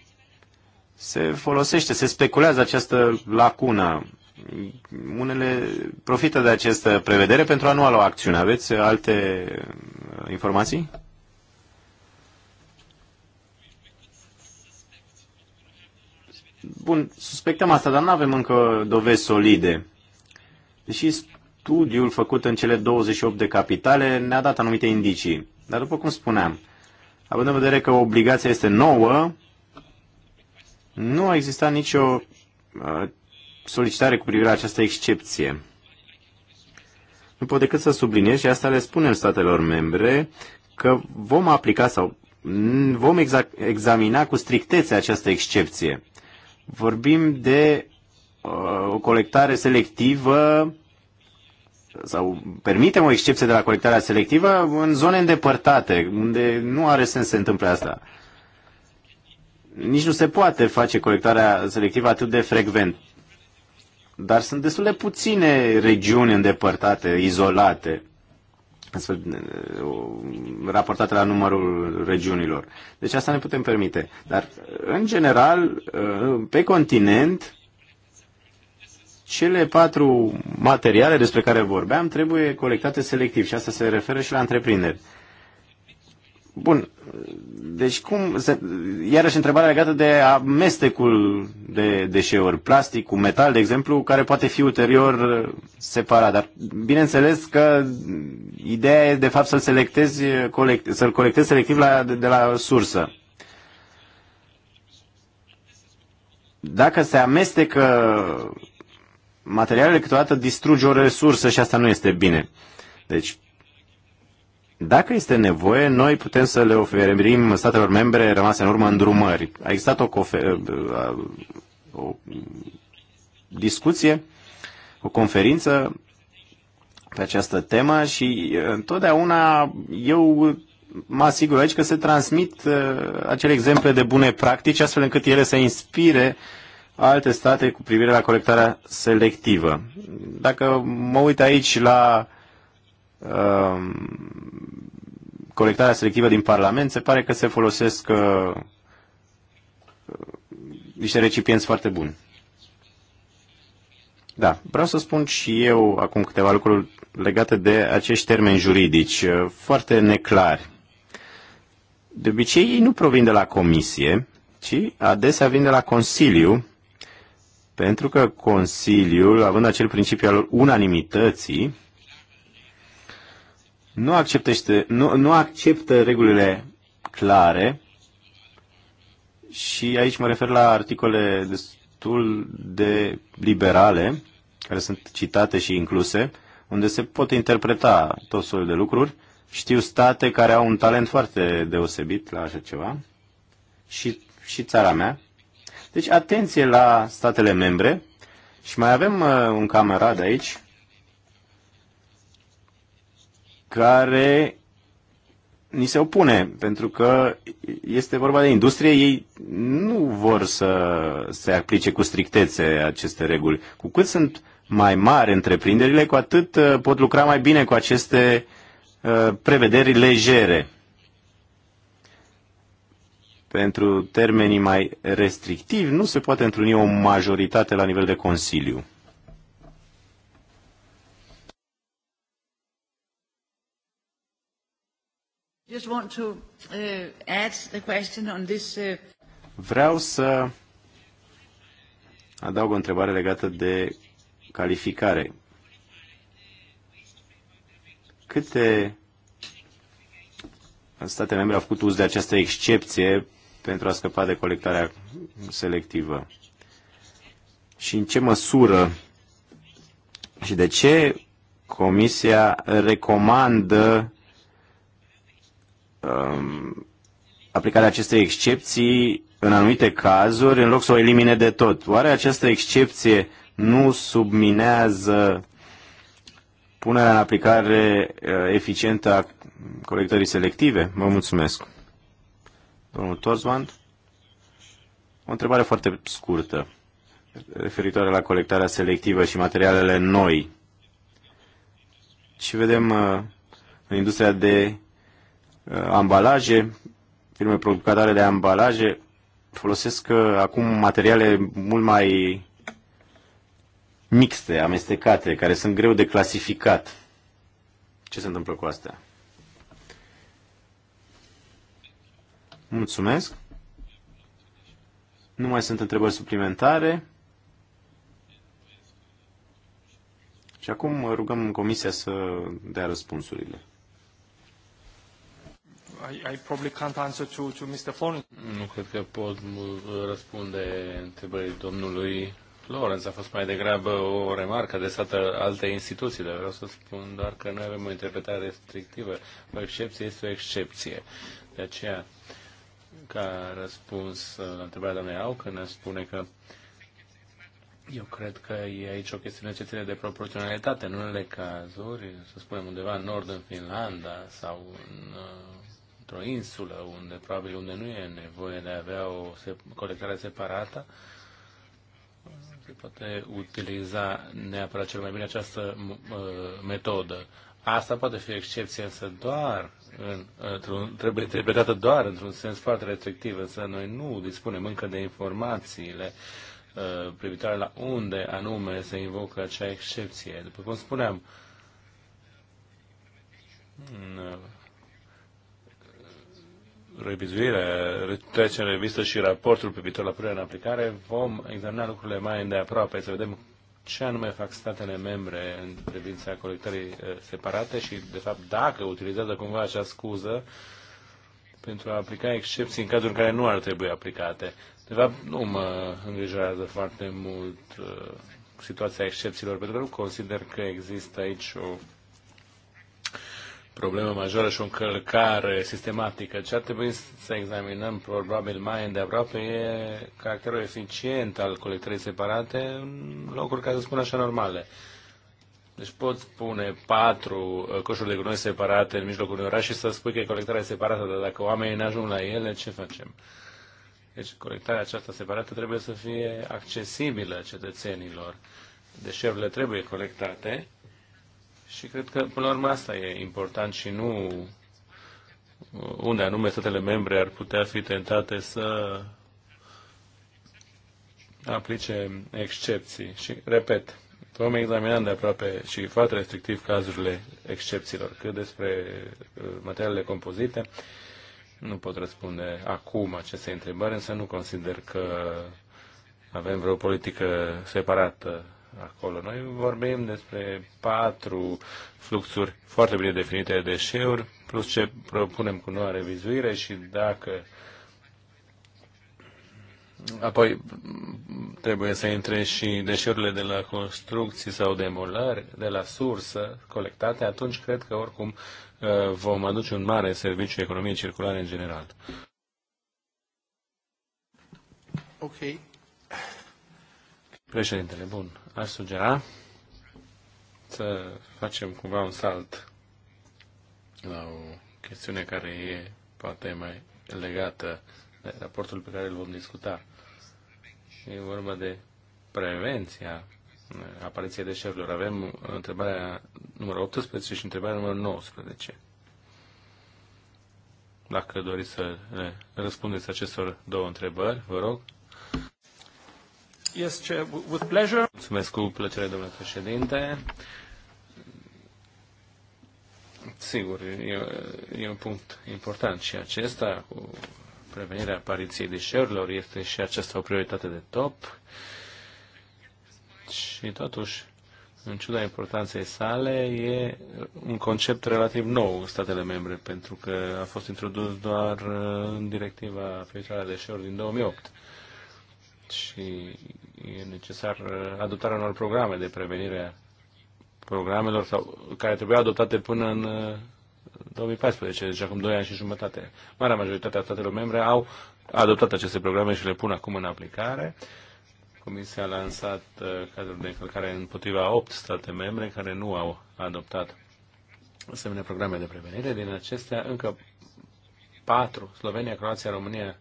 se folosește, se speculează această lacună. Unele profită de această prevedere pentru a nu lua acțiune. Aveți alte uh, informații? Bun, suspectăm asta, dar nu avem încă dovezi solide. Deși studiul făcut în cele 28 de capitale ne-a dat anumite indicii. Dar după cum spuneam, având în vedere că obligația este nouă, nu a existat nicio uh, solicitare cu privire la această excepție. Nu pot decât să subliniez și asta le spunem statelor membre că vom aplica sau vom examina cu strictețe această excepție. Vorbim de uh, o colectare selectivă sau permitem o excepție de la colectarea selectivă în zone îndepărtate, unde nu are sens să se întâmple asta. Nici nu se poate face colectarea selectivă atât de frecvent. Dar sunt destul de puține regiuni îndepărtate, izolate astfel, raportate la numărul regiunilor. Deci asta ne putem permite. Dar, în general, pe continent, cele patru materiale despre care vorbeam trebuie colectate selectiv și asta se referă și la întreprinderi. Bun. Deci cum, iarăși întrebarea legată de amestecul de deșeuri, plastic cu metal, de exemplu, care poate fi ulterior uh, separat. Dar bineînțeles că ideea e de fapt să-l selectezi, uh, colect, să-l colectezi selectiv la, de, de la sursă. Dacă se amestecă materialele, câteodată distrugi o resursă și asta nu este bine. Deci dacă este nevoie, noi putem să le oferim statelor membre rămase în urmă îndrumări. A existat o, cofe- o discuție, o conferință pe această temă și întotdeauna eu mă asigur aici că se transmit acele exemple de bune practici astfel încât ele să inspire alte state cu privire la colectarea selectivă. Dacă mă uit aici la uh, Um, colectarea selectivă din Parlament, se pare că se folosesc uh, uh, niște recipienți foarte buni. Da, vreau să spun și eu acum câteva lucruri legate de acești termeni juridici, uh, foarte neclari. De obicei, ei nu provin de la Comisie, ci adesea vin de la Consiliu, pentru că Consiliul, având acel principiu al unanimității, nu acceptește, nu, nu acceptă regulile clare și aici mă refer la articole destul de liberale, care sunt citate și incluse, unde se pot interpreta tot soiul de lucruri. Știu state care au un talent foarte deosebit la așa ceva și, și țara mea. Deci atenție la statele membre și mai avem uh, un camarad aici care ni se opune, pentru că este vorba de industrie, ei nu vor să se aplice cu strictețe aceste reguli. Cu cât sunt mai mari întreprinderile, cu atât uh, pot lucra mai bine cu aceste uh, prevederi legere. Pentru termenii mai restrictivi, nu se poate întruni o majoritate la nivel de Consiliu. Just want to uh, add question on this. Uh... Vreau să adaug o întrebare legată de calificare. Câte state membre au făcut uz de această excepție pentru a scăpa de colectarea selectivă? Și în ce măsură și de ce Comisia recomandă Um, aplicarea acestei excepții în anumite cazuri, în loc să o elimine de tot. Oare această excepție nu subminează punerea în aplicare uh, eficientă a colectării selective? Vă mulțumesc. Domnul Torzvand, o întrebare foarte scurtă referitoare la colectarea selectivă și materialele noi. Și vedem uh, în industria de Uh, ambalaje, firme producătoare de ambalaje folosesc uh, acum materiale mult mai mixte, amestecate, care sunt greu de clasificat. Ce se întâmplă cu astea? Mulțumesc. Nu mai sunt întrebări suplimentare. Și acum rugăm Comisia să dea răspunsurile. I, I probably can't answer to, to Mr. Florence. Nu cred că pot răspunde întrebării domnului Lorenz. A fost mai degrabă o remarcă adresată alte instituții, dar vreau să spun doar că noi avem o interpretare restrictivă. O excepție este o excepție. De aceea, ca răspuns la întrebarea doamnei Aucă, ne spune că eu cred că e aici o chestiune ce ține de proporționalitate. În unele cazuri, să spunem undeva în nord, în Finlanda sau în uh, într-o insulă, unde probabil unde nu e nevoie de a avea o colectare separată, se poate utiliza neapărat cel mai bine această uh, metodă. Asta poate fi excepție, însă doar în, într-un, trebuie interpretată doar într-un sens foarte restrictiv, însă noi nu dispunem încă de informațiile uh, privitoare la unde anume se invocă acea excepție. După cum spuneam, în Revizuire. Trece în revistă și raportul privitor la punerea în aplicare, vom examina lucrurile mai îndeaproape, să vedem ce anume fac statele membre în privința colectării eh, separate și, de fapt, dacă utilizează cumva acea scuză pentru a aplica excepții în cazuri în care nu ar trebui aplicate. De fapt, nu mă îngrijorează foarte mult eh, situația excepțiilor, pentru că nu consider că există aici o problemă majoră și o încălcare sistematică. Ce ar trebui să examinăm probabil mai îndeaproape e caracterul eficient al colectării separate în locuri, ca să spun așa, normale. Deci poți pune patru uh, coșuri de gunoi separate în mijlocul unui oraș și să spui că e colectarea separată, dar dacă oamenii ne ajung la ele, ce facem? Deci colectarea aceasta separată trebuie să fie accesibilă cetățenilor. Deșeurile trebuie colectate, și cred că, până la urmă, asta e important și nu unde anume statele membre ar putea fi tentate să aplice excepții. Și, repet, vom examina de aproape și foarte restrictiv cazurile excepțiilor. Cât despre uh, materialele compozite, nu pot răspunde acum aceste întrebări, însă nu consider că avem vreo politică separată acolo. Noi vorbim despre patru fluxuri foarte bine definite de deșeuri, plus ce propunem cu noua revizuire și dacă Apoi trebuie să intre și deșeurile de la construcții sau demolări, de la sursă colectate, atunci cred că oricum uh, vom aduce un mare serviciu economiei circulare în general. Ok. Președintele, bun aș sugera să facem cumva un salt la o chestiune care e poate mai legată de raportul pe care îl vom discuta. E vorba de prevenția uh, apariției deșeurilor. Avem întrebarea numărul 18 și întrebarea numărul 19. Dacă doriți să răspundeți acestor două întrebări, vă rog. Yes, Chair, with pleasure. Mulțumesc cu plăcere, domnule președinte. Sigur, e, e un punct important și acesta cu prevenirea apariției deșeurilor este și aceasta o prioritate de top. Și totuși, în ciuda importanței sale, e un concept relativ nou în statele membre, pentru că a fost introdus doar uh, în directiva privitoare la deșeuri din 2008 și e necesar adoptarea unor programe de prevenire programelor sau, care trebuiau adoptate până în 2014, uh, deci acum 2 ani și jumătate. Marea majoritate a statelor membre au adoptat aceste programe și le pun acum în aplicare. Comisia a lansat uh, cadrul de încălcare împotriva 8 state membre care nu au adoptat asemenea programe de prevenire. Din acestea, încă 4, Slovenia, Croația, România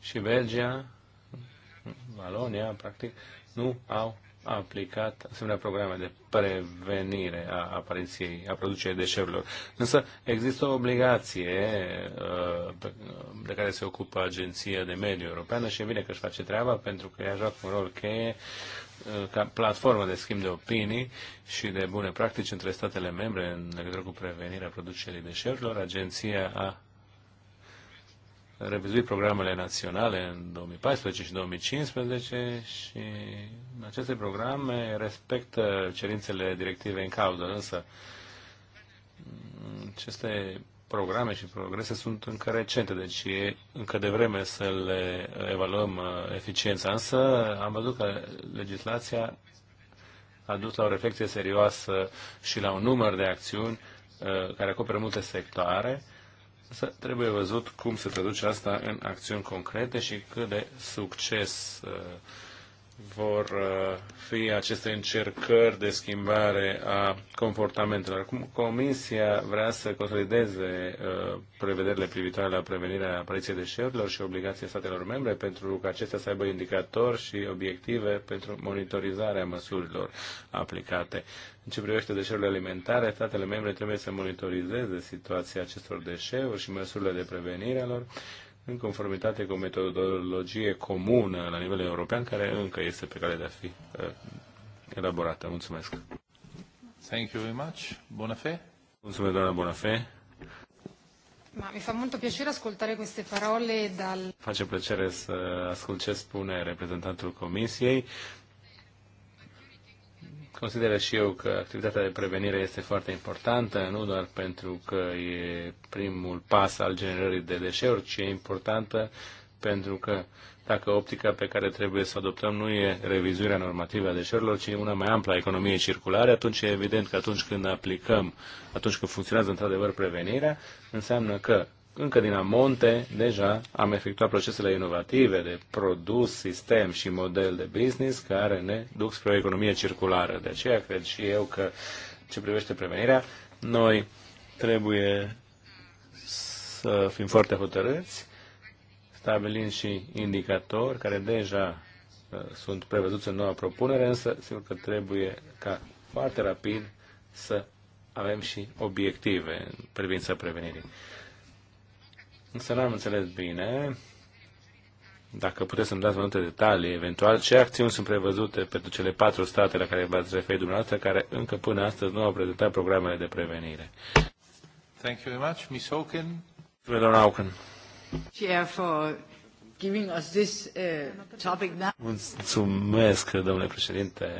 și Belgia, Valonia, practic, nu au aplicat asemenea programe de prevenire a apariției, a producerii deșeurilor. Însă există o obligație uh, de care se ocupă Agenția de Mediu Europeană și e bine că își face treaba pentru că ea joacă un rol cheie uh, ca platformă de schimb de opinii și de bune practici între statele membre în legătură cu prevenirea producerii deșeurilor. Agenția a revizui programele naționale în 2014 și 2015 și aceste programe respectă cerințele directive în cauză, însă aceste programe și progrese sunt încă recente, deci e încă de vreme să le evaluăm uh, eficiența, însă am văzut că legislația a dus la o reflecție serioasă și la un număr de acțiuni uh, care acoperă multe sectoare să trebuie văzut cum se traduce asta în acțiuni concrete și cât de succes uh, vor uh, fi aceste încercări de schimbare a comportamentelor. Cum Comisia vrea să consolideze uh, prevederile privitoare la prevenirea apariției deșeurilor și obligația statelor membre pentru că acestea să aibă indicatori și obiective pentru monitorizarea măsurilor aplicate. În ce privește deșeurile alimentare, statele membre trebuie să monitorizeze situația acestor deșeuri și măsurile de prevenire a lor în conformitate cu o metodologie comună la nivel european care încă este pe cale de a fi uh, elaborată. Mulțumesc! Thank you very much. Bună fe! Mulțumesc, doamna fe! Ma mi fa molto piacere ascoltare queste parole dal... Face plăcere să ascult ce spune reprezentantul Comisiei. Consideră și eu că activitatea de prevenire este foarte importantă, nu doar pentru că e primul pas al generării de deșeuri, ci e importantă pentru că dacă optica pe care trebuie să o adoptăm nu e revizuirea normativă a deșeurilor, ci una mai amplă a economiei circulare, atunci e evident că atunci când aplicăm, atunci când funcționează într-adevăr prevenirea, înseamnă că încă din amonte, deja am efectuat procesele inovative de produs, sistem și model de business care ne duc spre o economie circulară. De aceea cred și eu că ce privește prevenirea, noi trebuie să fim foarte hotărâți, stabilind și indicatori care deja uh, sunt prevăzuți în noua propunere, însă sigur că trebuie ca foarte rapid să avem și obiective în privința prevenirii. Însă n-am înțeles bine, dacă puteți să-mi dați mai multe detalii, eventual, ce acțiuni sunt prevăzute pentru cele patru state la care v-ați referit dumneavoastră, care încă până astăzi nu au prezentat programele de prevenire. Thank you very much. Ms. Hawken. Doamna Hawken. Chair for giving us this uh, topic now. Mulțumesc, domnule președinte,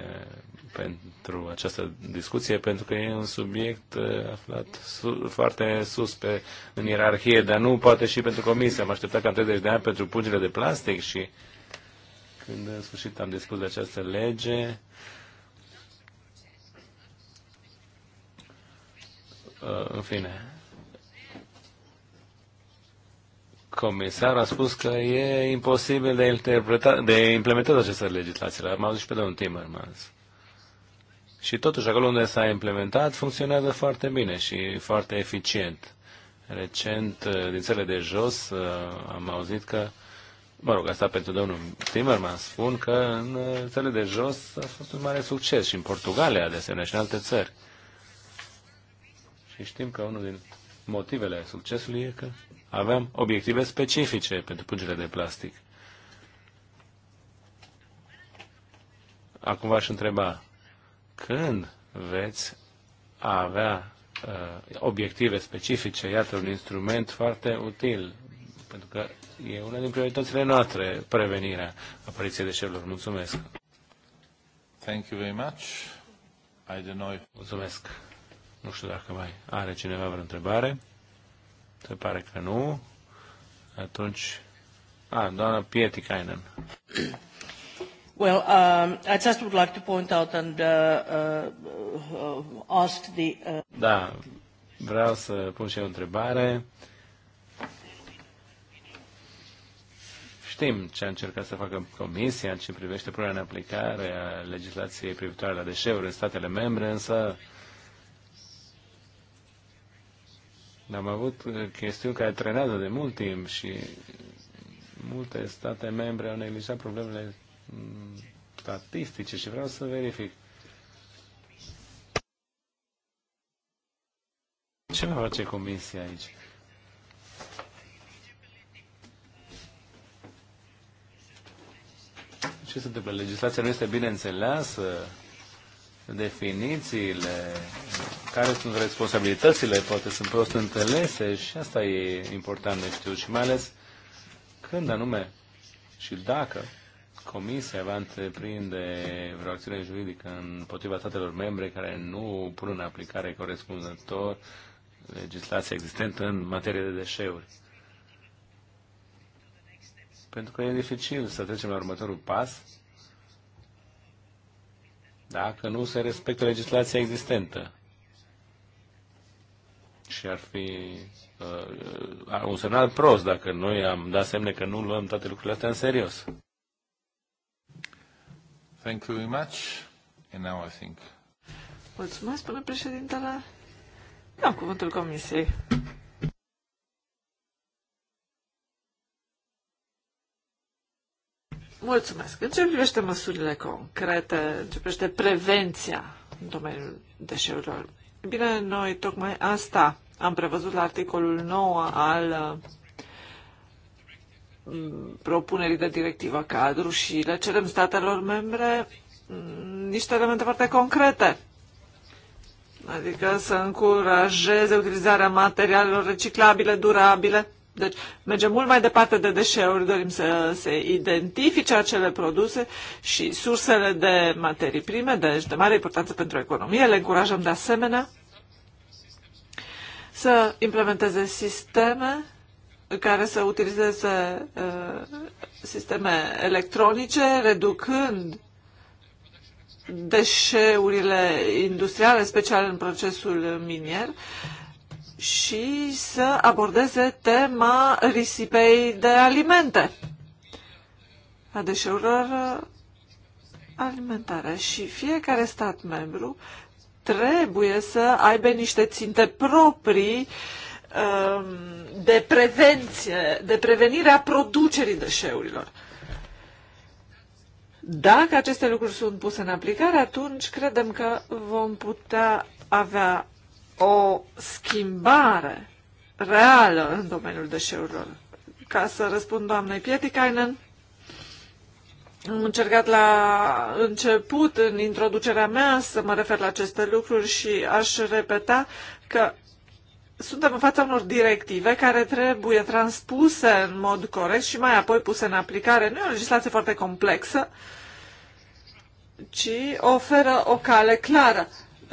pentru această discuție, pentru că e un subiect eh, aflat su- foarte sus pe, în ierarhie, dar nu poate și pentru comisie. Am așteptat cam 30 de ani pentru pungile de plastic și când în sfârșit am discutat de această lege, eh, în fine, comisar a spus că e imposibil de, interpreta, de implementat această legislație. am auzit și pe domnul Timmermans și totuși acolo unde s-a implementat funcționează foarte bine și foarte eficient. Recent, uh, din țările de jos, uh, am auzit că, mă rog, asta pentru domnul Timmermans, spun că în uh, țările de jos a fost un mare succes și în Portugalia, de asemenea, și în alte țări. Și știm că unul din motivele succesului e că aveam obiective specifice pentru pungile de plastic. Acum v-aș întreba, când veți avea uh, obiective specifice, iată un instrument foarte util, pentru că e una din prioritățile noastre, prevenirea apariției deșeurilor. Mulțumesc! Thank you very much. I don't know Mulțumesc! Nu știu dacă mai are cineva vreo întrebare. Se pare că nu. Atunci... A, doamna Pietikainen. Well, um, I just would like to point out and uh, uh, ask the... Uh... Da, vreau să pun și eu o întrebare. Știm ce a încercat să facă Comisia în ce privește punerea în aplicare a legislației privitoare la deșeuri în statele membre, însă am avut chestiuni care trenează de mult timp și multe state membre au neglijat problemele statistice și vreau să verific. Ce va face comisia aici? Ce se întâmplă? Legislația nu este bine înțeleasă? Definițiile? Care sunt responsabilitățile? Poate sunt prost înțelese și asta e important de știut și mai ales când anume și dacă Comisia va întreprinde vreo acțiune juridică împotriva statelor membre care nu pun în aplicare corespunzător legislația existentă în materie de deșeuri. Pentru că e dificil să trecem la următorul pas dacă nu se respectă legislația existentă. Și ar fi uh, un semnal prost dacă noi am dat semne că nu luăm toate lucrurile astea în serios. Thank you very much. And now I think... Mulțumesc, până președintele. Am cuvântul comisiei. Mulțumesc. În ce privește măsurile concrete, în ce privește prevenția în domeniul deșeurilor? Bine, noi tocmai asta am prevăzut la articolul 9 al propunerii de directivă cadru și le cerem statelor membre mm, niște elemente foarte concrete. Adică să încurajeze utilizarea materialelor reciclabile, durabile. Deci mergem mult mai departe de deșeuri, dorim să se identifice acele produse și sursele de materii prime, deci de mare importanță pentru economie. Le încurajăm de asemenea să implementeze sisteme care să utilizeze uh, sisteme electronice, reducând deșeurile industriale, special în procesul minier, și să abordeze tema risipei de alimente, a deșeurilor uh, alimentare. Și fiecare stat membru trebuie să aibă niște ținte proprii uh, Um, de prevenție, de prevenire a producerii deșeurilor. Dacă aceste lucruri sunt puse în aplicare, atunci credem că vom putea avea o schimbare reală în domeniul deșeurilor. Ca să răspund doamnei Pietikainen, am încercat la început, în introducerea mea, să mă refer la aceste lucruri și aș repeta că suntem în fața unor directive care trebuie transpuse în mod corect și mai apoi puse în aplicare. Nu e o legislație foarte complexă, ci oferă o cale clară.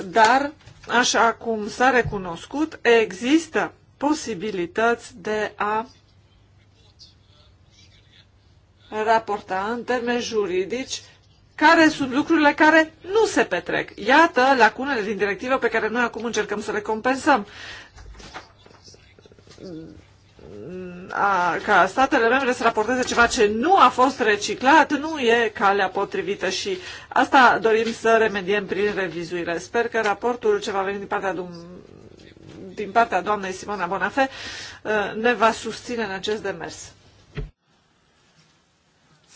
Dar, așa cum s-a recunoscut, există posibilități de a raporta în termeni juridici care sunt lucrurile care nu se petrec. Iată lacunele din directivă pe care noi acum încercăm să le compensăm a, ca statele membre să raporteze ceva ce nu a fost reciclat, nu e calea potrivită și asta dorim să remediem prin revizuire. Sper că raportul ce va veni din partea, din partea doamnei Simona Bonafe uh, ne va susține în acest demers.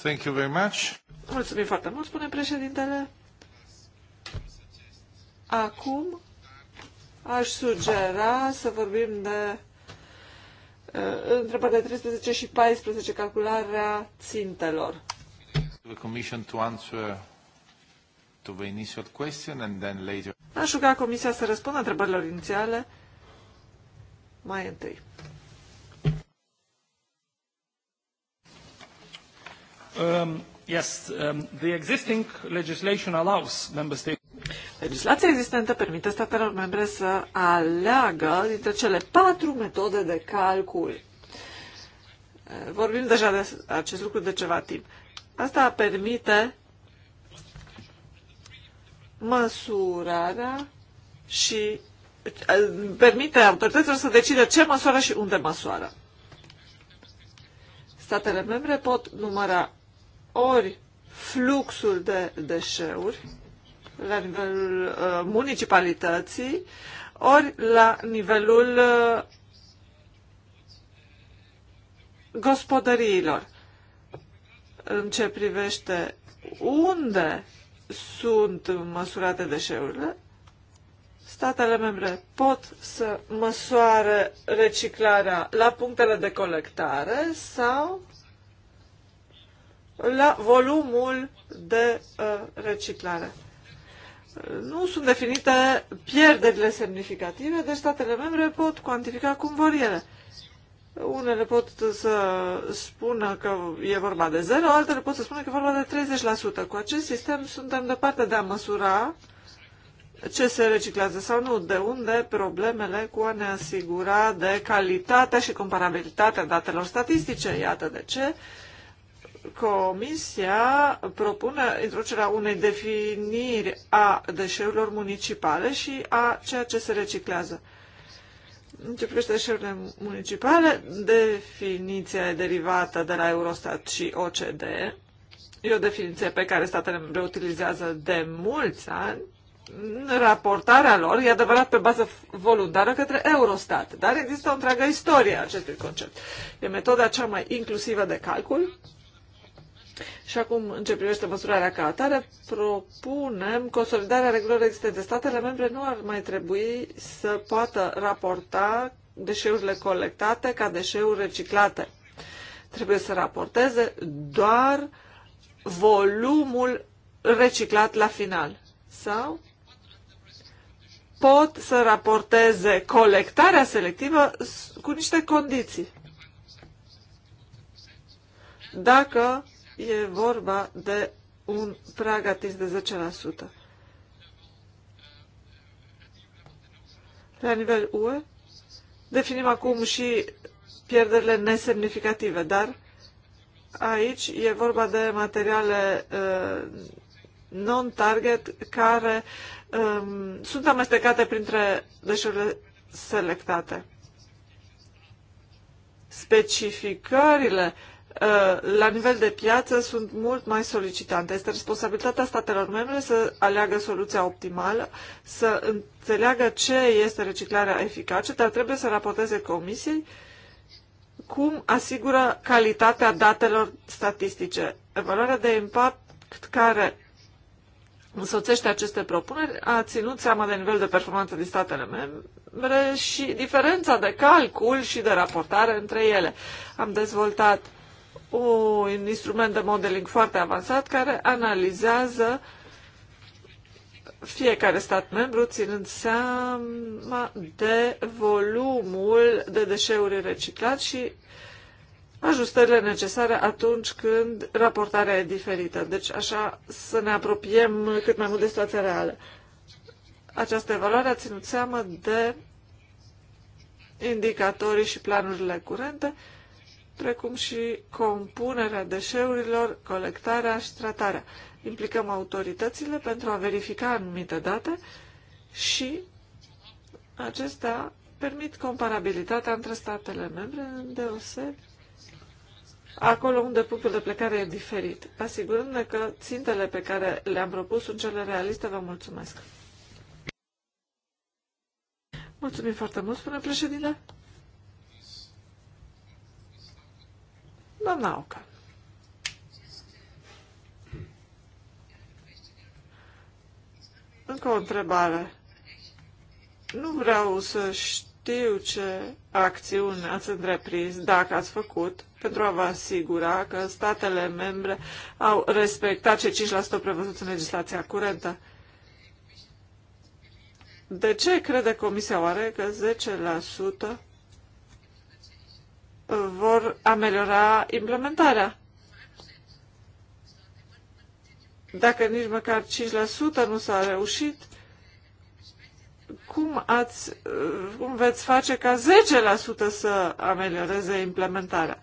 Thank you very much. Mulțumim foarte mult, spune președintele. Acum aș sugera să vorbim de Uh, între partea 13 și 14, calcularea țintelor. The commission to answer to the initial question and then later. Aș ruga comisia să răspundă întrebărilor inițiale mai întâi. Um, yes, um, the existing legislation allows member states Legislația existentă permite statelor membre să aleagă dintre cele patru metode de calcul. Vorbim deja de acest lucru de ceva timp. Asta permite măsurarea și permite autorităților să decide ce măsoară și unde măsoară. Statele membre pot număra ori fluxul de deșeuri, la nivelul uh, municipalității, ori la nivelul uh, gospodăriilor. În ce privește unde sunt măsurate deșeurile, statele membre pot să măsoare reciclarea la punctele de colectare sau la volumul de uh, reciclare nu sunt definite pierderile semnificative, deci statele membre pot cuantifica cum vor ele. Unele pot să spună că e vorba de 0, altele pot să spună că e vorba de 30%. Cu acest sistem suntem departe de a măsura ce se reciclează sau nu, de unde problemele cu a ne asigura de calitatea și comparabilitatea datelor statistice. Iată de ce Comisia propune introducerea unei definiri a deșeurilor municipale și a ceea ce se reciclează. În ce privește deșeurile municipale, definiția e derivată de la Eurostat și OCD. E o definiție pe care statele membre utilizează de mulți ani. Raportarea lor e adevărat pe bază voluntară către Eurostat, dar există o întreagă istorie a acestui concept. E metoda cea mai inclusivă de calcul și acum, în ce privește măsurarea ca atare, propunem consolidarea regulilor existente. Statele membre nu ar mai trebui să poată raporta deșeurile colectate ca deșeuri reciclate. Trebuie să raporteze doar volumul reciclat la final. Sau pot să raporteze colectarea selectivă cu niște condiții. Dacă E vorba de un prag atins de 10%. La nivel UE, definim acum și pierderile nesemnificative, dar aici e vorba de materiale uh, non-target care um, sunt amestecate printre deșeurile selectate. Specificările la nivel de piață sunt mult mai solicitante. Este responsabilitatea statelor membre să aleagă soluția optimală, să înțeleagă ce este reciclarea eficace, dar trebuie să raporteze comisiei cum asigură calitatea datelor statistice. Evaluarea de impact care însoțește aceste propuneri a ținut seama de nivel de performanță din statele membre și diferența de calcul și de raportare între ele. Am dezvoltat un instrument de modeling foarte avansat care analizează fiecare stat membru ținând seama de volumul de deșeuri reciclat și ajustările necesare atunci când raportarea e diferită. Deci așa să ne apropiem cât mai mult de situația reală. Această evaluare a ținut seama de indicatorii și planurile curente precum și compunerea deșeurilor, colectarea și tratarea. Implicăm autoritățile pentru a verifica anumite date și acestea permit comparabilitatea între statele membre în deosebi acolo unde punctul de plecare e diferit, asigurându-ne că țintele pe care le-am propus sunt cele realiste. Vă mulțumesc! Mulțumim foarte mult, spune președinte. Doamna Oca. Încă o întrebare. Nu vreau să știu ce acțiuni ați întreprins, dacă ați făcut, pentru a vă asigura că statele membre au respectat ce 5% prevăzut în legislația curentă. De ce crede Comisia oare că vor ameliora implementarea. Dacă nici măcar 5% nu s-a reușit, cum, ați, cum veți face ca 10% să amelioreze implementarea?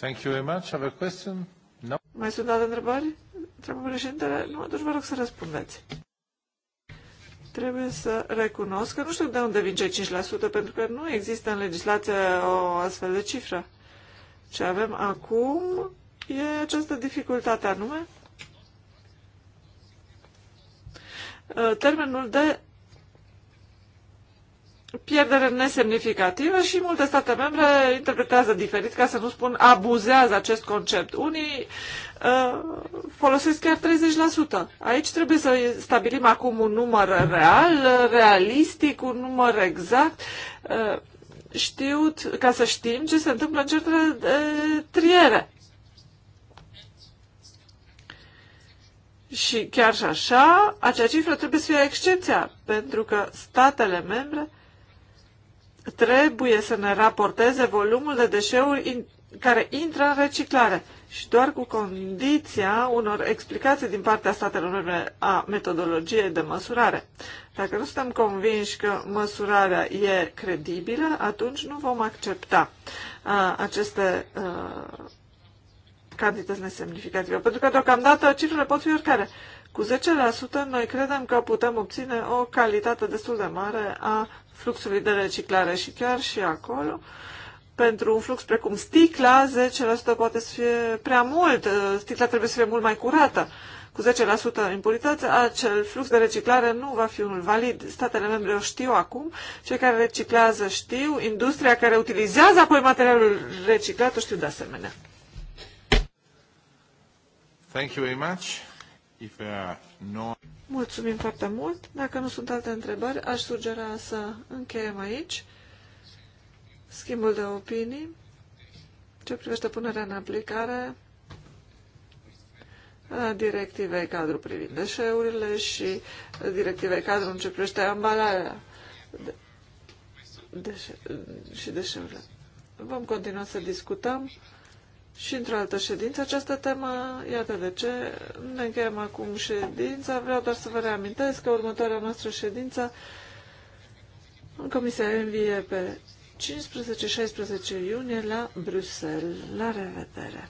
Thank you very much. Have a question? No. Mai sunt alte întrebări? Întreabă președintele? Nu, atunci deci vă rog să răspundeți trebuie să recunosc că nu știu de unde vin cei 5%, pentru că nu există în legislație o astfel de cifră. Ce avem acum e această dificultate anume uh, termenul de pierdere nesemnificativă și multe state membre interpretează diferit, ca să nu spun abuzează acest concept. Unii uh, folosesc chiar 30%. Aici trebuie să stabilim acum un număr real, realistic, un număr exact, uh, știut, ca să știm ce se întâmplă în certele de triere. Și chiar și așa, acea cifră trebuie să fie excepția, pentru că statele membre trebuie să ne raporteze volumul de deșeuri in, care intră în reciclare și doar cu condiția unor explicații din partea statelor membre a metodologiei de măsurare. Dacă nu suntem convinși că măsurarea e credibilă, atunci nu vom accepta a, uh, aceste a, uh, cantități nesemnificative. Pentru că deocamdată cifrele pot fi oricare. Cu 10% noi credem că putem obține o calitate destul de mare a fluxului de reciclare și chiar și acolo, pentru un flux precum sticla, 10% poate să fie prea mult, uh, sticla trebuie să fie mult mai curată. Cu 10% impurități, acel flux de reciclare nu va fi unul valid. Statele membre o știu acum, cei care reciclează știu, industria care utilizează apoi materialul reciclat o știu de asemenea. Thank you very much. If uh, no... Mulțumim foarte mult. Dacă nu sunt alte întrebări, aș sugera să încheiem aici schimbul de opinii ce privește punerea în aplicare a directivei cadru privind deșeurile și directivei cadru în ce privește ambalarea de, deșe, și deșeurile. Vom continua să discutăm și într-o altă ședință această temă. Iată de ce ne încheiem acum ședința. Vreau doar să vă reamintesc că următoarea noastră ședință în Comisia Envie pe 15-16 iunie la Bruxelles. La revedere!